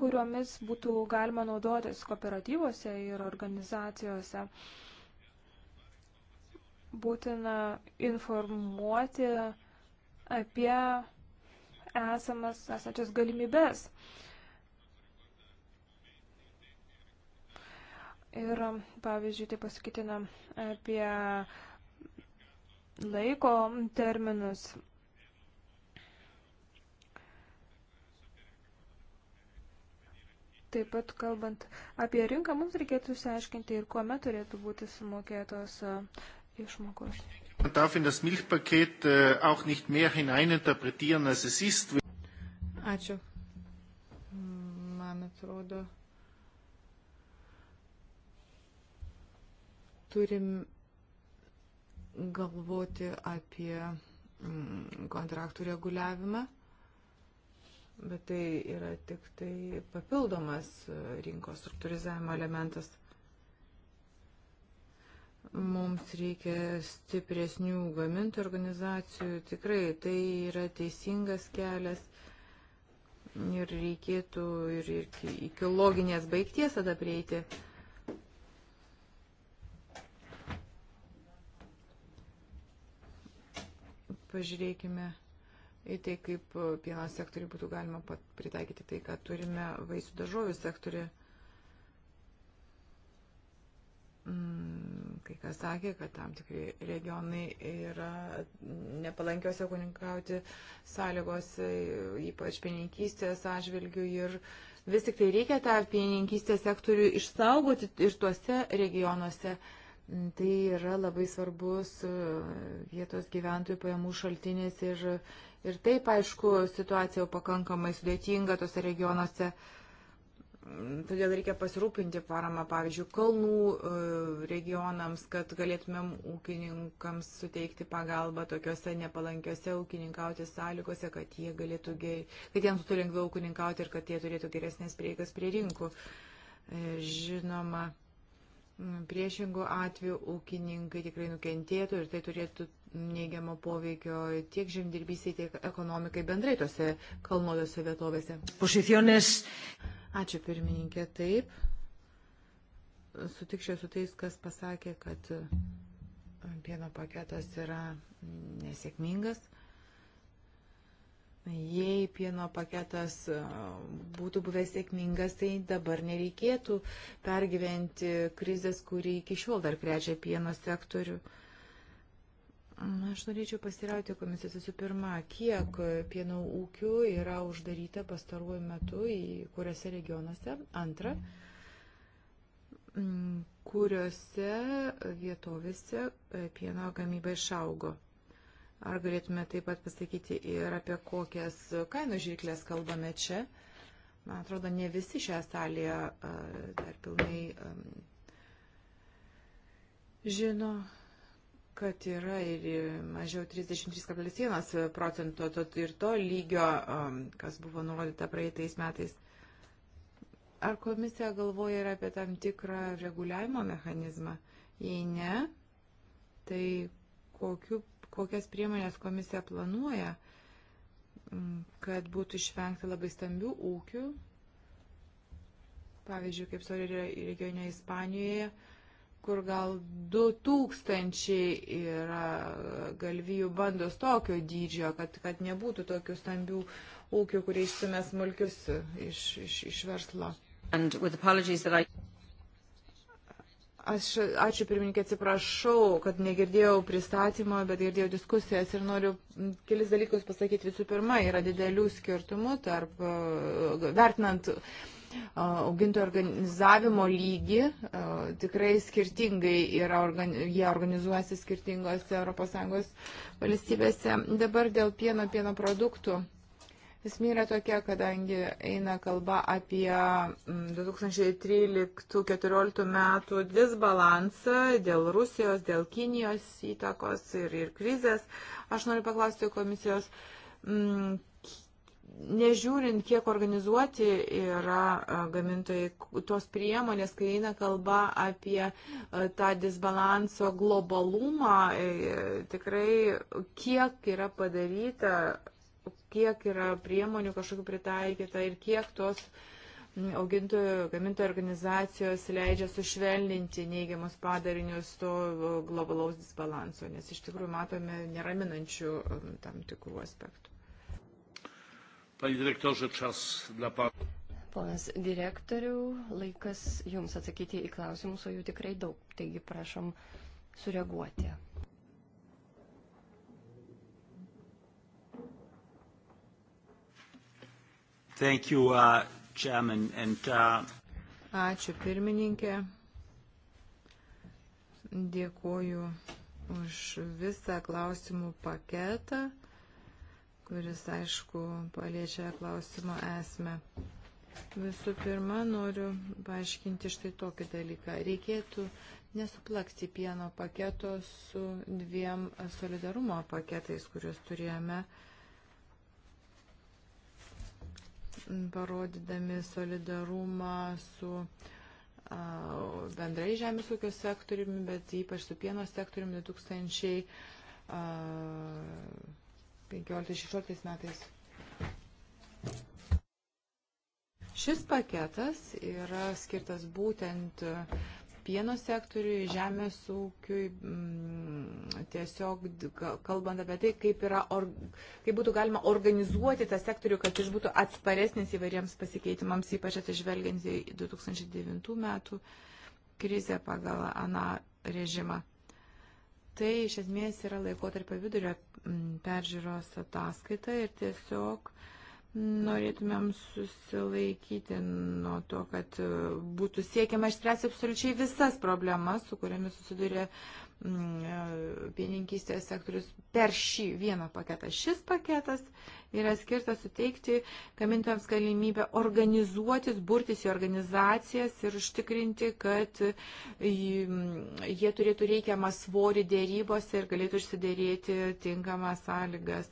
kuriomis būtų galima naudotis kooperatyvose ir organizacijose. Būtina informuoti apie esamas esančias galimybes. Uh, Ir, pavyzdžiui, tai pasakytina apie laiko terminus. Taip pat kalbant apie rinką, mums reikėtų išsiaiškinti ir kuomet turėtų būti sumokėtos e, išmokos. Man darf in das Milchpaket äh, auch nicht mehr hineininterpretieren, als es ist. Ačiū. Man atrodo, Turim galvoti apie mm, kontraktų reguliavimą, bet tai yra tik tai papildomas e, rinkos struktūrizavimo elementas. Mums reikia stipresnių gamintų organizacijų, tikrai tai yra teisingas kelias ir reikėtų ir iki loginės baigties tada prieiti. pažiūrėkime į tai, kaip pieno sektoriui būtų galima pritaikyti tai, ką turime vaisių daržovių sektoriui. Mm, kai kas sakė, kad tam tikri regionai yra nepalankiose kuninkauti sąlygose, ypač pieninkystės atžvilgių ir vis tik tai reikia tą pieninkystės sektorių išsaugoti ir tuose regionuose. Uh, Tai yra labai svarbus e, vietos gyventojų pajamų šaltinis ir, ir taip, aišku, situacija jau pakankamai sudėtinga tose regionuose. Mm, Todėl reikia pasirūpinti paramą, pavyzdžiui, kalnų e, regionams, kad galėtumėm ūkininkams suteikti pagalbą tokiuose nepalankiuose ūkininkauti sąlygose, kad, jie galėtų, kad jiems būtų lengviau ūkininkauti ir kad jie turėtų geresnės prieigas prie rinkų. E, žinoma, Priešingų atveju ūkininkai tikrai nukentėtų ir tai turėtų neigiamo poveikio tiek žemdirbysiai, tiek ekonomikai bendrai tose kalnuotose vietovėse. Pozicionės. Ačiū pirmininkė, taip. Sutikščiau su tais, kas pasakė, kad pieno paketas yra nesėkmingas. Jei pieno paketas e, būtų buvęs sėkmingas, tai dabar nereikėtų pergyventi krizės, kuri iki šiol dar krečia pieno sektorių. Aš norėčiau pasirauti komisijos visų pirma, kiek pieno ūkių yra uždaryta pastaruoju metu, į kuriuose regionuose. Antra, kuriuose vietovėse e, pieno gamyba išaugo. Ar galėtume taip pat pasakyti ir apie kokias kainų žirklės kalbame čia? Man atrodo, ne visi šią salėje dar pilnai žino, kad yra ir mažiau 33,1 procento ir to lygio, kas buvo nurodyta praeitais metais. Ar komisija galvoja ir apie tam tikrą reguliavimo mechanizmą? Jei ne, tai kokiu kokias priemonės komisija planuoja, mm, kad būtų išvengta labai stambių ūkių, pavyzdžiui, kaip Sorė regione Ispanijoje, kur gal 2000 yra galvijų bandos tokio dydžio, kad, kad nebūtų tokių stambių ūkių, kurie išstumė smulkius iš, iš, iš verslo. I... Aš ačiū pirmininkė, atsiprašau, kad negirdėjau pristatymą, bet girdėjau diskusijas ir noriu kelis dalykus pasakyti. Visų pirma, yra didelių skirtumų tarp uh, vertinant uh, augintojų organizavimo lygį. Uh, tikrai skirtingai yra, jie organizuojasi skirtingose ES valstybėse. Dabar dėl pieno, pieno produktų Esmė yra tokia, kadangi eina kalba apie 2013-2014 mm, metų disbalansą dėl Rusijos, dėl Kinijos įtakos ir, ir krizės, aš noriu paklausti komisijos, m, mm, nežiūrint, kiek organizuoti yra gamintojai, tos priemonės, kai eina kalba apie tą disbalanso globalumą, e, tikrai kiek yra padaryta kiek yra priemonių kažkokių pritaikyta ir kiek tos augintojų, gamintojų organizacijos leidžia sušvelninti neigiamus padarinius to globalaus disbalanso, nes iš tikrųjų matome neraminančių um, tam tikrų aspektų. Panie direktorze, czas dla pana. Ponas direktoriu, laikas jums atsakyti į klausimus, o jų tikrai daug, taigi prašom sureaguoti. Thank you, uh, Chairman. And, uh... Ačiū pirmininkė. Dėkuoju už visą klausimų paketą, kuris, aišku, paliečia klausimo esmę. Visų pirma, noriu paaiškinti štai tokį dalyką. Reikėtų nesuplakti pieno paketo su dviem solidarumo paketais, kuriuos turėjome uh, parodydami solidarumą su bendrai žemės ūkio sektoriumi, bet ypač su pieno sektoriumi 2015-2016 metais. Šis paketas yra skirtas būtent pieno sektoriui, žemės ūkiui, mm, tiesiog kalbant apie tai, kaip, yra, or, kaip būtų galima organizuoti tą sektorių, kad jis būtų atsparesnis įvairiems pasikeitimams, ypač atsižvelgiant į 2009 metų krizę pagal aną režimą. Tai iš esmės yra laikotarpio vidurio mm, peržiūros ataskaita ir tiesiog uh, norėtumėm susilaikyti nuo to, kad e, būtų siekiama išspręsti absoliučiai visas problemas, su kuriamis susiduria mm, e, pieninkystės sektorius per šį vieną paketą. Šis paketas yra skirtas suteikti gamintojams galimybę organizuotis, burtis į organizacijas ir užtikrinti, kad e, jie turėtų reikiamą svorį dėrybose ir galėtų išsiderėti tinkamas sąlygas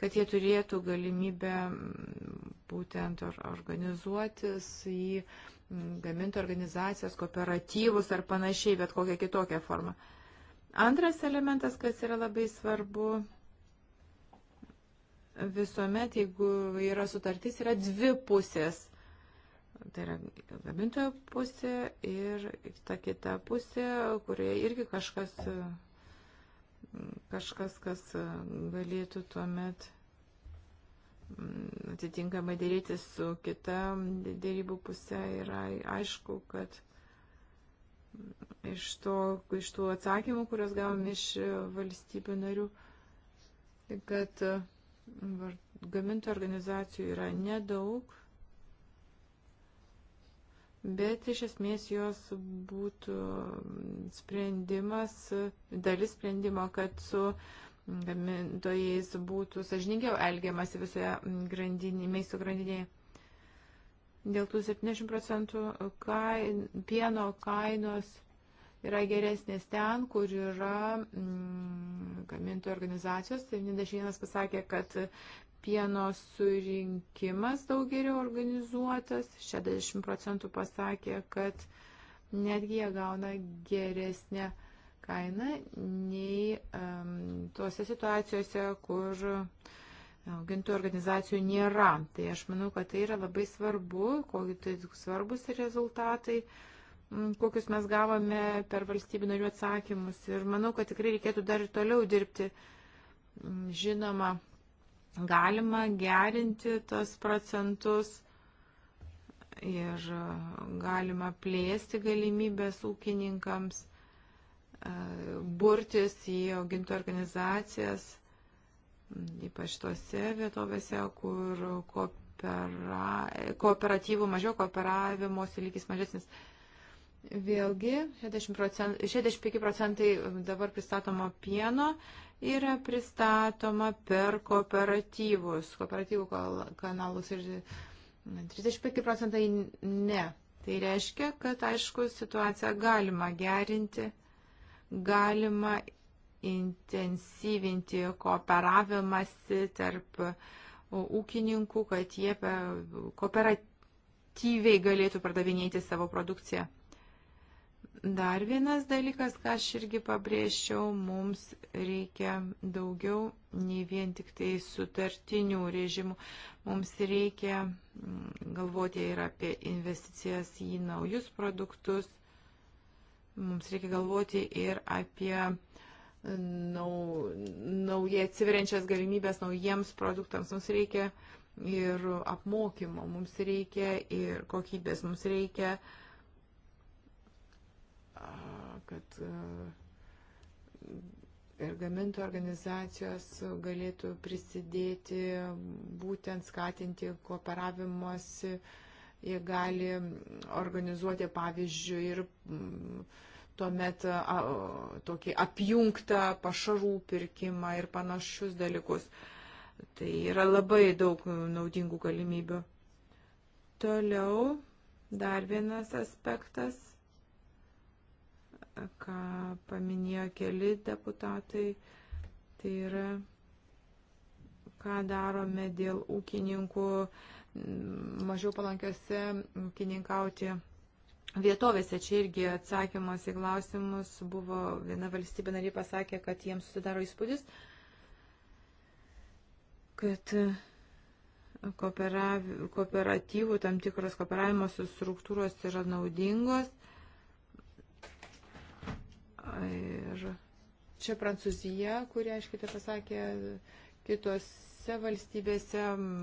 kad jie turėtų galimybę mm, būtent organizuotis į mm, gamintų organizacijas, kooperatyvus ar panašiai, bet kokią kitokią formą. Antras elementas, kas yra labai svarbu, visuomet, jeigu yra sutartis, yra dvi pusės. Tai yra gamintojo pusė ir ta kita pusė, kurioje irgi kažkas kažkas, kas e, galėtų tuomet mm, atitinkamai dėrėti su kita dėrybų pusė yra aišku, kad mm, iš, to, iš tų atsakymų, kuriuos gavom iš e, valstybių narių, kad e, gamintų organizacijų yra nedaug bet iš esmės jos būtų sprendimas, dalis sprendimo, kad su gamintojais būtų sažiningiau elgiamas visoje grandinėje, maisto grandinėje. Dėl tų 70 procentų kain, pieno kainos yra geresnės ten, kur yra mm, gamintojų organizacijos. 71 pasakė, kad pieno surinkimas daug geriau organizuotas. 60 procentų pasakė, kad netgi jie gauna geresnę kainą nei um, tuose situacijose, kur augintų organizacijų nėra. Tai aš manau, kad tai yra labai svarbu, kokie tai svarbus rezultatai kokius mes gavome per valstybių narių atsakymus. Ir manau, kad tikrai reikėtų dar ir toliau dirbti. Žinoma, galima gerinti tos procentus ir galima plėsti galimybės ūkininkams e, burtis į augintų organizacijas, ypač tose vietovėse, kur koopera, kooperatyvų mažiau, kooperavimosi lygis mažesnis. Vėlgi, 60 procent, 65 procentai dabar pristatomo pieno yra pristatoma per kooperatyvus, kooperatyvų kanalus ir 35 procentai ne. Tai reiškia, kad aišku, situaciją galima gerinti, galima intensyvinti kooperavimąsi tarp ūkininkų, kad jie kooperatyviai galėtų pardavinėti savo produkciją. Dar vienas dalykas, ką aš irgi pabrėžčiau, mums reikia daugiau nei vien tik tai sutartinių režimų. Mums reikia mm, galvoti ir apie investicijas į naujus produktus. Mums reikia galvoti ir apie mm, nau, naujai atsiveriančias galimybės naujiems produktams. Mums reikia ir apmokymo, mums reikia ir kokybės, mums reikia uh, kad e, ir gamintojų organizacijos galėtų prisidėti, būtent skatinti kooperavimuose, jie gali organizuoti, pavyzdžiui, ir tuomet a, tokį apjungtą pašarų pirkimą ir panašius dalykus. Tai yra labai daug naudingų galimybių. Toliau dar vienas aspektas ką paminėjo keli deputatai, tai yra, ką darome dėl ūkininkų mažiau palankiose ūkininkauti vietovėse. Čia irgi atsakymas į klausimus buvo, viena valstybė nariai pasakė, kad jiems susidaro įspūdis, kad e, kooperatyvų, tam tikros kooperavimo struktūros yra naudingos Ir čia Prancūzija, kurie, aiškiai, tai pasakė, kitose valstybėse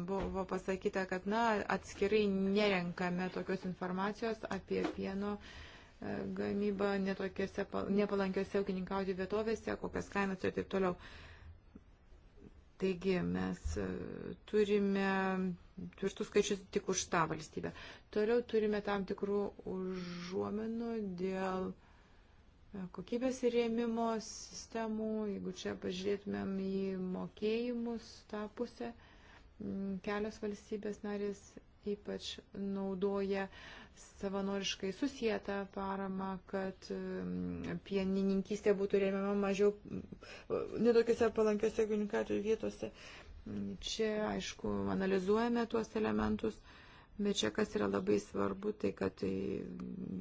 buvo pasakyta, kad, na, atskirai nerenkame tokios informacijos apie pieno e, gamybą netokiose nepalankiose ūkininkauti vietovėse, kokias kainas ir taip toliau. Taigi mes e, turime tvirtus skaičius tik už tą valstybę. Toliau turime tam tikrų užuomenų dėl uh, kokybės rėmimo sistemų, jeigu čia pažiūrėtumėm į mokėjimus tą pusę, kelios valstybės narės ypač naudoja savanoriškai susijęta parama, kad pienininkystė būtų rėmiama mažiau netokiuose palankiuose komunikatorių vietose. Čia, aišku, analizuojame tuos elementus, bet čia kas yra labai svarbu, tai kad tai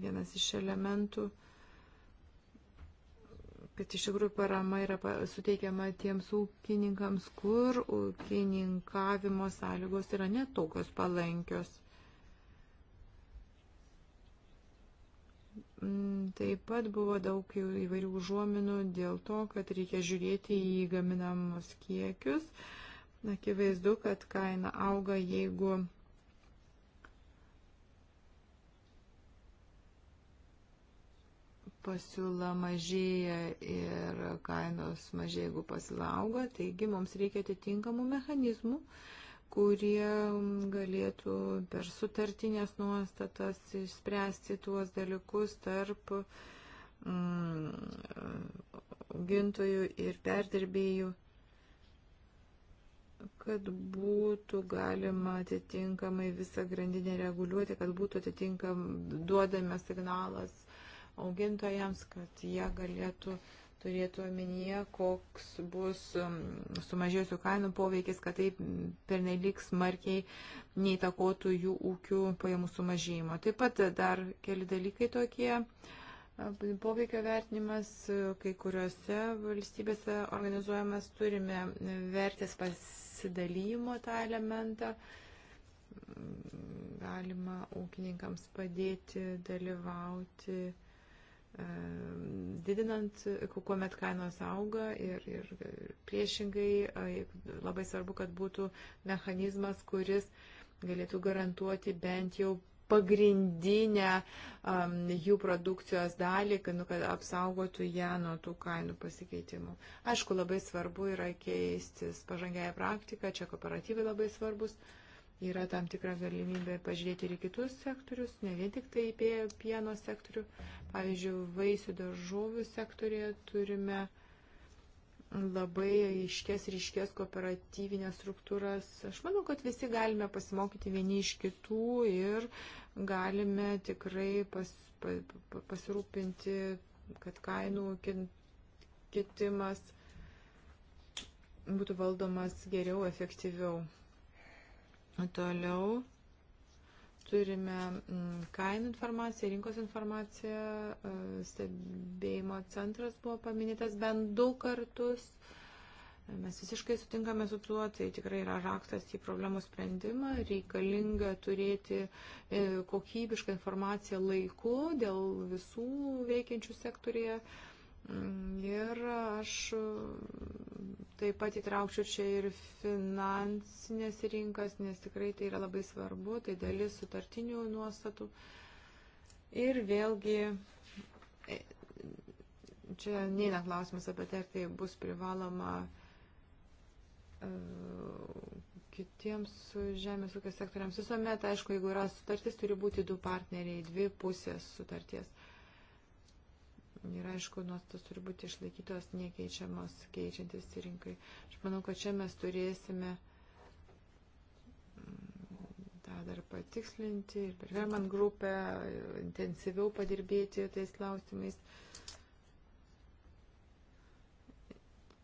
vienas iš elementų kad iš tikrųjų parama yra suteikiama tiems ūkininkams, kur ūkininkavimo sąlygos yra netokios palankios. Mm, taip pat buvo daug įvairių užuominų dėl to, kad reikia žiūrėti į gaminamus kiekius. Akivaizdu, kad kaina auga, jeigu pasiūla mažėja ir kainos mažėja, jeigu pasiūla auga, taigi mums reikia atitinkamų mechanizmų, kurie galėtų per sutartinės nuostatas išspręsti tuos dalykus tarp mm, augintojų mm, ir perdirbėjų kad būtų galima atitinkamai visą grandinę reguliuoti, kad būtų atitinkam duodame signalas augintojams, kad jie galėtų turėtų omenyje, koks bus um, sumažėjusių kainų poveikis, kad tai pernelyg smarkiai neįtakotų jų ūkių pajamų sumažėjimo. Taip pat dar keli dalykai tokie. Poveikio vertinimas, kai kuriuose valstybėse organizuojamas turime vertės pasidalymo tą elementą. Galima ūkininkams padėti dalyvauti Ehm, didinant, kuomet kainos auga ir, ir priešingai labai svarbu, kad būtų mechanizmas, kuris galėtų garantuoti bent jau pagrindinę um, jų produkcijos dalį, kad, nu, kad apsaugotų ją nuo tų kainų pasikeitimų. Aišku, labai svarbu yra keistis pažangiai praktiką, čia kooperatyvai labai svarbus. Uh, yra tam tikra galimybė pažiūrėti ir kitus sektorius, ne vien tik tai pieno sektorių. Pavyzdžiui, vaisių daržovių sektorėje turime labai iškės ir iškės kooperatyvinės struktūras. Aš manau, kad visi galime pasimokyti vieni iš kitų ir galime tikrai pas, pa, pasirūpinti, kad kainų kitimas būtų valdomas geriau, efektyviau. Toliau turime mm, kainų informaciją, rinkos informaciją, e, stebėjimo centras buvo paminėtas bent du kartus. Mes visiškai sutinkame su tuo, tai tikrai yra raktas į problemų sprendimą, reikalinga turėti e, kokybišką informaciją laiku dėl visų veikiančių sektorėje. Mm, ir aš Taip pat įtraukčiau čia ir finansinės rinkas, nes tikrai tai yra labai svarbu, tai dalis sutartinių nuostatų. Ir vėlgi, e, čia neina klausimas apie tai, ar tai bus privaloma e, kitiems žemės ūkio sektoriams. Visuomet, aišku, jeigu yra sutartis, turi būti du partneriai, dvi pusės sutarties. Ir aišku, nuostatos turi būti išlaikytos nekeičiamos, keičiantis rinkai. Aš manau, kad čia mes turėsime mm, tą dar patikslinti ir per Verman grupę intensyviau padirbėti tais klausimais.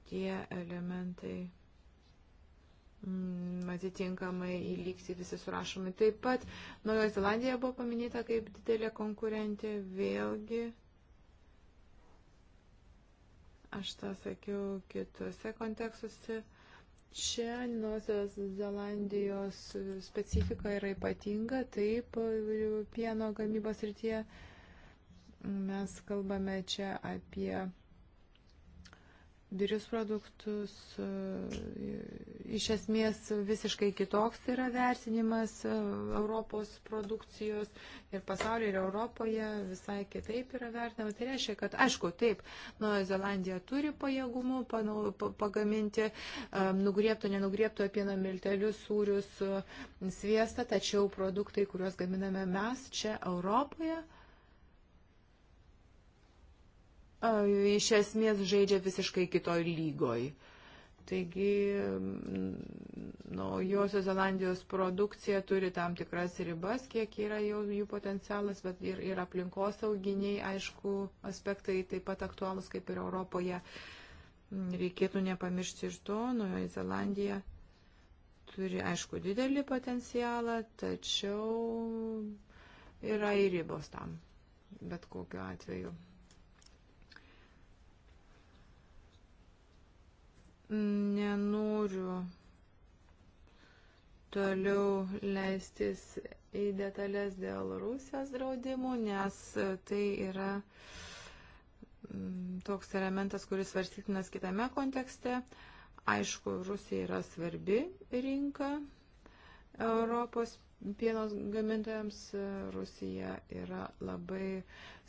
Tie elementai mm, atitinkamai įlygti visi surašomi. Taip pat Naujojo Zelandija buvo paminėta kaip didelė konkurentė, vėlgi Aš tą sakiau kitose kontekstuose. Čia Naujosios Zelandijos specifika yra ypatinga, taip, pieno gamybos rytyje mes kalbame čia apie birius produktus. E, iš esmės visiškai kitoks tai yra versinimas e, Europos produkcijos ir pasaulyje ir Europoje visai kitaip yra vertinamas. Tai reiškia, kad aišku, taip, Nuojo Zelandija turi pajėgumų panau, pagaminti e, nugriepto, nenugriepto pieną miltelius, sūrius, sviestą, tačiau produktai, kuriuos gaminame mes čia Europoje, iš esmės žaidžia visiškai kitoj lygoj. Taigi mm, naujosios Zelandijos produkcija turi tam tikras ribas, kiek yra jau jų potencialas, bet ir, ir aplinkosauginiai, aišku, aspektai taip pat aktualūs kaip ir Europoje. Mm, reikėtų nepamiršti ir to, Naujoji Zelandija turi, aišku, didelį potencialą, tačiau yra ir ribos tam, bet kokiu atveju. nenoriu toliau leistis į detalės dėl Rusijos draudimų, nes tai yra mm, toks elementas, kuris svarstytinas kitame kontekste. Aišku, Rusija yra svarbi rinka Europos pienos gamintojams. Rusija yra labai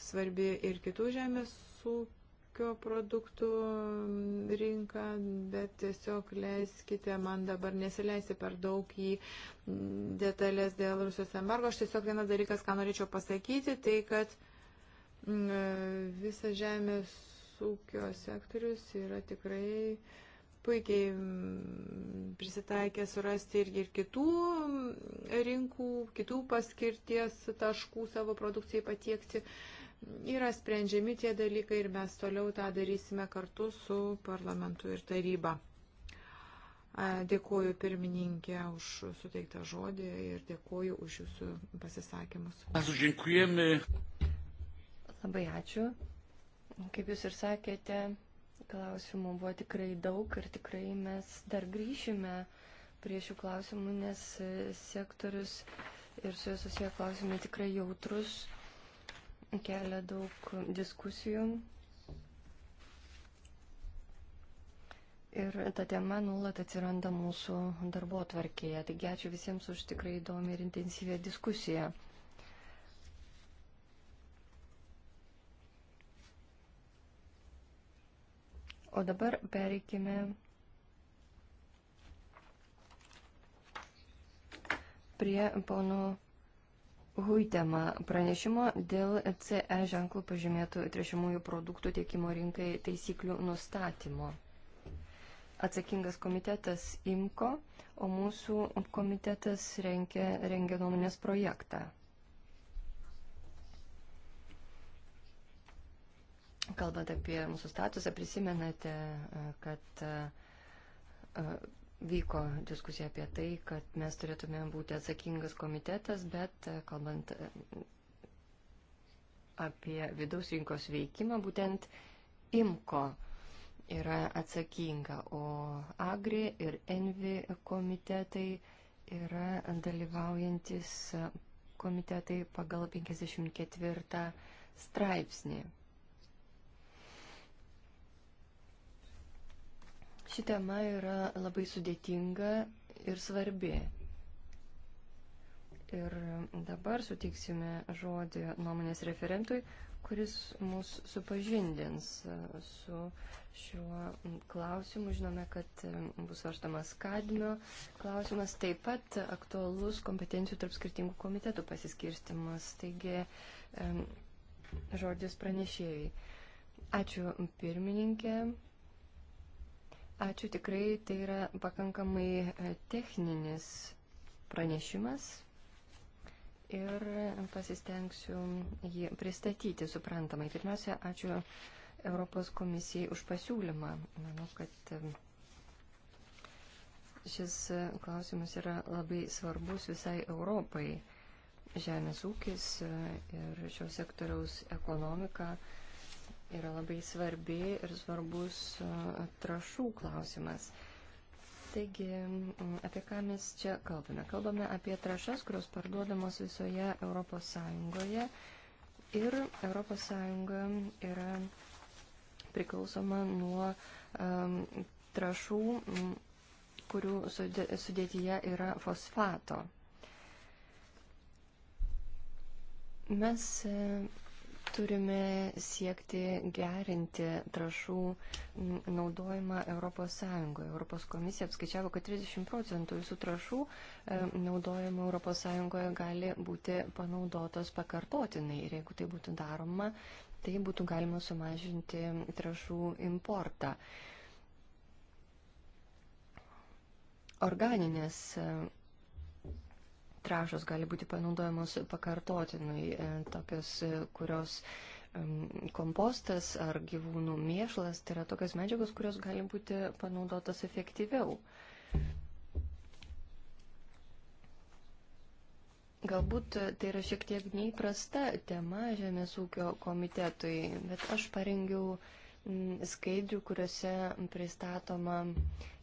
svarbi ir kitų žemės ūkio pieno produktų mm, rinką, bet tiesiog leiskite man dabar nesileisti per daug į mm, detalės dėl Rusijos embargo. Aš tiesiog vienas dalykas, ką norėčiau pasakyti, tai kad mm, visas žemės ūkio sektorius yra tikrai puikiai prisitaikė surasti irgi ir kitų rinkų, kitų paskirties taškų savo produkcijai patiekti. Uh, yra sprendžiami tie dalykai ir mes toliau tą darysime kartu su parlamentu ir taryba. Dėkuoju pirmininkė už suteiktą žodį ir dėkuoju už jūsų pasisakymus. Labai ačiū. Kaip jūs ir sakėte, klausimų buvo tikrai daug ir tikrai mes dar grįšime prie šių klausimų, nes sektorius ir su juos susiję klausimai tikrai jautrus kelia daug diskusijų. Ir ta tema nulat atsiranda mūsų darbo tvarkėje. Taigi ačiū visiems už tikrai įdomią ir intensyvę diskusiją. O dabar pereikime prie pono Huitema pranešimo dėl CE ženklų pažymėtų trešimųjų produktų tiekimo rinkai taisyklių nustatymo. Atsakingas komitetas IMKO, o mūsų komitetas rengia, rengia nuomonės projektą. Kalbant apie mūsų statusą, prisimenate, kad Vyko diskusija apie tai, kad mes turėtume būti atsakingas komitetas, bet e, kalbant e, apie vidaus rinkos veikimą, būtent IMKO yra atsakinga, o AGRI ir ENVI komitetai yra dalyvaujantis komitetai pagal 54 straipsnį. Ši tema yra labai sudėtinga ir svarbi. Ir dabar suteiksime žodį nuomonės referentui, kuris mus supažindins su šiuo klausimu. Žinome, kad bus varstamas kadmio klausimas, taip pat aktualus kompetencijų tarp skirtingų komitetų pasiskirstimas. Taigi, žodis pranešėjai. Ačiū pirmininkė. Ačiū tikrai, tai yra pakankamai e, techninis pranešimas ir pasistengsiu jį pristatyti suprantamai. Pirmiausia, ačiū Europos komisijai už pasiūlymą. Manau, kad e, šis klausimas yra labai svarbus visai Europai. Žemės ūkis e, ir šios sektoriaus ekonomika yra labai svarbi ir svarbus trašų klausimas. Taigi, apie ką mes čia kalbame? Kalbame apie trašas, kurios parduodamos visoje Europos Sąjungoje ir Europos Sąjunga yra priklausoma nuo um, trašų, kurių sudėtyje yra fosfato. Mes Turime siekti gerinti trašų naudojimą ES. Europos komisija apskaičiavo, kad 30 procentų visų trašų e, naudojimo ES gali būti panaudotos pakartotinai. Ir jeigu tai būtų daroma, tai būtų galima sumažinti trašų importą. Organinės e, trašos gali būti panaudojamos pakartotinai, e, tokios, e, kurios kompostas ar gyvūnų mėšlas, tai yra tokios medžiagos, kurios gali būti panaudotas efektyviau. Galbūt e, tai yra šiek tiek neįprasta tema Žemės ūkio komitetui, bet aš parengiau uh, Mm, skaidrių, kuriuose pristatoma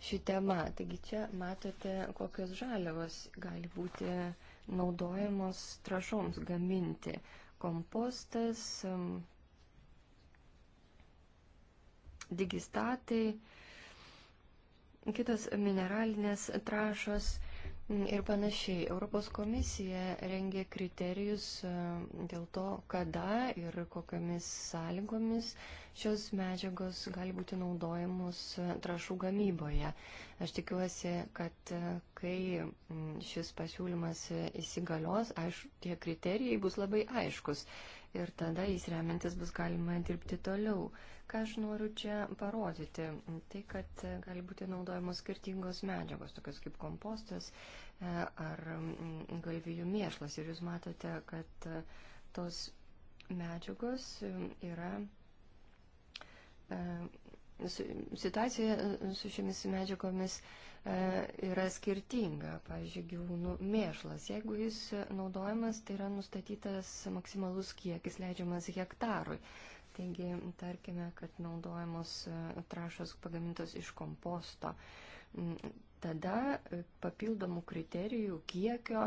ši tema. Taigi čia matote, kokios žaliavos gali būti naudojamos trašoms gaminti. Kompostas, mm, digistatai, kitos mineralinės trašos – Ir panašiai, Europos komisija rengia kriterijus e, dėl to, kada ir kokiamis sąlygomis šios medžiagos gali būti naudojamos e, trašų gamyboje. Aš tikiuosi, kad e, kai šis pasiūlymas įsigalios, aiš, tie kriterijai bus labai aiškus ir tada jais remiantis bus galima dirbti toliau. Ką aš noriu čia parodyti? Tai, kad gali būti naudojamos skirtingos medžiagos, tokios kaip kompostas e, ar mm, galvijų mėšlas. Ir jūs matote, kad e, tos medžiagos e, yra situacija su šiomis medžiagomis yra skirtinga. Pavyzdžiui, gyvūnų mėšlas. Jeigu jis naudojamas, tai yra nustatytas maksimalus kiekis leidžiamas hektarui. Taigi, tarkime, kad naudojamos e, trašos pagamintos iš komposto. Mm, tada e, papildomų kriterijų, kiekio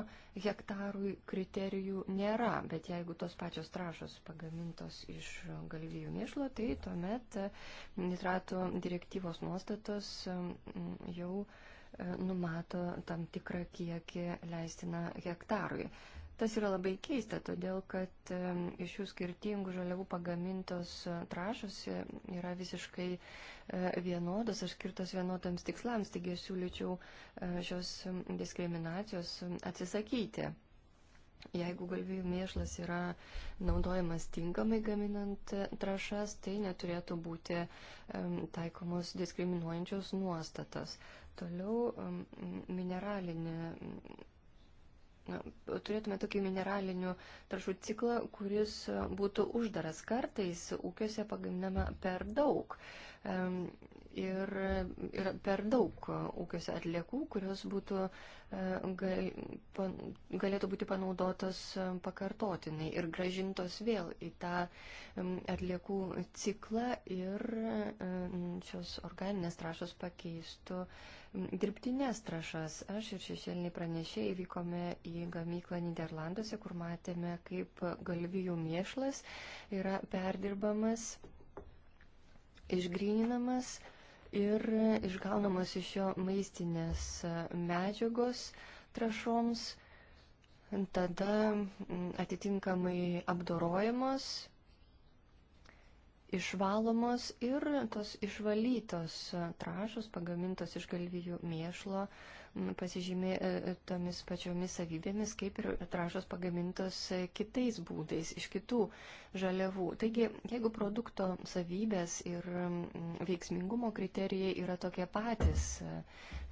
hektarui kriterijų nėra, bet jeigu tos pačios trašos pagamintos iš galvijų mėšlo, tai tuomet e, nitrato direktyvos nuostatos jau numato tam tikrą kiekį leistiną hektarui. Tas yra labai keista, todėl kad iš šių skirtingų žaliavų pagamintos e, trašos e, yra visiškai e, vienodos ar skirtos vienodams tikslams, taigi aš siūlyčiau šios diskriminacijos atsisakyti. Jeigu galvijų mėšlas yra naudojamas tinkamai gaminant trašas, tai neturėtų būti taikomos diskriminuojančios nuostatos. Toliau mineralinė turėtume tokį mineralinių trašų ciklą, kuris būtų uždaras. Kartais ūkiuose pagaminama per daug. Ir yra per daug ūkiuose atliekų, kurios būtų, e, gal, pan, galėtų būti panaudotos e, pakartotinai ir gražintos vėl į tą atliekų ciklą ir e, šios organinės trašos pakeistų uh, dirbtinės trašas. Aš ir šešėliniai pranešėjai vykome į gamyklą Niderlanduose, kur matėme, kaip galvijų mėšlas yra perdirbamas, išgryninamas ir išgaunamos iš jo maistinės medžiagos trašoms, tada mm, atitinkamai apdorojamos išvalomos ir tos išvalytos trašos pagamintos iš galvijų mėšlo pasižymė e, e, tomis pačiomis savybėmis, kaip ir trašos pagamintos e, kitais būdais, iš kitų žaliavų. Taigi, jeigu produkto savybės ir veiksmingumo kriterijai yra tokie patys,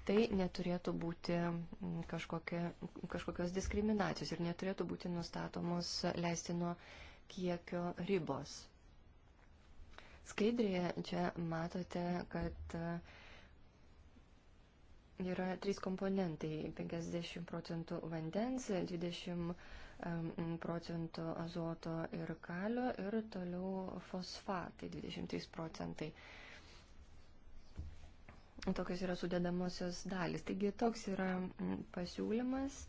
tai neturėtų būti kažkokia, kažkokios diskriminacijos ir neturėtų būti nustatomos leistino kiekio ribos. Skaidrėje čia matote, kad e, yra trys komponentai - 50 procentų vandens, 20 procentų azoto ir kalio ir toliau fosfatai 23 procentai. Tokios yra sudėdamosios dalis. Taigi toks yra pasiūlymas,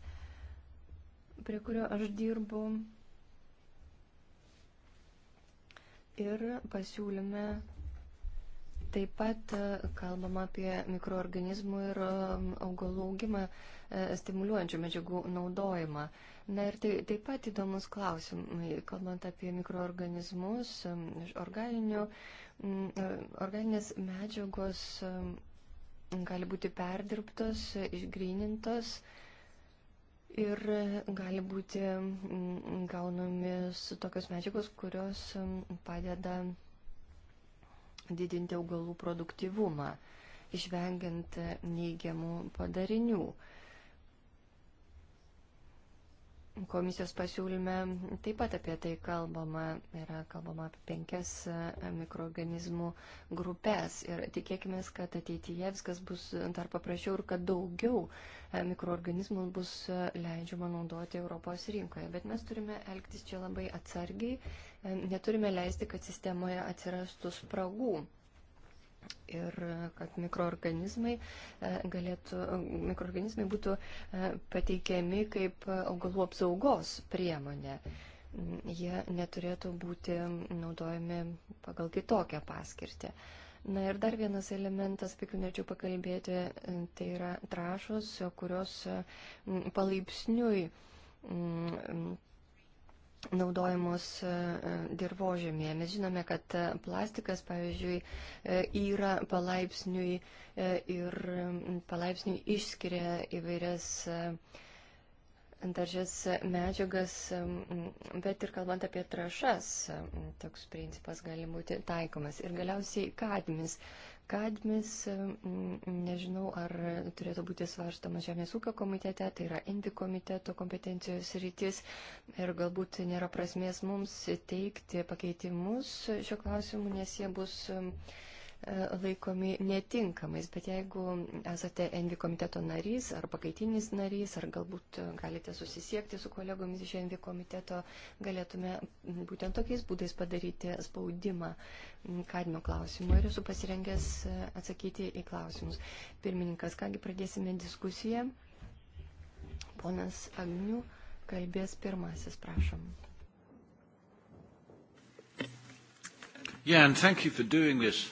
prie kurio aš dirbu. Ir pasiūlyme taip pat e, kalbama apie mikroorganizmų ir e, augalų augimą e, stimuliuojančių medžiagų naudojimą. Na ir tai taip pat įdomus klausimai, kalbant apie mikroorganizmus, organinių, organinės medžiagos gali būti perdirbtos, išgrynintos ir gali būti mm, gaunami tokios medžiagos, kurios mm, padeda didinti augalų produktivumą, išvengiant neigiamų padarinių. Komisijos pasiūlyme taip pat apie tai kalbama, yra kalbama apie penkias e, mikroorganizmų grupės ir tikėkime, kad ateityje viskas bus dar paprasčiau ir kad daugiau e, mikroorganizmų bus e, leidžiama naudoti Europos rinkoje. Bet mes turime elgtis čia labai atsargiai, neturime leisti, kad sistemoje atsirastų spragų ir kad mikroorganizmai, e, galėtų, mikroorganizmai būtų e, pateikiami kaip augalų apsaugos priemonė. Jie neturėtų būti naudojami pagal kitokią paskirtį. Na ir dar vienas elementas, apie kurį norėčiau pakalbėti, e, tai yra trašos, kurios palaipsniui naudojamos e, e, dirbožėmėje. Mes žinome, kad e, plastikas, pavyzdžiui, yra palaipsniui ir palaipsniui išskiria įvairias daržias medžiagas, bet ir kalbant apie trašas, toks principas gali būti taikomas. Ir galiausiai kadmis kadmis, mm, nežinau, ar turėtų būti svarstama Žemės ūkio komitete, tai yra Indi komiteto kompetencijos rytis ir galbūt nėra prasmės mums teikti pakeitimus šio klausimu, nes jie bus mm, E, laikomi netinkamais, bet jeigu esate Envi komiteto narys ar pakaitinis narys, ar galbūt galite susisiekti su kolegomis iš Envi komiteto, galėtume būtent tokiais būdais padaryti spaudimą kadmio klausimu ir esu pasirengęs e, atsakyti į klausimus. Pirmininkas, kągi pradėsime diskusiją. Ponas Agnių kalbės pirmasis, prašom. Yeah, and thank you for doing this.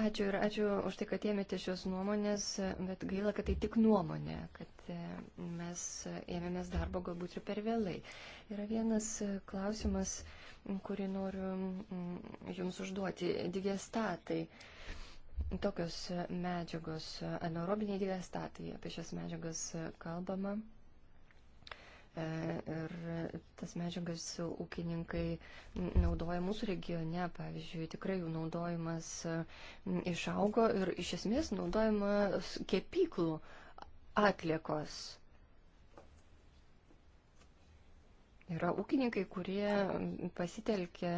Ačiū ir ačiū už tai, kad ėmėte šios nuomonės, bet gaila, kad tai tik nuomonė, kad e, mes ėmėmės darbo galbūt ir per vėlai. Yra vienas klausimas, kurį noriu mm, Jums užduoti. Digestatai, tokios medžiagos, anaerobiniai digestatai, apie šias medžiagas kalbama. E, ir tas medžiagas ūkininkai naudoja mūsų regione, pavyzdžiui, tikrai jų naudojimas išaugo ir iš esmės naudojama kepyklų atliekos. Yra ūkininkai, kurie pasitelkia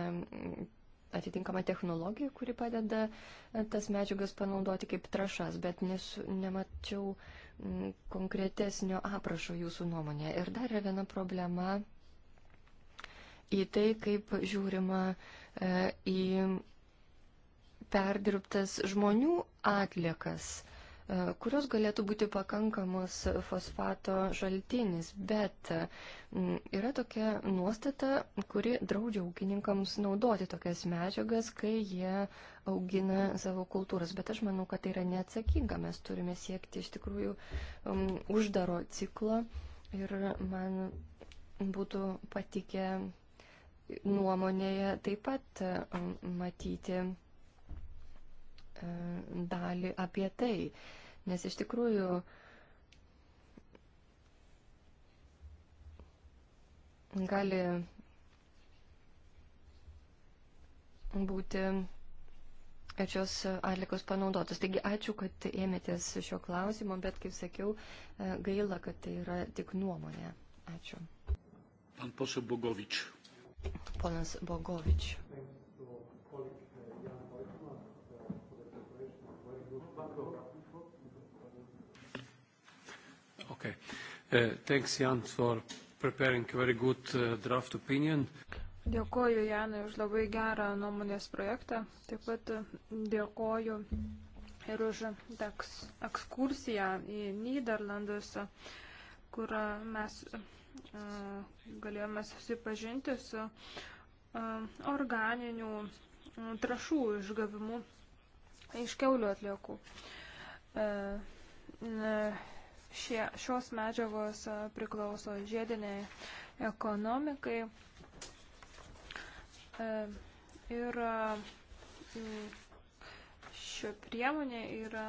atitinkama technologija, kuri padeda tas medžiagas panaudoti kaip trašas, bet nesu, nemačiau uh, Mm, konkretesnio aprašo jūsų nuomonė. Ir dar yra viena problema į tai, kaip žiūrima e, į perdirbtas žmonių atliekas E, kurios galėtų būti pakankamas fosfato šaltinis, bet e, yra tokia nuostata, kuri draudžia ūkininkams naudoti tokias medžiagas, kai jie augina savo kultūras. Bet aš manau, kad tai yra neatsakinga, mes turime siekti iš tikrųjų um, uždaro ciklo ir man būtų patikę nuomonėje taip pat matyti Mm, dalį apie tai. Nes iš tikrųjų gali būti ir šios atlikos panaudotos. Taigi ačiū, kad ėmėtės šio klausimo, bet kaip sakiau, e, gaila, kad tai yra tik nuomonė. Ačiū. Pan posė Bogovič. Ponas Bogovič. Okay. Uh, thanks, Jan, for preparing a very good uh, draft opinion. Dėkoju Janui už labai gerą nuomonės projektą. Taip pat uh, dėkoju ir už teks, ekskursiją į Niderlandus, kur mes uh, galėjome susipažinti su uh, organinių trašų išgavimu iš keulių atliekų šie, šios medžiagos priklauso žiediniai ekonomikai. E, ir ši priemonė yra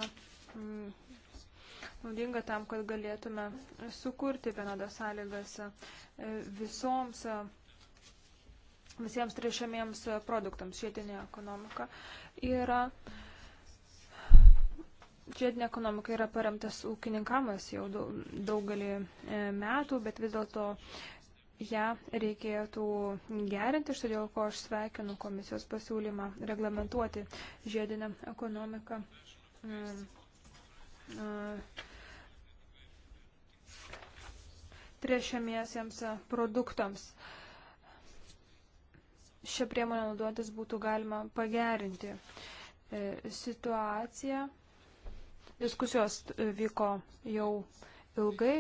naudinga tam, kad galėtume sukurti vienodas sąlygas visoms visiems trešamiems produktams. Žiedinė ekonomika yra uh, žiedinė ekonomika yra paremtas ūkininkamas jau daugelį e, metų, bet vis dėlto ją reikėtų gerinti, štai dėl ko aš sveikinu komisijos pasiūlymą reglamentuoti žiedinę ekonomiką. E, e, Trešiamiesiems produktams. Šią priemonę naudotis būtų galima pagerinti situaciją Diskusijos vyko jau ilgai.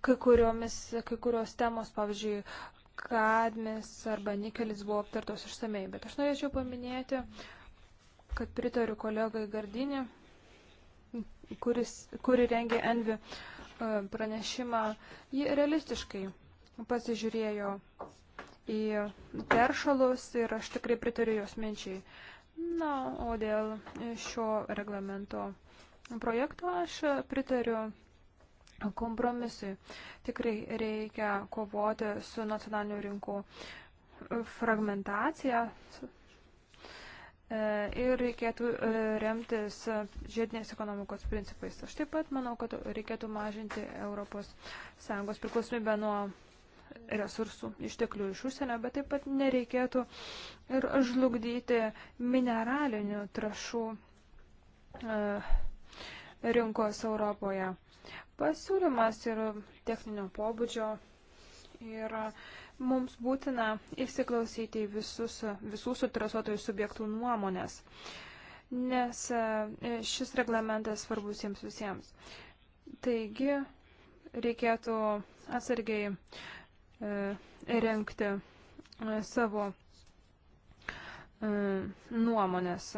Kai, kuriomis, kai kurios temos, pavyzdžiui, kadmis arba nikelis buvo aptartos išsamei, bet aš norėčiau paminėti, kad pritariu kolegai Gardinį, kuris, kuri rengė Envi e, pranešimą, ji realistiškai pasižiūrėjo į teršalus ir aš tikrai pritariu jos minčiai. Na, o dėl šio reglamento projekto aš pritariu kompromisui. Tikrai reikia kovoti su nacionaliniu rinku fragmentacija e, ir reikėtų e, remtis žiedinės ekonomikos principais. Aš taip pat manau, kad reikėtų mažinti ES priklausomybę nuo resursų išteklių iš užsienio, bet taip pat nereikėtų ir žlugdyti mineralinių trašų e, rinkos Europoje. Pasiūlymas yra techninio pobūdžio ir mums būtina įsiklausyti visus, visų suinteresuotojų subjektų nuomonės, nes e, šis reglamentas svarbus jiems visiems. Taigi reikėtų atsargiai E, renkti e, savo e, nuomonės.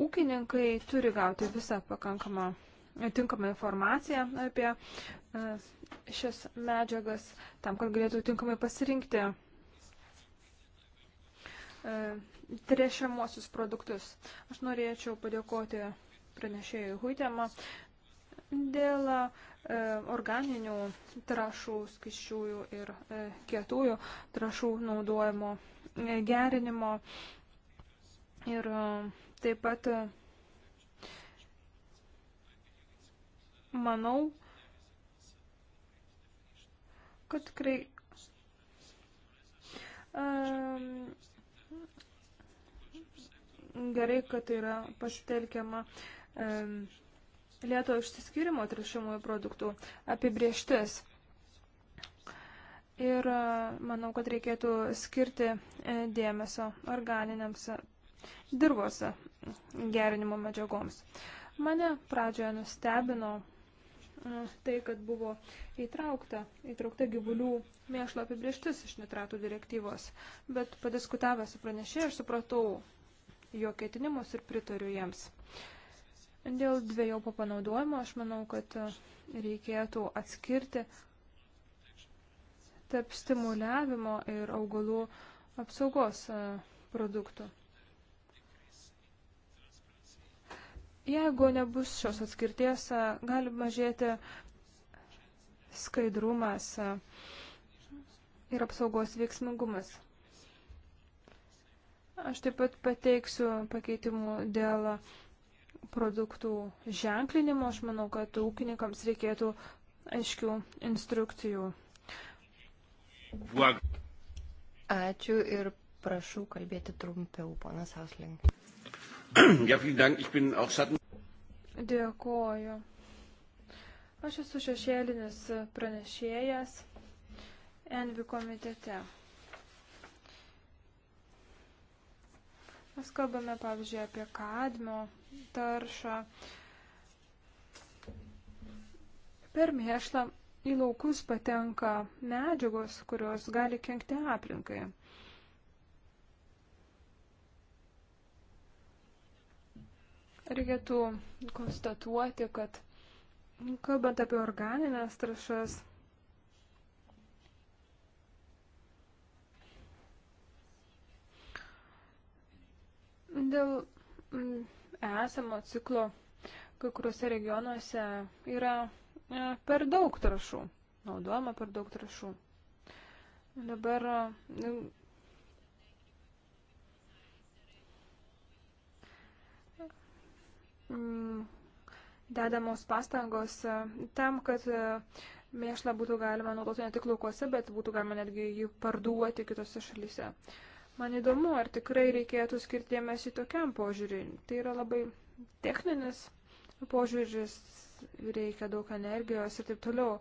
Ūkininkai turi gauti visą pakankamą tinkamą informaciją apie šias medžiagas, tam, kad galėtų tinkamai pasirinkti trešiamuosius produktus. Aš norėčiau padėkoti pranešėjui Huitėmą dėl uh, E, organinių trašų, skiščiųjų ir e, kietųjų trašų naudojimo e, gerinimo. Ir taip pat manau, kad tikrai gerai, kad yra pasitelkiama lėto išsiskyrimo trišimųjų produktų apibrieštis. Ir e, manau, kad reikėtų skirti e, dėmesio organiniams dirbos gerinimo medžiagoms. Mane pradžioje nustebino e, tai, kad buvo įtraukta, įtraukta gyvulių mėšlo apibrieštis iš nitratų direktyvos, bet padiskutavę su pranešėjai aš supratau jo ketinimus ir pritariu jiems. Uh, Dėl dviejopo panaudojimo aš manau, kad reikėtų atskirti tarp stimuliavimo ir augalų apsaugos e, produktų. Jeigu nebus šios atskirties, e, gali mažėti skaidrumas e, ir apsaugos veiksmingumas. Aš taip pat pateiksiu pakeitimų dėl uh, produktų ženklinimo, aš manau, kad ūkininkams reikėtų aiškių instrukcijų. Ačiū ir prašau kalbėti trumpiau, ponas Hausling. Dėkoju. Aš esu šešėlinis pranešėjas Envi komitete. Mes kalbame, pavyzdžiui, apie kadmio taršą. Per mėšlą į laukus patenka medžiagos, kurios gali kenkti aplinkai. Reikėtų konstatuoti, kad kalbant apie organinės trašas, dėl esamo ciklo kai kuriuose regionuose yra e, per daug trašų, naudojama per daug trašų. Dabar e, dedamos pastangos e, tam, kad mėšlą būtų galima naudoti ne tik laukuose, bet būtų galima netgi jį parduoti kitose šalyse. Uh, Man įdomu, ar tikrai reikėtų skirti dėmesį tokiam požiūriui. Tai yra labai techninis požiūris, reikia daug energijos ir taip toliau.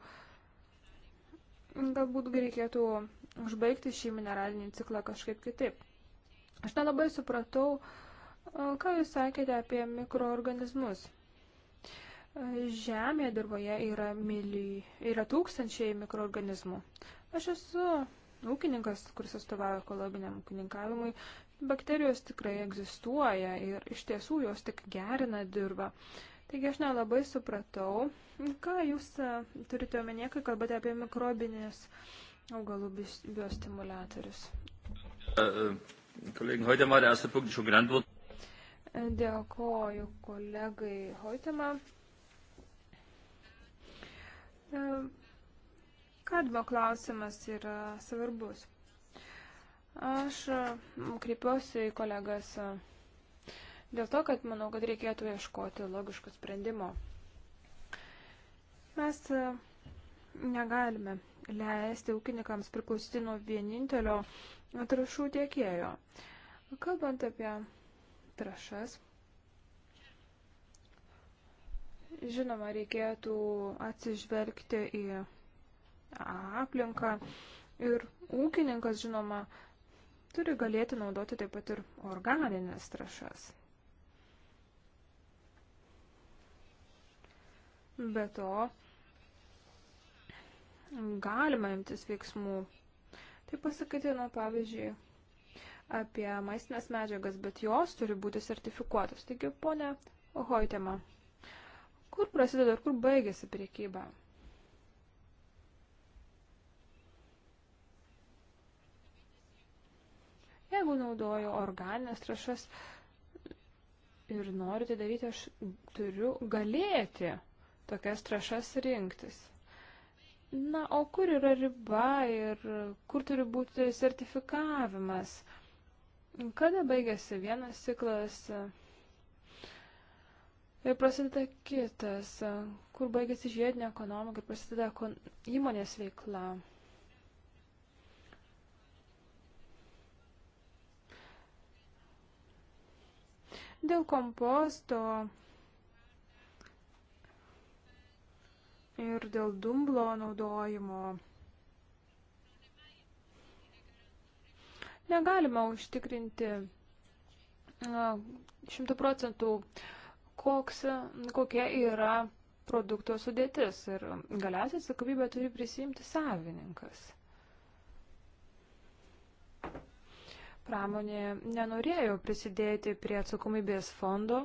Galbūt reikėtų užbaigti šį mineralinį ciklą kažkaip kitaip. Aš nelabai supratau, ką jūs sakėte apie mikroorganizmus. Žemėje dirboje yra, mili, yra tūkstančiai mikroorganizmų. Aš esu ūkininkas, kuris atstovauja ekologiniam ūkininkavimui, bakterijos tikrai egzistuoja ir iš tiesų jos tik gerina dirbą. Taigi aš nelabai supratau, ką jūs e, turite omenyje, kai kalbate apie mikrobinės augalų biostimulatorius. E, e, dėkoju kolegai Hoitema kadmio klausimas yra svarbus. Aš kreipiuosi į kolegas dėl to, kad manau, kad reikėtų ieškoti logiško sprendimo. Mes negalime leisti ūkininkams priklausyti nuo vienintelio trašų tiekėjo. Kalbant apie trašas, žinoma, reikėtų atsižvelgti į aplinką. Ir ūkininkas, žinoma, turi galėti naudoti taip pat ir organinės trašas. Be to, galima imtis veiksmų. Tai pasakyti, nu, pavyzdžiui, apie maistinės medžiagas, bet jos turi būti sertifikuotos. Taigi, ponė Hoitema, kur prasideda ir kur baigėsi priekyba? Jeigu naudoju organinės trašas ir noriu tai daryti, aš turiu galėti tokias trašas rinktis. Na, o kur yra riba ir kur turi būti sertifikavimas? Kada baigėsi vienas ciklas ir prasideda kitas, kur baigėsi žiedinė ekonomika ir prasideda įmonės veikla? Dėl komposto ir dėl dumblo naudojimo negalima užtikrinti šimtų procentų, koks, kokia yra produkto sudėtis ir galiausiai atsakomybę turi prisimti savininkas. pramonė nenorėjo prisidėti prie atsakomybės fondo.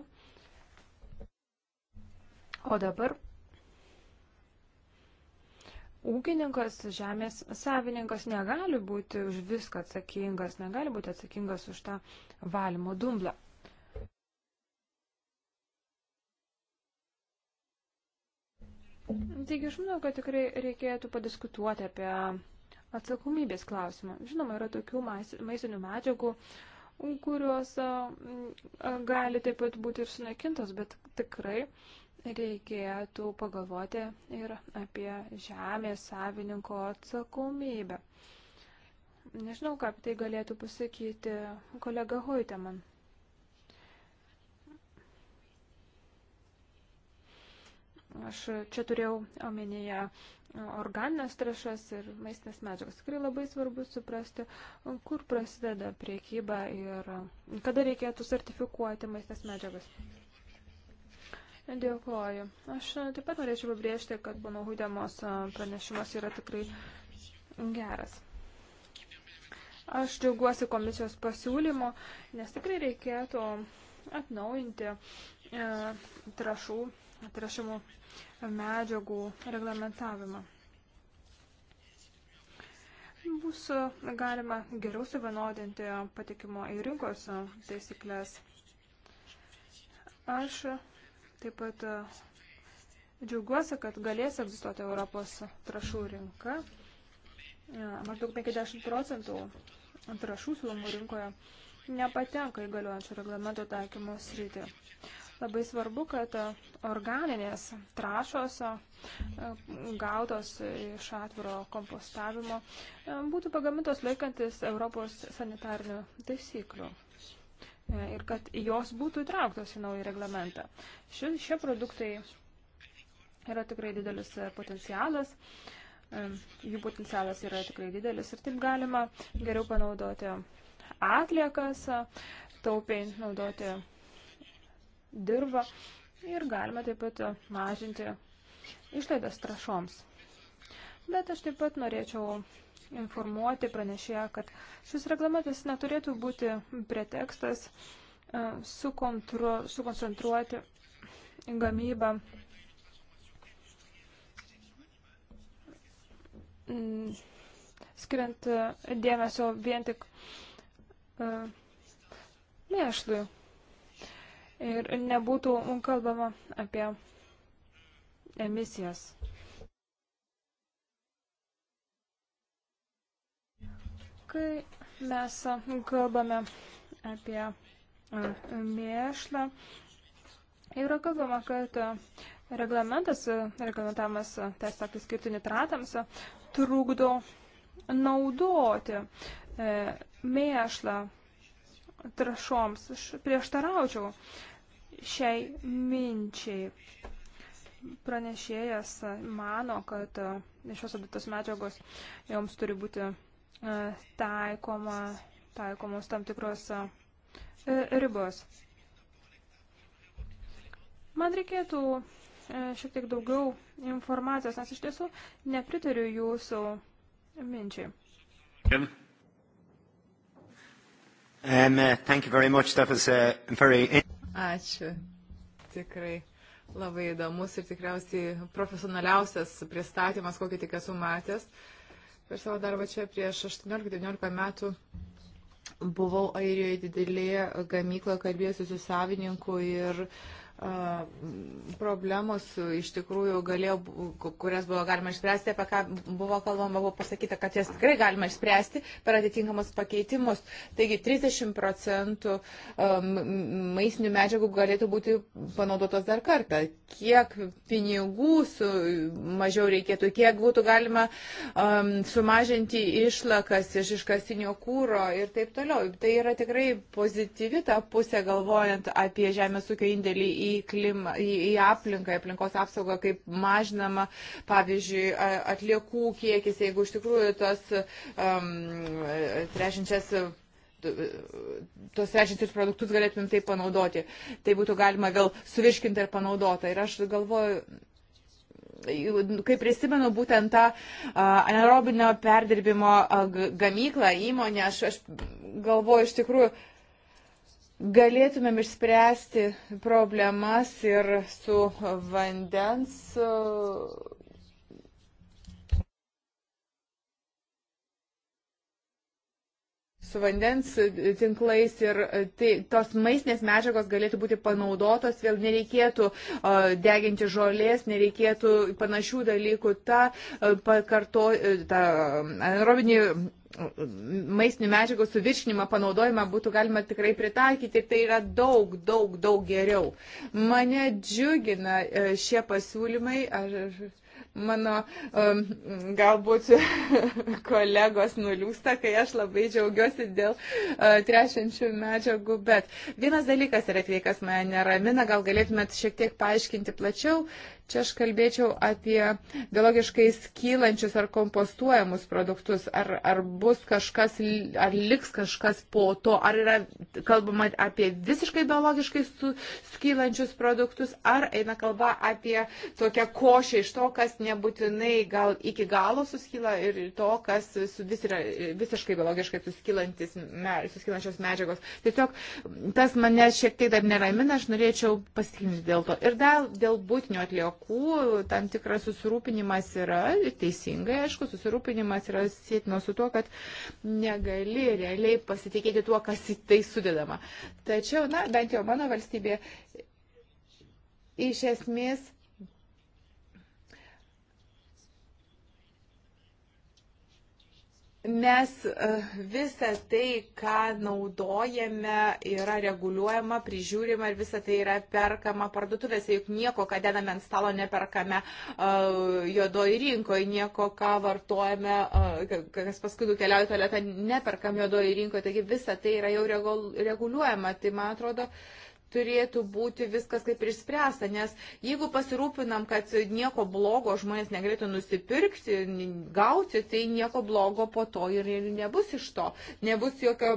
O dabar ūkininkas, žemės savininkas negali būti už viską atsakingas, negali būti atsakingas už tą valymo dumblą. Taigi aš manau, kad tikrai reikėtų padiskutuoti apie atsakomybės klausimą. Žinoma, yra tokių maisinių medžiagų, kurios gali taip pat būti ir sunaikintos, bet tikrai reikėtų pagalvoti ir apie žemės savininko atsakomybę. Nežinau, ką apie tai galėtų pasakyti kolega Hoiteman. Aš čia turėjau omenyje organinės trašas ir maistinės medžiagas. Tikrai labai svarbu suprasti, kur prasideda priekyba ir kada reikėtų sertifikuoti maistinės medžiagas. Dėkuoju. Aš taip pat norėčiau pabrėžti, kad Bono Hudemos pranešimas yra tikrai geras. Aš džiaugiuosi komisijos pasiūlymo, nes tikrai reikėtų atnaujinti e, trašų trešimų medžiagų reglamentavimą. Bus galima geriau suvienodinti patikimo į rinkos taisyklės. Aš taip pat džiaugiuosi, kad galės egzistuoti Europos trašų rinka. Maždaug 50 procentų trašų siūlomų rinkoje nepatenka į galiojančių reglamento taikymo sritį. Labai svarbu, kad organinės trašos e, gautos iš atviro kompostavimo e, būtų pagamintos laikantis Europos sanitarnių taisyklių e, ir kad jos būtų įtrauktos į naują reglamentą. Ši, šie produktai yra tikrai didelis potencialas, jų potencialas yra tikrai didelis ir taip galima geriau panaudoti atliekas, taupiai naudoti dirba ir galima taip pat mažinti išlaidas trašoms. Bet aš taip pat norėčiau informuoti pranešėją, kad šis reglamentas neturėtų būti pretekstas e, sukoncentruoti gamybą mm, skiriant dėmesio vien tik e, mėšlui ir nebūtų kalbama apie emisijas. Kai mes kalbame apie mėšlą, yra kalbama, kad reglamentas, reglamentavimas teisės aktai skirti nitratams, trukdo naudoti e, mėšlą trašoms. Aš prieštaraučiau šiai minčiai. Pranešėjas mano, kad šios abitos medžiagos joms turi būti e, taikoma, taikomos tam tikros e, ribos. Man reikėtų e, šiek tiek daugiau informacijos, nes iš tiesų nepritariu jūsų minčiai. Again. Um, uh, thank you very much. That was uh, very... Ačiū. Tikrai labai įdomus ir tikriausiai profesionaliausias pristatymas, kokį tik esu matęs. Per savo darbą čia prieš 18-19 metų buvau Airijoje didelėje gamykloje, kalbėjusi su savininku ir uh, problemos iš tikrųjų galėjo, kurias buvo galima išspręsti, apie ką buvo kalbama, buvo pasakyta, kad jas tikrai galima išspręsti per atitinkamus pakeitimus. Taigi 30 procentų maistinių medžiagų galėtų būti panaudotos dar kartą. Kiek pinigų su, mažiau reikėtų, kiek būtų galima um, sumažinti išlakas iš iškastinio kūro ir taip toliau. Tai yra tikrai pozityvi ta pusė, galvojant apie žemės ūkio indėlį į į, klima, į, į aplinką, į aplinkos apsaugą, kaip mažinama, pavyzdžiui, atliekų kiekis, jeigu iš tikrųjų tos um, trešinčias tos trečinčius produktus galėtumėm taip panaudoti. Tai būtų galima vėl suvirškinti ir panaudota. Ir aš galvoju, kaip prisimenu būtent tą anaerobinio perdirbimo gamyklą, įmonę, aš, aš galvoju iš tikrųjų, galėtumėm išspręsti problemas ir su vandens vandens tinklais ir e, tai, tos maistinės medžiagos galėtų būti panaudotos, vėl nereikėtų e, deginti žolės, nereikėtų panašių dalykų. Ta, e, pakarto, ta aerobinį maistinių medžiagų suviršinimą panaudojimą būtų galima tikrai pritaikyti ir tai yra daug, daug, daug geriau. Mane džiugina šie pasiūlymai. Ar, ar, mano um, galbūt kolegos nuliūsta, kai aš labai džiaugiuosi dėl uh, trešiančių medžiagų, bet vienas dalykas yra tai, kas mane neramina, gal galėtumėt šiek tiek paaiškinti plačiau, Čia aš kalbėčiau apie biologiškai skylančius ar kompostuojamus produktus, ar, ar bus kažkas, ar liks kažkas po to, ar yra kalbama apie visiškai biologiškai skylančius produktus, ar eina kalba apie tokią košę iš to, kas nebūtinai gal iki galo suskyla ir to, kas vis yra, visiškai biologiškai suskylančios medžiagos. Tiesiog tas mane šiek tiek dar neramina, aš norėčiau pasitikinti dėl to. Ir dėl, dėl būtinių atliekų šakų tam tikras susirūpinimas yra, teisingai, aišku, susirūpinimas yra sėtino su tuo, kad negali realiai pasitikėti tuo, kas į tai sudedama. Tačiau, na, bent jau mano valstybė iš esmės mes e, visą tai, ką naudojame, yra reguliuojama, prižiūrima ir visą tai yra perkama parduotuvėse. Juk nieko, ką dedame ant stalo, neperkame e, juodoji rinkoje, nieko, ką vartojame, e, kas paskui nukeliauja į tualetą, neperkam juodoji rinkoje. Taigi visą tai yra jau reguliuojama. Tai man atrodo, uh, turėtų būti viskas kaip ir išspręsta, nes jeigu pasirūpinam, kad nieko blogo žmonės negalėtų nusipirkti, gauti, tai nieko blogo po to ir nebus iš to. Nebus jokio,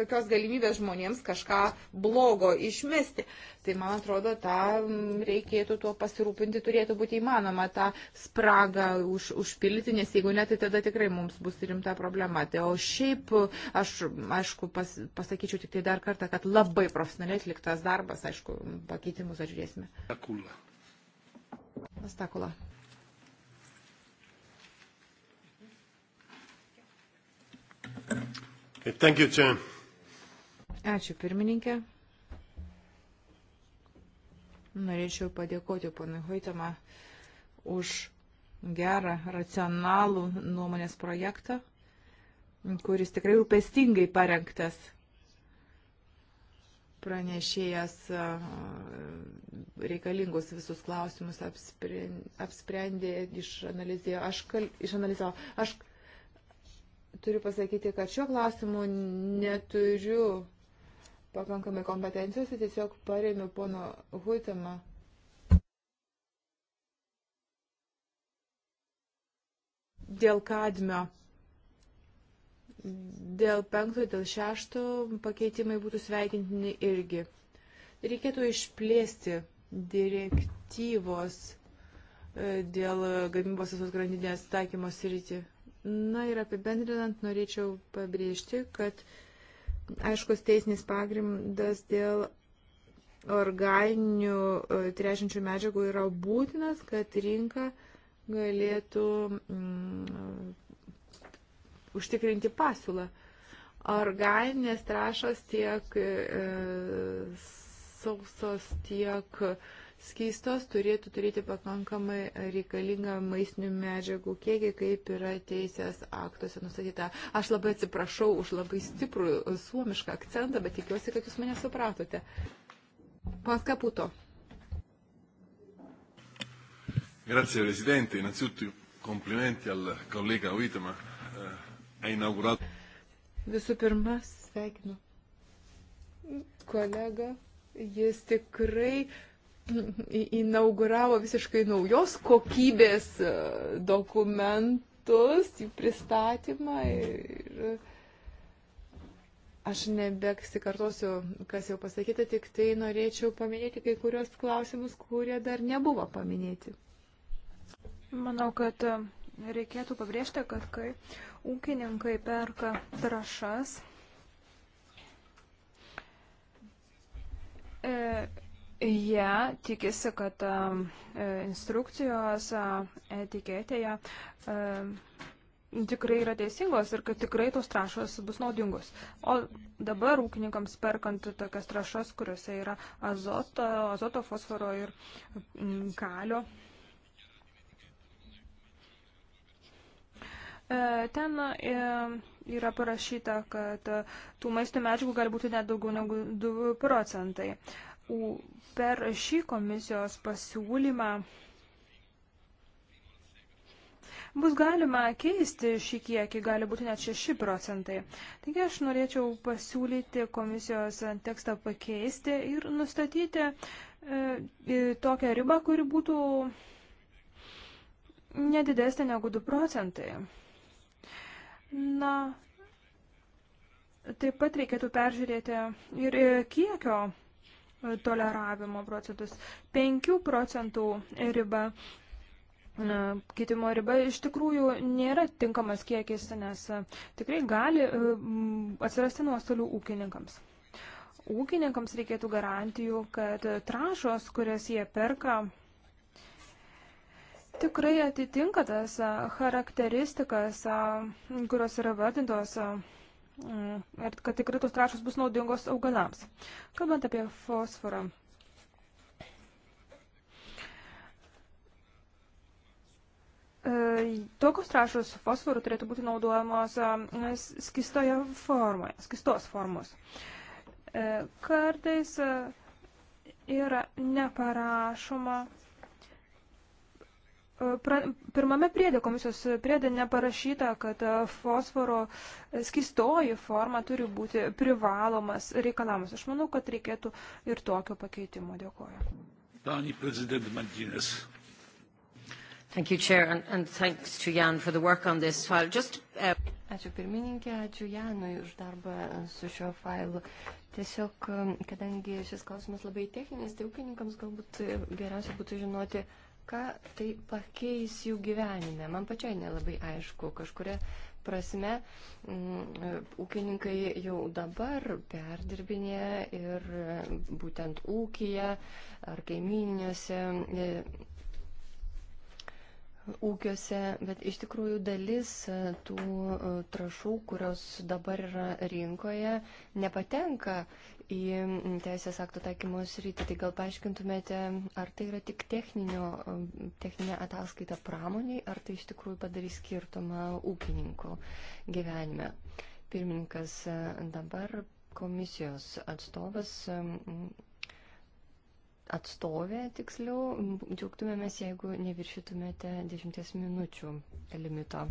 jokios galimybės žmonėms kažką blogo išmesti. Tai man atrodo, tą reikėtų tuo pasirūpinti, turėtų būti įmanoma tą spragą už, užpildyti, nes jeigu ne, tai tada tikrai mums bus rimta problema. Tai o šiaip aš, aišku, pas, pasakyčiau tik tai dar kartą, kad labai profesionaliai atliktas darbas, aišku, pakeitimus atžiūrėsime. Stakula. Stakula. Thank you, Chair. Ačiū pirmininkė. Norėčiau padėkoti ponui Hoitama už gerą, racionalų nuomonės projektą, kuris tikrai upestingai parengtas pranešėjas reikalingus visus klausimus apsprendė, išanalizavo. Aš, kal, išanalizavo. aš turiu pasakyti, kad šiuo klausimu neturiu pakankamai kompetencijos ir tiesiog paremiu pono Huitamą. Dėl kadmio. Dėl penkto, dėl šešto pakeitimai būtų sveikintini irgi. Reikėtų išplėsti direktyvos e, dėl gamybos visos grandinės taikymo sritį. Na ir apibendrinant, norėčiau pabrėžti, kad uh, aiškus teisinis pagrindas dėl organinių e, trešinčių medžiagų yra būtinas, kad rinka galėtų mm, užtikrinti pasiūlą. Organinės trašos tiek e, sausos, tiek e, skystos turėtų turėti pakankamai reikalingą maistinių medžiagų kiekį, kaip yra teisės aktuose nustatyta. Aš labai atsiprašau už labai stiprų suomišką akcentą, bet tikiuosi, kad jūs mane supratote. Pas Kaputo. Grazie Presidente, innanzitutto komplimenti al collega Uitema, eh, ha inaugurato. Visų pirma, sveikinu kolegą, jis tikrai uh, inauguravo visiškai naujos kokybės e, dokumentus, jų pristatymą. Ir aš nebeksikartosiu, kas jau pasakyta, tik tai norėčiau paminėti kai kurios klausimus, kurie dar nebuvo paminėti. Manau, kad e, reikėtų pabrėžti, kad kai ūkininkai perka trašas, e, Jie ja, tikisi, kad um, e, instrukcijos etiketėje tikrai yra teisingos ir kad tikrai tos trašos bus naudingos. O dabar ūkininkams perkant tokias trašas, kuriuose yra azoto, azoto fosforo ir mm, kalio, e, ten e, yra parašyta, kad tų maisto medžiagų gali būti net daugiau negu 2 procentai per šį komisijos pasiūlymą bus galima keisti šį kiekį, gali būti net 6 procentai. Taigi aš norėčiau pasiūlyti komisijos tekstą pakeisti ir nustatyti e, tokią ribą, kuri būtų nedidesnė negu 2 procentai. Na, taip pat reikėtų peržiūrėti ir e, kiekio toleravimo procentus. 5 procentų riba kitimo riba iš tikrųjų nėra tinkamas kiekis, nes e, tikrai gali e, atsirasti nuostolių ūkininkams. Ūkininkams reikėtų garantijų, kad trašos, kurias jie perka, tikrai atitinka tas charakteristikas, kurios yra vadintos ir kad tikrai tos trašos bus naudingos augalams. Kalbant apie fosforą. E, tokios trašos fosforų turėtų būti naudojamos e, skistoje formoje, skistos formos. E, kartais yra neparašoma pra, pirmame priedė, komisijos priedė neparašyta, kad e, fosforo e, skistoji forma turi būti privalomas reikalamas. Aš manau, kad reikėtų ir tokio pakeitimo. Dėkuoju. Danį prezidentą Martinės. Thank you, Chair, and, and thanks to Jan for the work on this file. Just, uh... Ačiū pirmininkė, ačiū Janui už darbą e, su šiuo failu. Tiesiog, kadangi šis klausimas labai techninis, tai ūkininkams galbūt geriausia būtų žinoti, uh, ką tai pakeis jų gyvenime. Man pačiai nelabai aišku, kažkuria prasme m, mm, ūkininkai jau dabar perdirbinė ir mm, būtent ūkija ar kaimininiuose e, ūkiuose, bet iš tikrųjų dalis e, tų e, trašų, kurios dabar yra rinkoje, nepatenka į teisės aktų taikymo sritį. Tai gal paaiškintumėte, ar tai yra tik techninio, e, techninė ataskaita pramoniai, ar tai iš tikrųjų padarys skirtumą ūkininkų gyvenime. Pirmininkas dabar komisijos atstovas atstovė, tiksliau, džiaugtumėmės, jeigu neviršytumėte 10 minučių limito.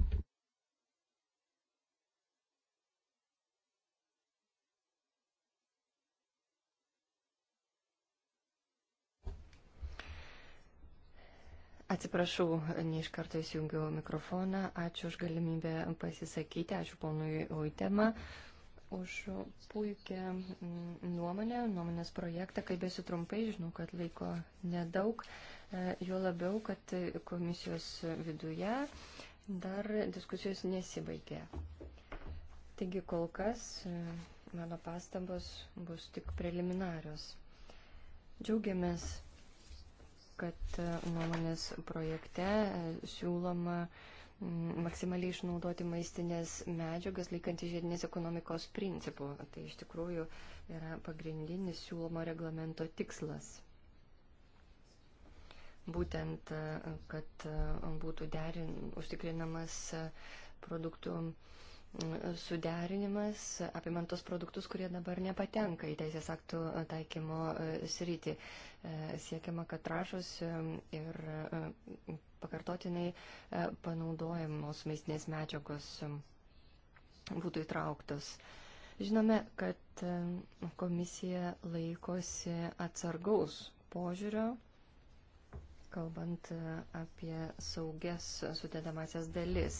Atsiprašau, ne iš karto įsijungiau mikrofoną. Ačiū už galimybę pasisakyti. Ačiū ponui Uitema už puikią mm, nuomonę, nuomonės projektą. Kalbėsiu trumpai, žinau, kad laiko nedaug. E, jo labiau, kad komisijos viduje dar diskusijos nesibaigė. Taigi kol kas e, mano pastabos bus tik preliminarios. Džiaugiamės, kad e, nuomonės projekte siūloma uh, maksimaliai išnaudoti maistinės medžiagas laikantį žiedinės ekonomikos principų. Tai iš tikrųjų yra pagrindinis siūlomo reglamento tikslas. Būtent, e, kad e, būtų derin, užtikrinamas e, produktų suderinimas, apimant tos produktus, kurie dabar nepatenka į teisės aktų taikymo sritį. Siekiama, kad trašos ir pakartotinai e, panaudojamos maistinės medžiagos e, būtų įtrauktos. Žinome, kad e, komisija laikosi atsargaus požiūrio, kalbant apie saugias sudėdamasias dalis.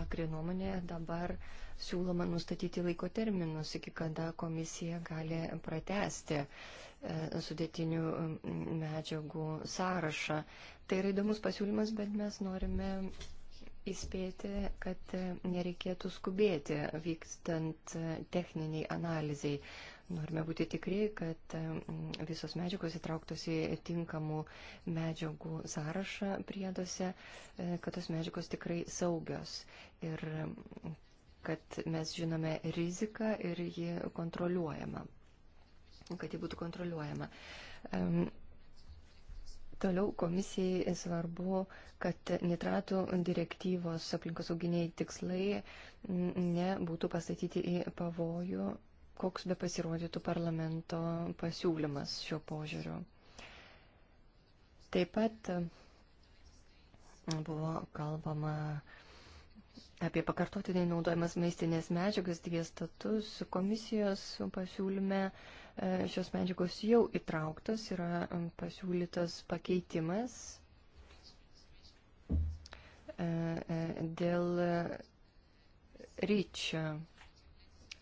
Akri nuomonė dabar siūloma nustatyti laiko terminus, iki kada komisija gali pratesti uh, E, sudėtinių medžiagų sąrašą. Tai yra įdomus pasiūlymas, bet mes norime įspėti, kad nereikėtų skubėti vykstant techniniai analizai. Norime būti tikri, kad visos medžiagos įtrauktos į tinkamų medžiagų sąrašą prieduose, e, kad tos medžiagos tikrai saugios ir kad mes žinome riziką ir ji kontroliuojama kad ji būtų kontroliuojama. Toliau komisijai svarbu, kad nitratų direktyvos aplinkosauginiai tikslai nebūtų pastatyti į pavojų, koks be pasirodytų parlamento pasiūlymas šio požiūriu. Taip pat buvo kalbama apie pakartotinai naudojamas maistinės medžiagas diestatus komisijos pasiūlyme e, šios medžiagos jau įtrauktas, yra pasiūlytas pakeitimas e, e, dėl ryčio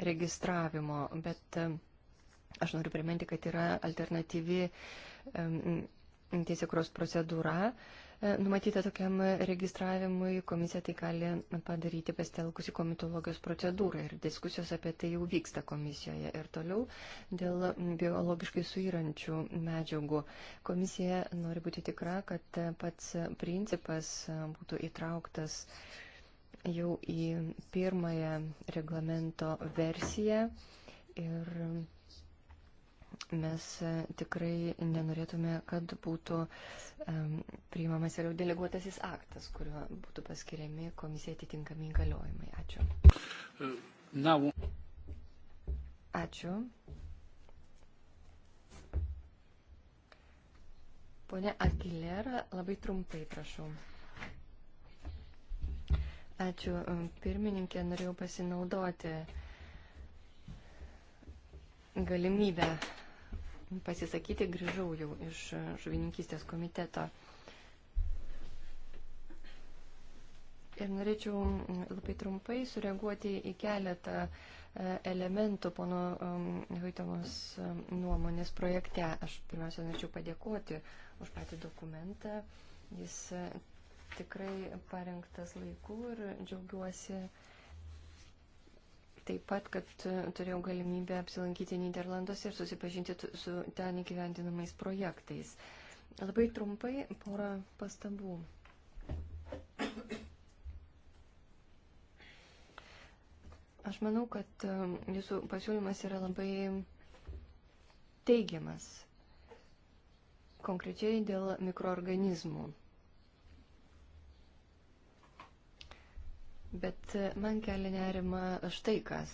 registravimo, bet aš noriu priminti, kad yra alternatyvi teisėkros procedūra, E, numatyta tokiam registravimui, komisija tai gali padaryti pasitelkusi komitologijos procedūrą ir diskusijos apie tai jau vyksta komisijoje. Ir toliau dėl biologiškai suyrančių medžiagų. Komisija nori būti tikra, kad pats principas būtų įtrauktas jau į pirmąją reglamento versiją ir Mes e, tikrai nenorėtume, kad būtų um, priimamas ir deleguotasis aktas, kuriuo būtų paskiriami komisija atitinkami įgaliojimai. Ačiū. E, na, Ačiū. Pone Aguilera, labai trumpai prašau. Ačiū. Pirmininkė, norėjau pasinaudoti galimybę pasisakyti, grįžau jau iš žuvininkystės komiteto. Ir norėčiau labai trumpai sureaguoti į keletą e, elementų pono Vaitomos um, um, nuomonės projekte. Aš pirmiausia norėčiau padėkoti už patį dokumentą. Jis e, tikrai parengtas laiku ir džiaugiuosi Taip pat, kad e, turėjau galimybę apsilankyti Niderlanduose ir susipažinti su ten įgyvendinamais projektais. Labai trumpai porą pastabų. Aš manau, kad e, jūsų pasiūlymas yra labai teigiamas konkrečiai dėl mikroorganizmų. Bet man kelia nerima štai kas.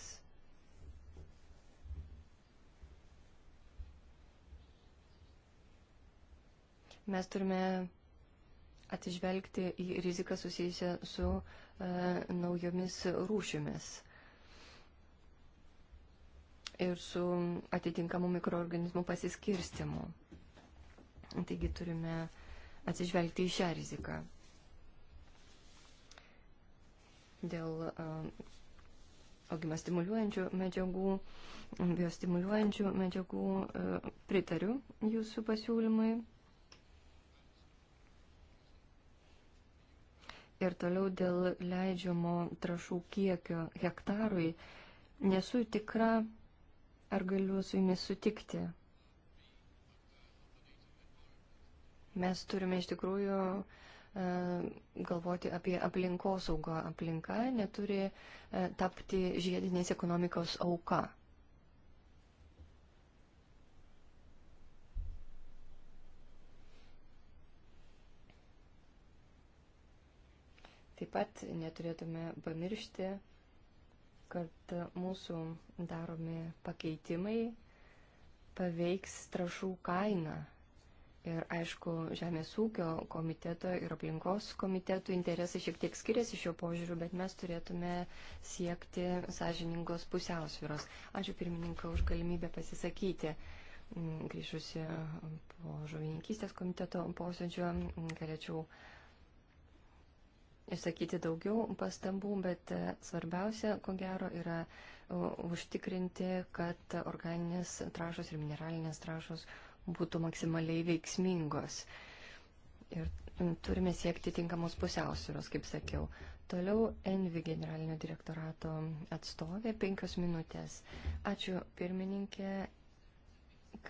Mes turime atsižvelgti į riziką susijusią su e, naujomis rūšimis ir su atitinkamu mikroorganizmų pasiskirstimu. Taigi turime atsižvelgti į šią riziką dėl augimą stimuliuojančių medžiagų, biostimuliuojančių medžiagų. Pritariu jūsų pasiūlymai. Ir toliau dėl leidžiamo trašų kiekio hektarui nesu tikra, ar galiu su jumis sutikti. Mes turime iš tikrųjų uh, E, galvoti apie aplinkosaugą. Aplinka neturi e, tapti žiedinės ekonomikos auka. Taip pat neturėtume pamiršti, kad mūsų daromi pakeitimai paveiks trašų kainą Ir aišku, Žemės ūkio komiteto ir aplinkos komitetų interesai šiek tiek skiriasi šio požiūriu, bet mes turėtume siekti sąžiningos pusiausvyros. Ačiū pirmininką už galimybę pasisakyti. Mm, grįžusi po žuvininkystės komiteto posėdžio, mm, galėčiau išsakyti daugiau pastambų, bet e, svarbiausia, ko gero, yra e, užtikrinti, kad organinės trašos ir mineralinės trašos būtų maksimaliai veiksmingos. Ir mm, turime siekti tinkamos pusiausvėros, kaip sakiau. Toliau Envi generalinio direktorato atstovė, penkios minutės. Ačiū pirmininkė,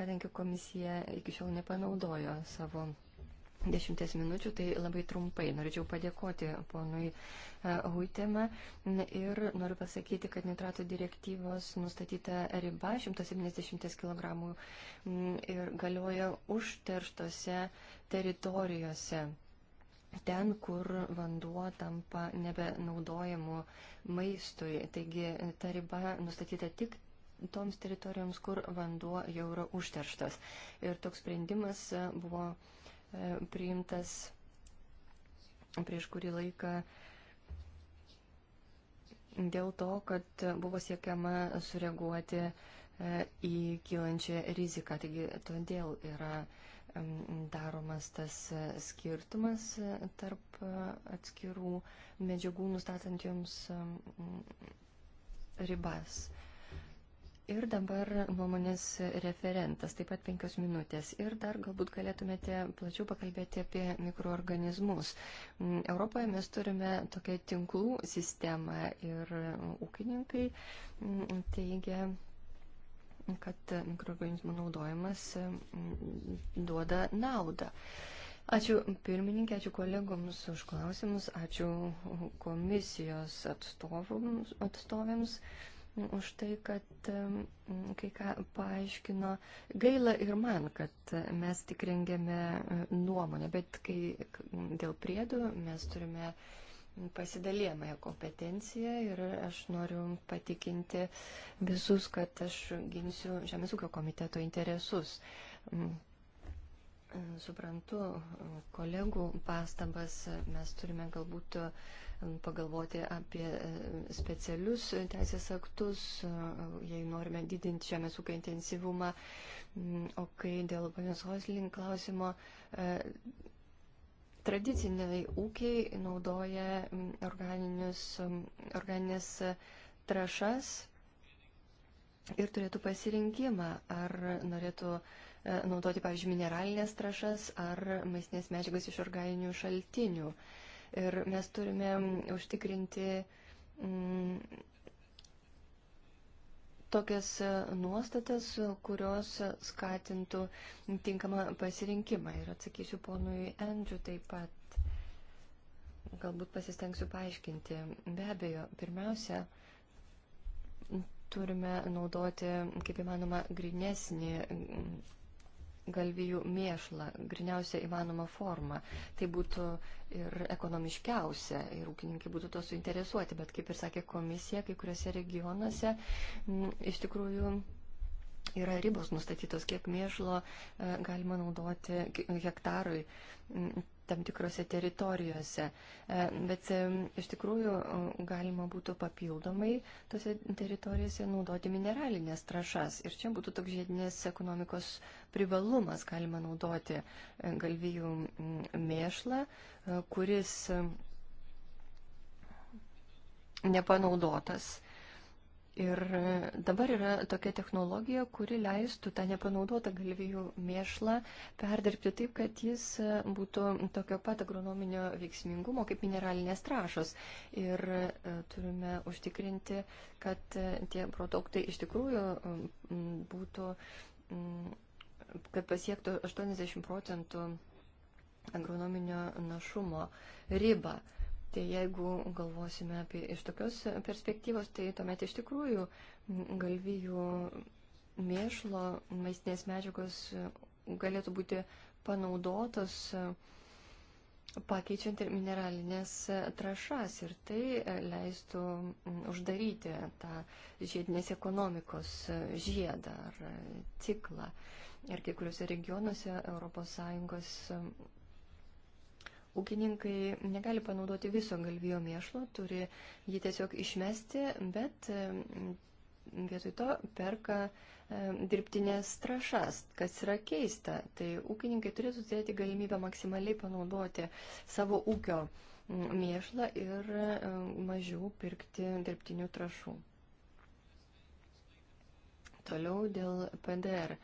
kadangi komisija iki šiol nepanaudojo savo dešimties minučių, tai labai trumpai. Norėčiau padėkoti ponui e, Huitėme ir noriu pasakyti, kad nitrato direktyvos nustatyta riba 170 kg ir galioja užterštose teritorijose. Ten, kur vanduo tampa nebenaudojamu maistui. Taigi ta riba nustatyta tik toms teritorijoms, kur vanduo jau yra užterštas. Ir toks sprendimas e, buvo uh, E, priimtas prieš kurį laiką dėl to, kad buvo siekiama sureaguoti e, į kylančią riziką. Taigi todėl yra daromas tas skirtumas tarp atskirų medžiagų, nustatant joms ribas. Ir dabar nuomonės referentas, taip pat penkios minutės. Ir dar galbūt galėtumėte plačiau pakalbėti apie mikroorganizmus. Mm, Europoje mes turime tokią tinklų sistemą ir ūkininkai mm, teigia kad mikroorganizmų naudojimas mm, duoda naudą. Ačiū pirmininkė, ačiū kolegoms už klausimus, ačiū komisijos atstovams, atstovėms už tai, kad kai ką paaiškino. Gaila ir man, kad mes tik rengėme e, nuomonę, bet kai dėl priedų mes turime pasidalėjamąją kompetenciją ir aš noriu patikinti visus, kad aš ginsiu Žemės ūkio komiteto interesus. Mm. Suprantu kolegų pastabas, mes turime galbūt pagalvoti apie e, specialius teisės aktus, e, jei norime didinti žemės ūkio intensyvumą. Mm, o kai dėl panios Hoslin klausimo, e, tradiciniai ūkiai naudoja mm, mm, organinės trašas ir turėtų pasirinkimą, ar norėtų naudoti, pavyzdžiui, mineralinės trašas ar maistinės medžiagas iš organinių šaltinių. Uh, Ir mes turime užtikrinti mm, tokias nuostatas, kurios skatintų tinkamą pasirinkimą. Ir atsakysiu ponui Andžiu taip pat. Galbūt pasistengsiu paaiškinti. Be abejo, pirmiausia, turime naudoti kaip įmanoma grinesnį galvijų mėšlą, griniausia įmanoma forma. Tai būtų ir ekonomiškiausia, ir ūkininkai būtų to suinteresuoti, bet kaip ir sakė komisija, kai kuriuose regionuose m, iš tikrųjų yra ribos nustatytos, kiek mėšlo e, galima naudoti hektarui. M, tam tikrose teritorijose. E, bet e, iš tikrųjų e, galima būtų papildomai tose teritorijose naudoti mineralinės trašas. Ir čia būtų toks žiedinės ekonomikos privalumas. Galima naudoti galvijų mėšlą, kuris nepanaudotas Ir e, dabar yra tokia technologija, kuri leistų tą nepanaudotą galvijų mėšlą perdirbti taip, kad jis e, būtų tokio pat agronominio veiksmingumo kaip mineralinės trašos. Ir e, turime užtikrinti, kad tie produktai iš tikrųjų būtų, kad pasiektų 80 procentų agronominio našumo ribą. Tai jeigu galvosime apie iš tokios perspektyvos, tai tuomet iš tikrųjų galvijų mėšlo maistinės medžiagos galėtų būti panaudotos pakeičiant ir mineralinės trašas ir tai leistų uždaryti tą žiedinės ekonomikos žiedą ar ciklą. Ir kai kuriuose regionuose ES Ūkininkai negali panaudoti viso galvijo mėšlo, turi jį tiesiog išmesti, bet mm, vietoj to perka e, dirbtinės trašas, kas yra keista. Tai ūkininkai turėtų turėti galimybę maksimaliai panaudoti savo ūkio mm, mėšlą ir e, mažiau pirkti dirbtinių trašų. Toliau dėl PDR.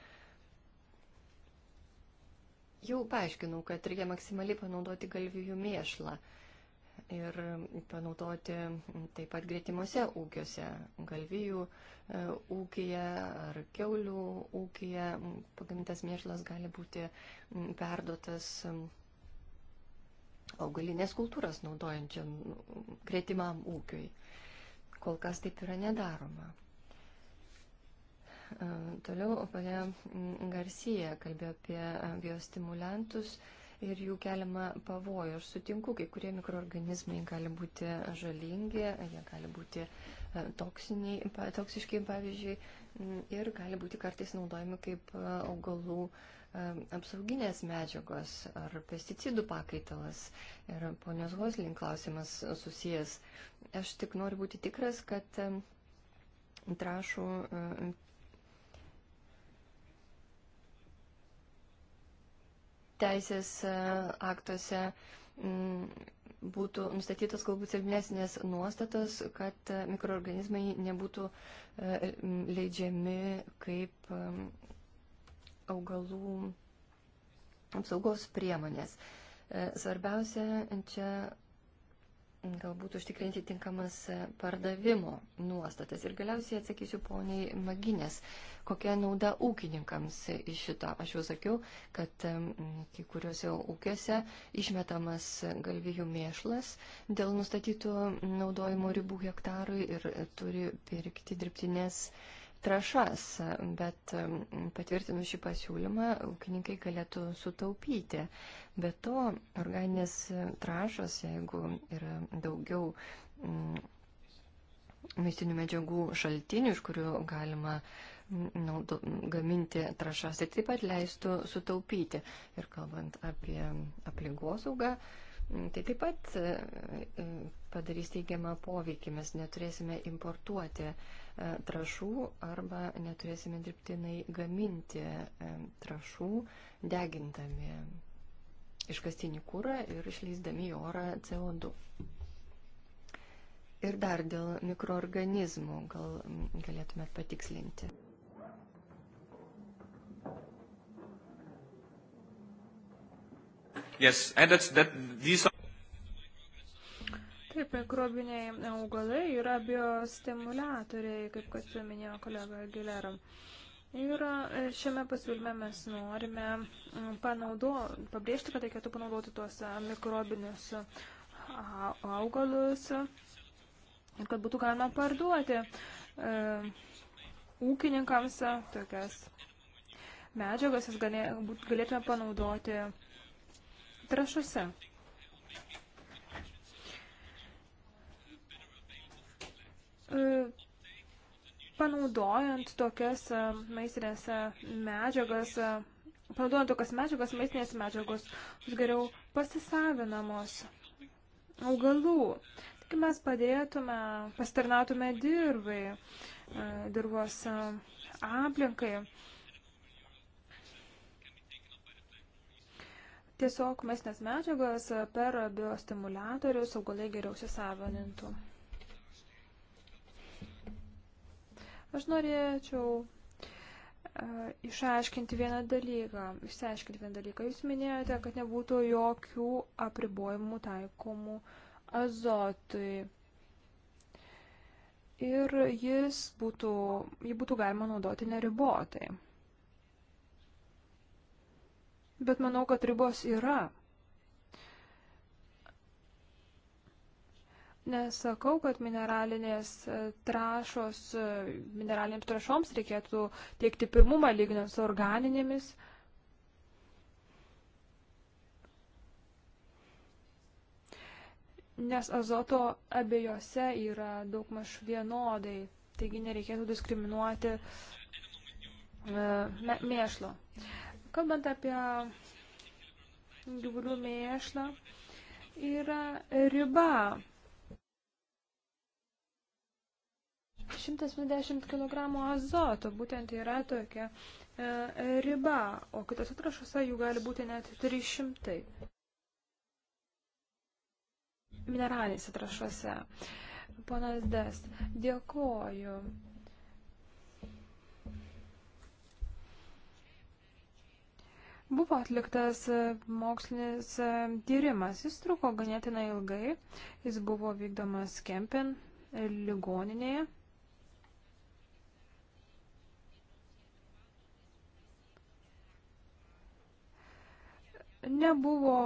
Jau paaiškinau, kad reikia maksimaliai panaudoti galvijų mėšlą ir panaudoti taip pat greitimuose ūkiuose, galvijų e, ūkija ar keulių ūkija. Pagamintas mėšlas gali būti perduotas augalinės kultūras naudojančiam greitimam ūkiui. Kol kas taip yra nedaroma. E, toliau ponia Garcija kalbėjo apie e, biostimulantus ir jų keliamą pavojų. Aš sutinku, kai kurie mikroorganizmai gali būti žalingi, jie gali būti e, toksiniai, toksiški, pavyzdžiui, ir gali būti kartais naudojami kaip augalų apsauginės medžiagos ar pesticidų pakaitalas. Ir ponios Hoslin klausimas susijęs. Aš tik noriu būti tikras, kad trašų teisės e, aktuose būtų nustatytos galbūt silpnesnės nuostatos, kad e, mikroorganizmai nebūtų e, leidžiami kaip augalų apsaugos priemonės. Svarbiausia čia galbūt užtikrinti tinkamas pardavimo nuostatas. Ir galiausiai atsakysiu poniai Maginės, kokia nauda ūkininkams iš šito. Aš jau sakiau, kad kai kuriuose ūkiuose išmetamas galvijų mėšlas dėl nustatytų naudojimo ribų hektarui ir turi pirkti dirbtinės. Uh, trašas, bet patvirtinus šį pasiūlymą, ūkininkai galėtų sutaupyti. Be to, organinės trašas, jeigu yra daugiau mm, maistinių medžiagų šaltinių, iš kurių galima mm, naudo, gaminti trašas, tai taip pat leistų sutaupyti. Ir kalbant apie aplinkosaugą, saugą, Tai taip pat e, e, padarys teigiamą poveikį, mes neturėsime importuoti e, trašų arba neturėsime dirbtinai gaminti trašų, degindami iškastinį kūrą ir išleisdami į orą CO2. Ir dar dėl mikroorganizmų gal galėtumėt patikslinti. Yes, and that's, that, these are... Taip, mikrobiniai augalai yra biostimuliatoriai, kaip kad minėjo kolega Gilera. Ir e, šiame pasiūlyme mes norime panaudo, pabrėžti, kad reikėtų panaudoti tuos e, mikrobinius augalus ir kad būtų galima parduoti e, ūkininkams tokias medžiagas, jas galėtume panaudoti trašose. E, panaudojant tokias e, maistinės e, medžiagas, panaudojant tokias medžiagas, maistinės medžiagos bus geriau pasisavinamos augalų. Taigi mes padėtume, pasitarnautume dirbai, dirbos aplinkai. tiesiog maistinės medžiagas e, per biostimulatorius augalai geriau įsisavinintų. Aš norėčiau e, išaiškinti vieną dalyką. Išsiaiškinti vieną dalyką. Jūs minėjote, kad nebūtų jokių apribojimų taikomų azotui. Ir jis būtų, jį būtų galima naudoti neribotai bet manau, kad ribos yra. Nesakau, kad mineralinės e, trašos, e, mineralinėms trašoms reikėtų teikti pirmumą lyginant su organinėmis. Nes azoto abiejose yra daug maž vienodai, taigi nereikėtų diskriminuoti e, mėšlo. Uh, Kalbant apie gyvulių mėšlą, yra riba. 120 kg azoto būtent yra tokia e, riba, o kitose trašose jų gali būti net 300 mineralinėse trašose. Ponas Des, dėkoju. Buvo atliktas e, mokslinis e, tyrimas, jis truko ganėtinai ilgai, jis buvo vykdomas Kempin e, ligoninėje. Nebuvo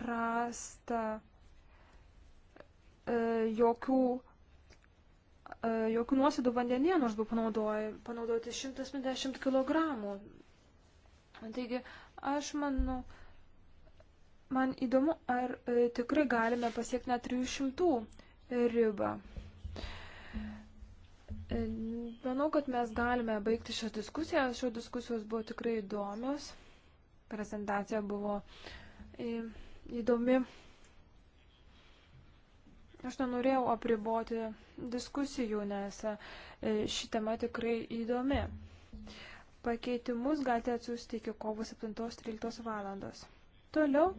rasta jokių jokių nuosėdų vandenyje, nors buvo panaudoti 150 kg Taigi, aš manau, man įdomu, ar e, tikrai galime pasiekti net 300 ribą. E, manau, kad mes galime baigti šią diskusiją. Šios diskusijos buvo tikrai įdomios. Prezentacija buvo e, įdomi. Aš nenorėjau apriboti diskusijų, nes ši tema tikrai įdomi. Pakeitimus galite atsiųsti iki kovo 7-13 valandos. Toliau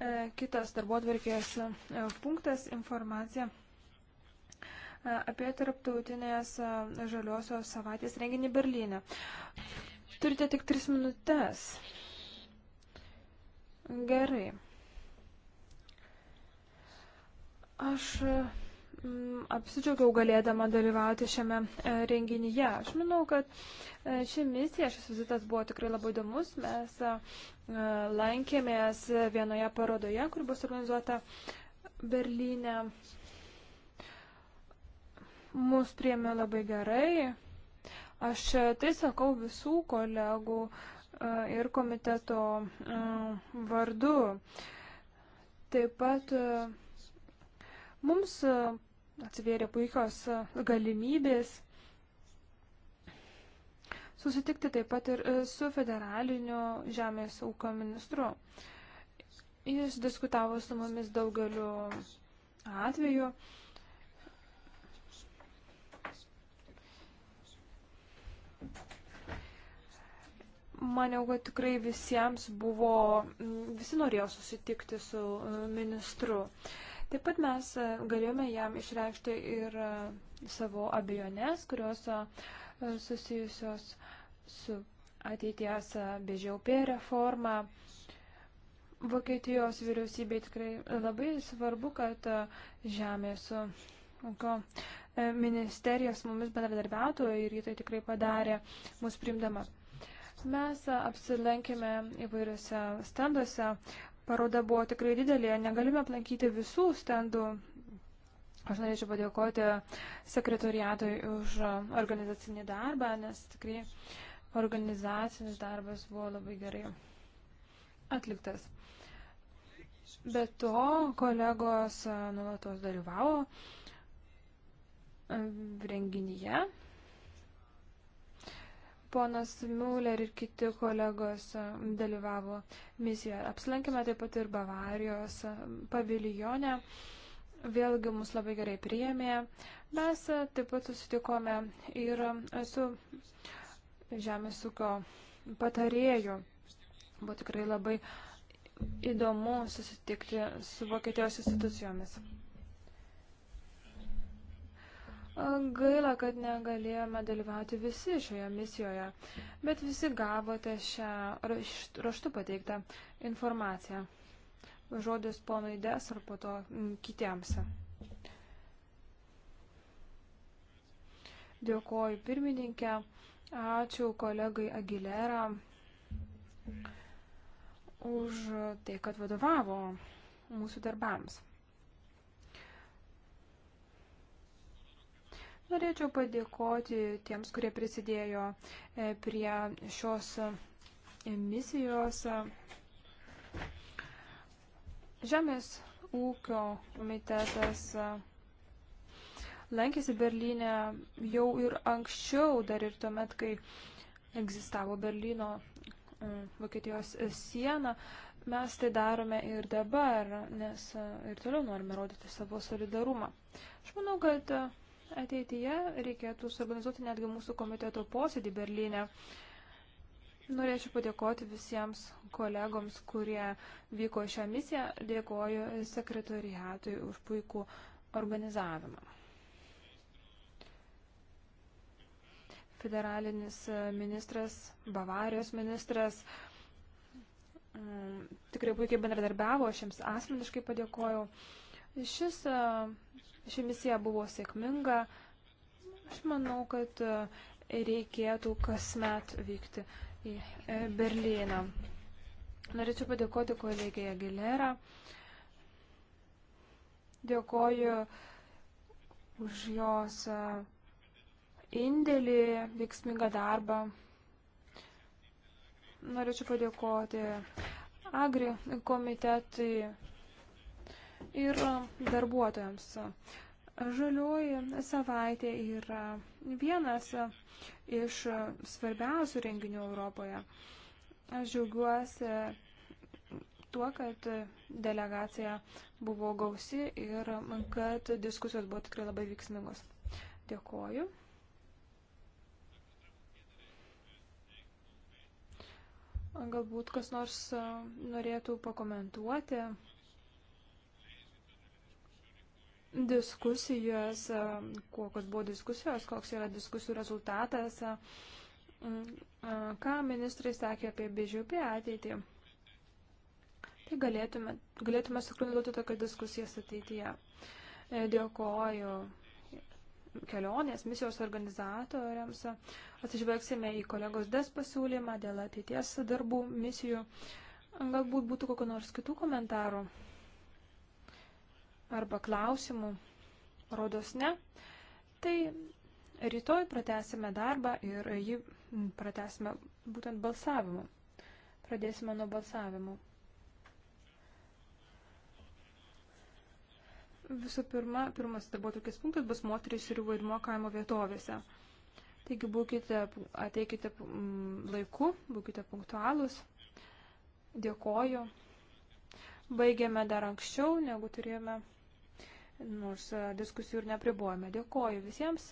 e, kitas darbotvarkės e, punktas - informacija e, apie tarptautinės e, žaliosios savaitės renginį Berlyne. Turite tik tris minutės. Gerai. Aš e, Mm, apsidžiaugiau galėdama dalyvauti šiame e, renginyje. Aš manau, kad e, ši misija, šis vizitas buvo tikrai labai įdomus. Mes e, lankėmės vienoje parodoje, kur bus organizuota Berlyne. Mūsų priemė labai gerai. Aš tai sakau visų kolegų ir komiteto vardu. Taip pat Mums atsivėrė puikios e, galimybės susitikti taip pat ir e, su federaliniu žemės ūkio ministru. Jis diskutavo su mumis daugeliu atveju. Maniau, kad tikrai visiems buvo, visi norėjo susitikti su e, ministru. Uh, Taip pat mes e, galėjome jam išreikšti ir e, savo abejonės, kurios e, susijusios su ateities BŽP reforma. Vokietijos vyriausybei tikrai labai svarbu, kad žemės ūkio ministerijos mumis bendradarbiautų ir jį tai tikrai padarė mūsų primdama. Mes apsilenkėme įvairiuose standuose, Paroda buvo tikrai didelė, negalime aplankyti visų stendų. Aš norėčiau padėkoti sekretoriatui už organizacinį darbą, nes tikrai organizacinis darbas buvo labai gerai atliktas. Be to, kolegos nuolatos dalyvavo renginyje. Ponas Müller ir kiti kolegos um, dalyvavo misijoje. Apsilankėme taip pat ir Bavarijos um, paviljone. Vėlgi mus labai gerai priėmė. Mes uh, taip pat susitikome ir um, su žemės ūkio patarėju. Buvo tikrai labai įdomu susitikti su Vokietijos institucijomis. Gaila, kad negalėjome dalyvauti visi šioje misijoje, bet visi gavote šią raštu pateiktą informaciją. Žodis ponui Des ar po to kitiems. Dėkoju pirmininkė, ačiū kolegai Aguilera už tai, kad vadovavo mūsų darbams. Norėčiau padėkoti tiems, kurie prisidėjo e, prie šios e, misijos. Žemės ūkio komitetas e, lankėsi Berlyne jau ir anksčiau, dar ir tuomet, kai egzistavo Berlyno Vokietijos siena. Mes tai darome ir dabar, nes ir toliau norime rodyti savo solidarumą. Aš manau, kad ateityje reikėtų suorganizuoti netgi mūsų komiteto posėdį Berlyne. Norėčiau padėkoti visiems kolegoms, kurie vyko šią misiją. Dėkoju sekretoriatui už puikų organizavimą. Federalinis ministras, Bavarijos ministras mm, tikrai puikiai bendradarbiavo, aš jiems asmeniškai padėkojau. Šis uh, Ši misija buvo sėkminga. Aš manau, kad e, reikėtų kasmet vykti į e, Berliną. Norėčiau padėkoti kolegijai Aguilera. Dėkoju už jos e, indėlį, veiksmingą darbą. Norėčiau padėkoti Agri komitetui ir darbuotojams. Žalioji savaitė yra vienas iš svarbiausių renginių Europoje. Aš džiaugiuosi tuo, kad delegacija buvo gausi ir kad diskusijos buvo tikrai labai vyksmingos. Dėkoju. Galbūt kas nors norėtų pakomentuoti diskusijas, kokios buvo diskusijos, koks yra diskusijų rezultatas, ką ministrai sakė apie BŽP ateitį. Tai galėtume, galėtume sukronizuoti tokią diskusiją ateityje. E, dėkoju kelionės, misijos organizatoriams. Atsižvelgsime į kolegos des pasiūlymą dėl ateities darbų misijų. Galbūt būtų kokio nors kitų komentarų arba klausimų? Rodos ne. Tai rytoj pratesime darbą ir jį pratesime būtent balsavimu. Pradėsime nuo balsavimo. Visų pirma, pirmas darbotvarkės punktas bus moterys ir jų vaidmuo kaimo vietovėse. Taigi būkite, ateikite mm, laiku, būkite punktualūs. Dėkoju. Baigėme dar anksčiau, negu turėjome nors e, diskusijų ir nepribuojame. Dėkoju visiems.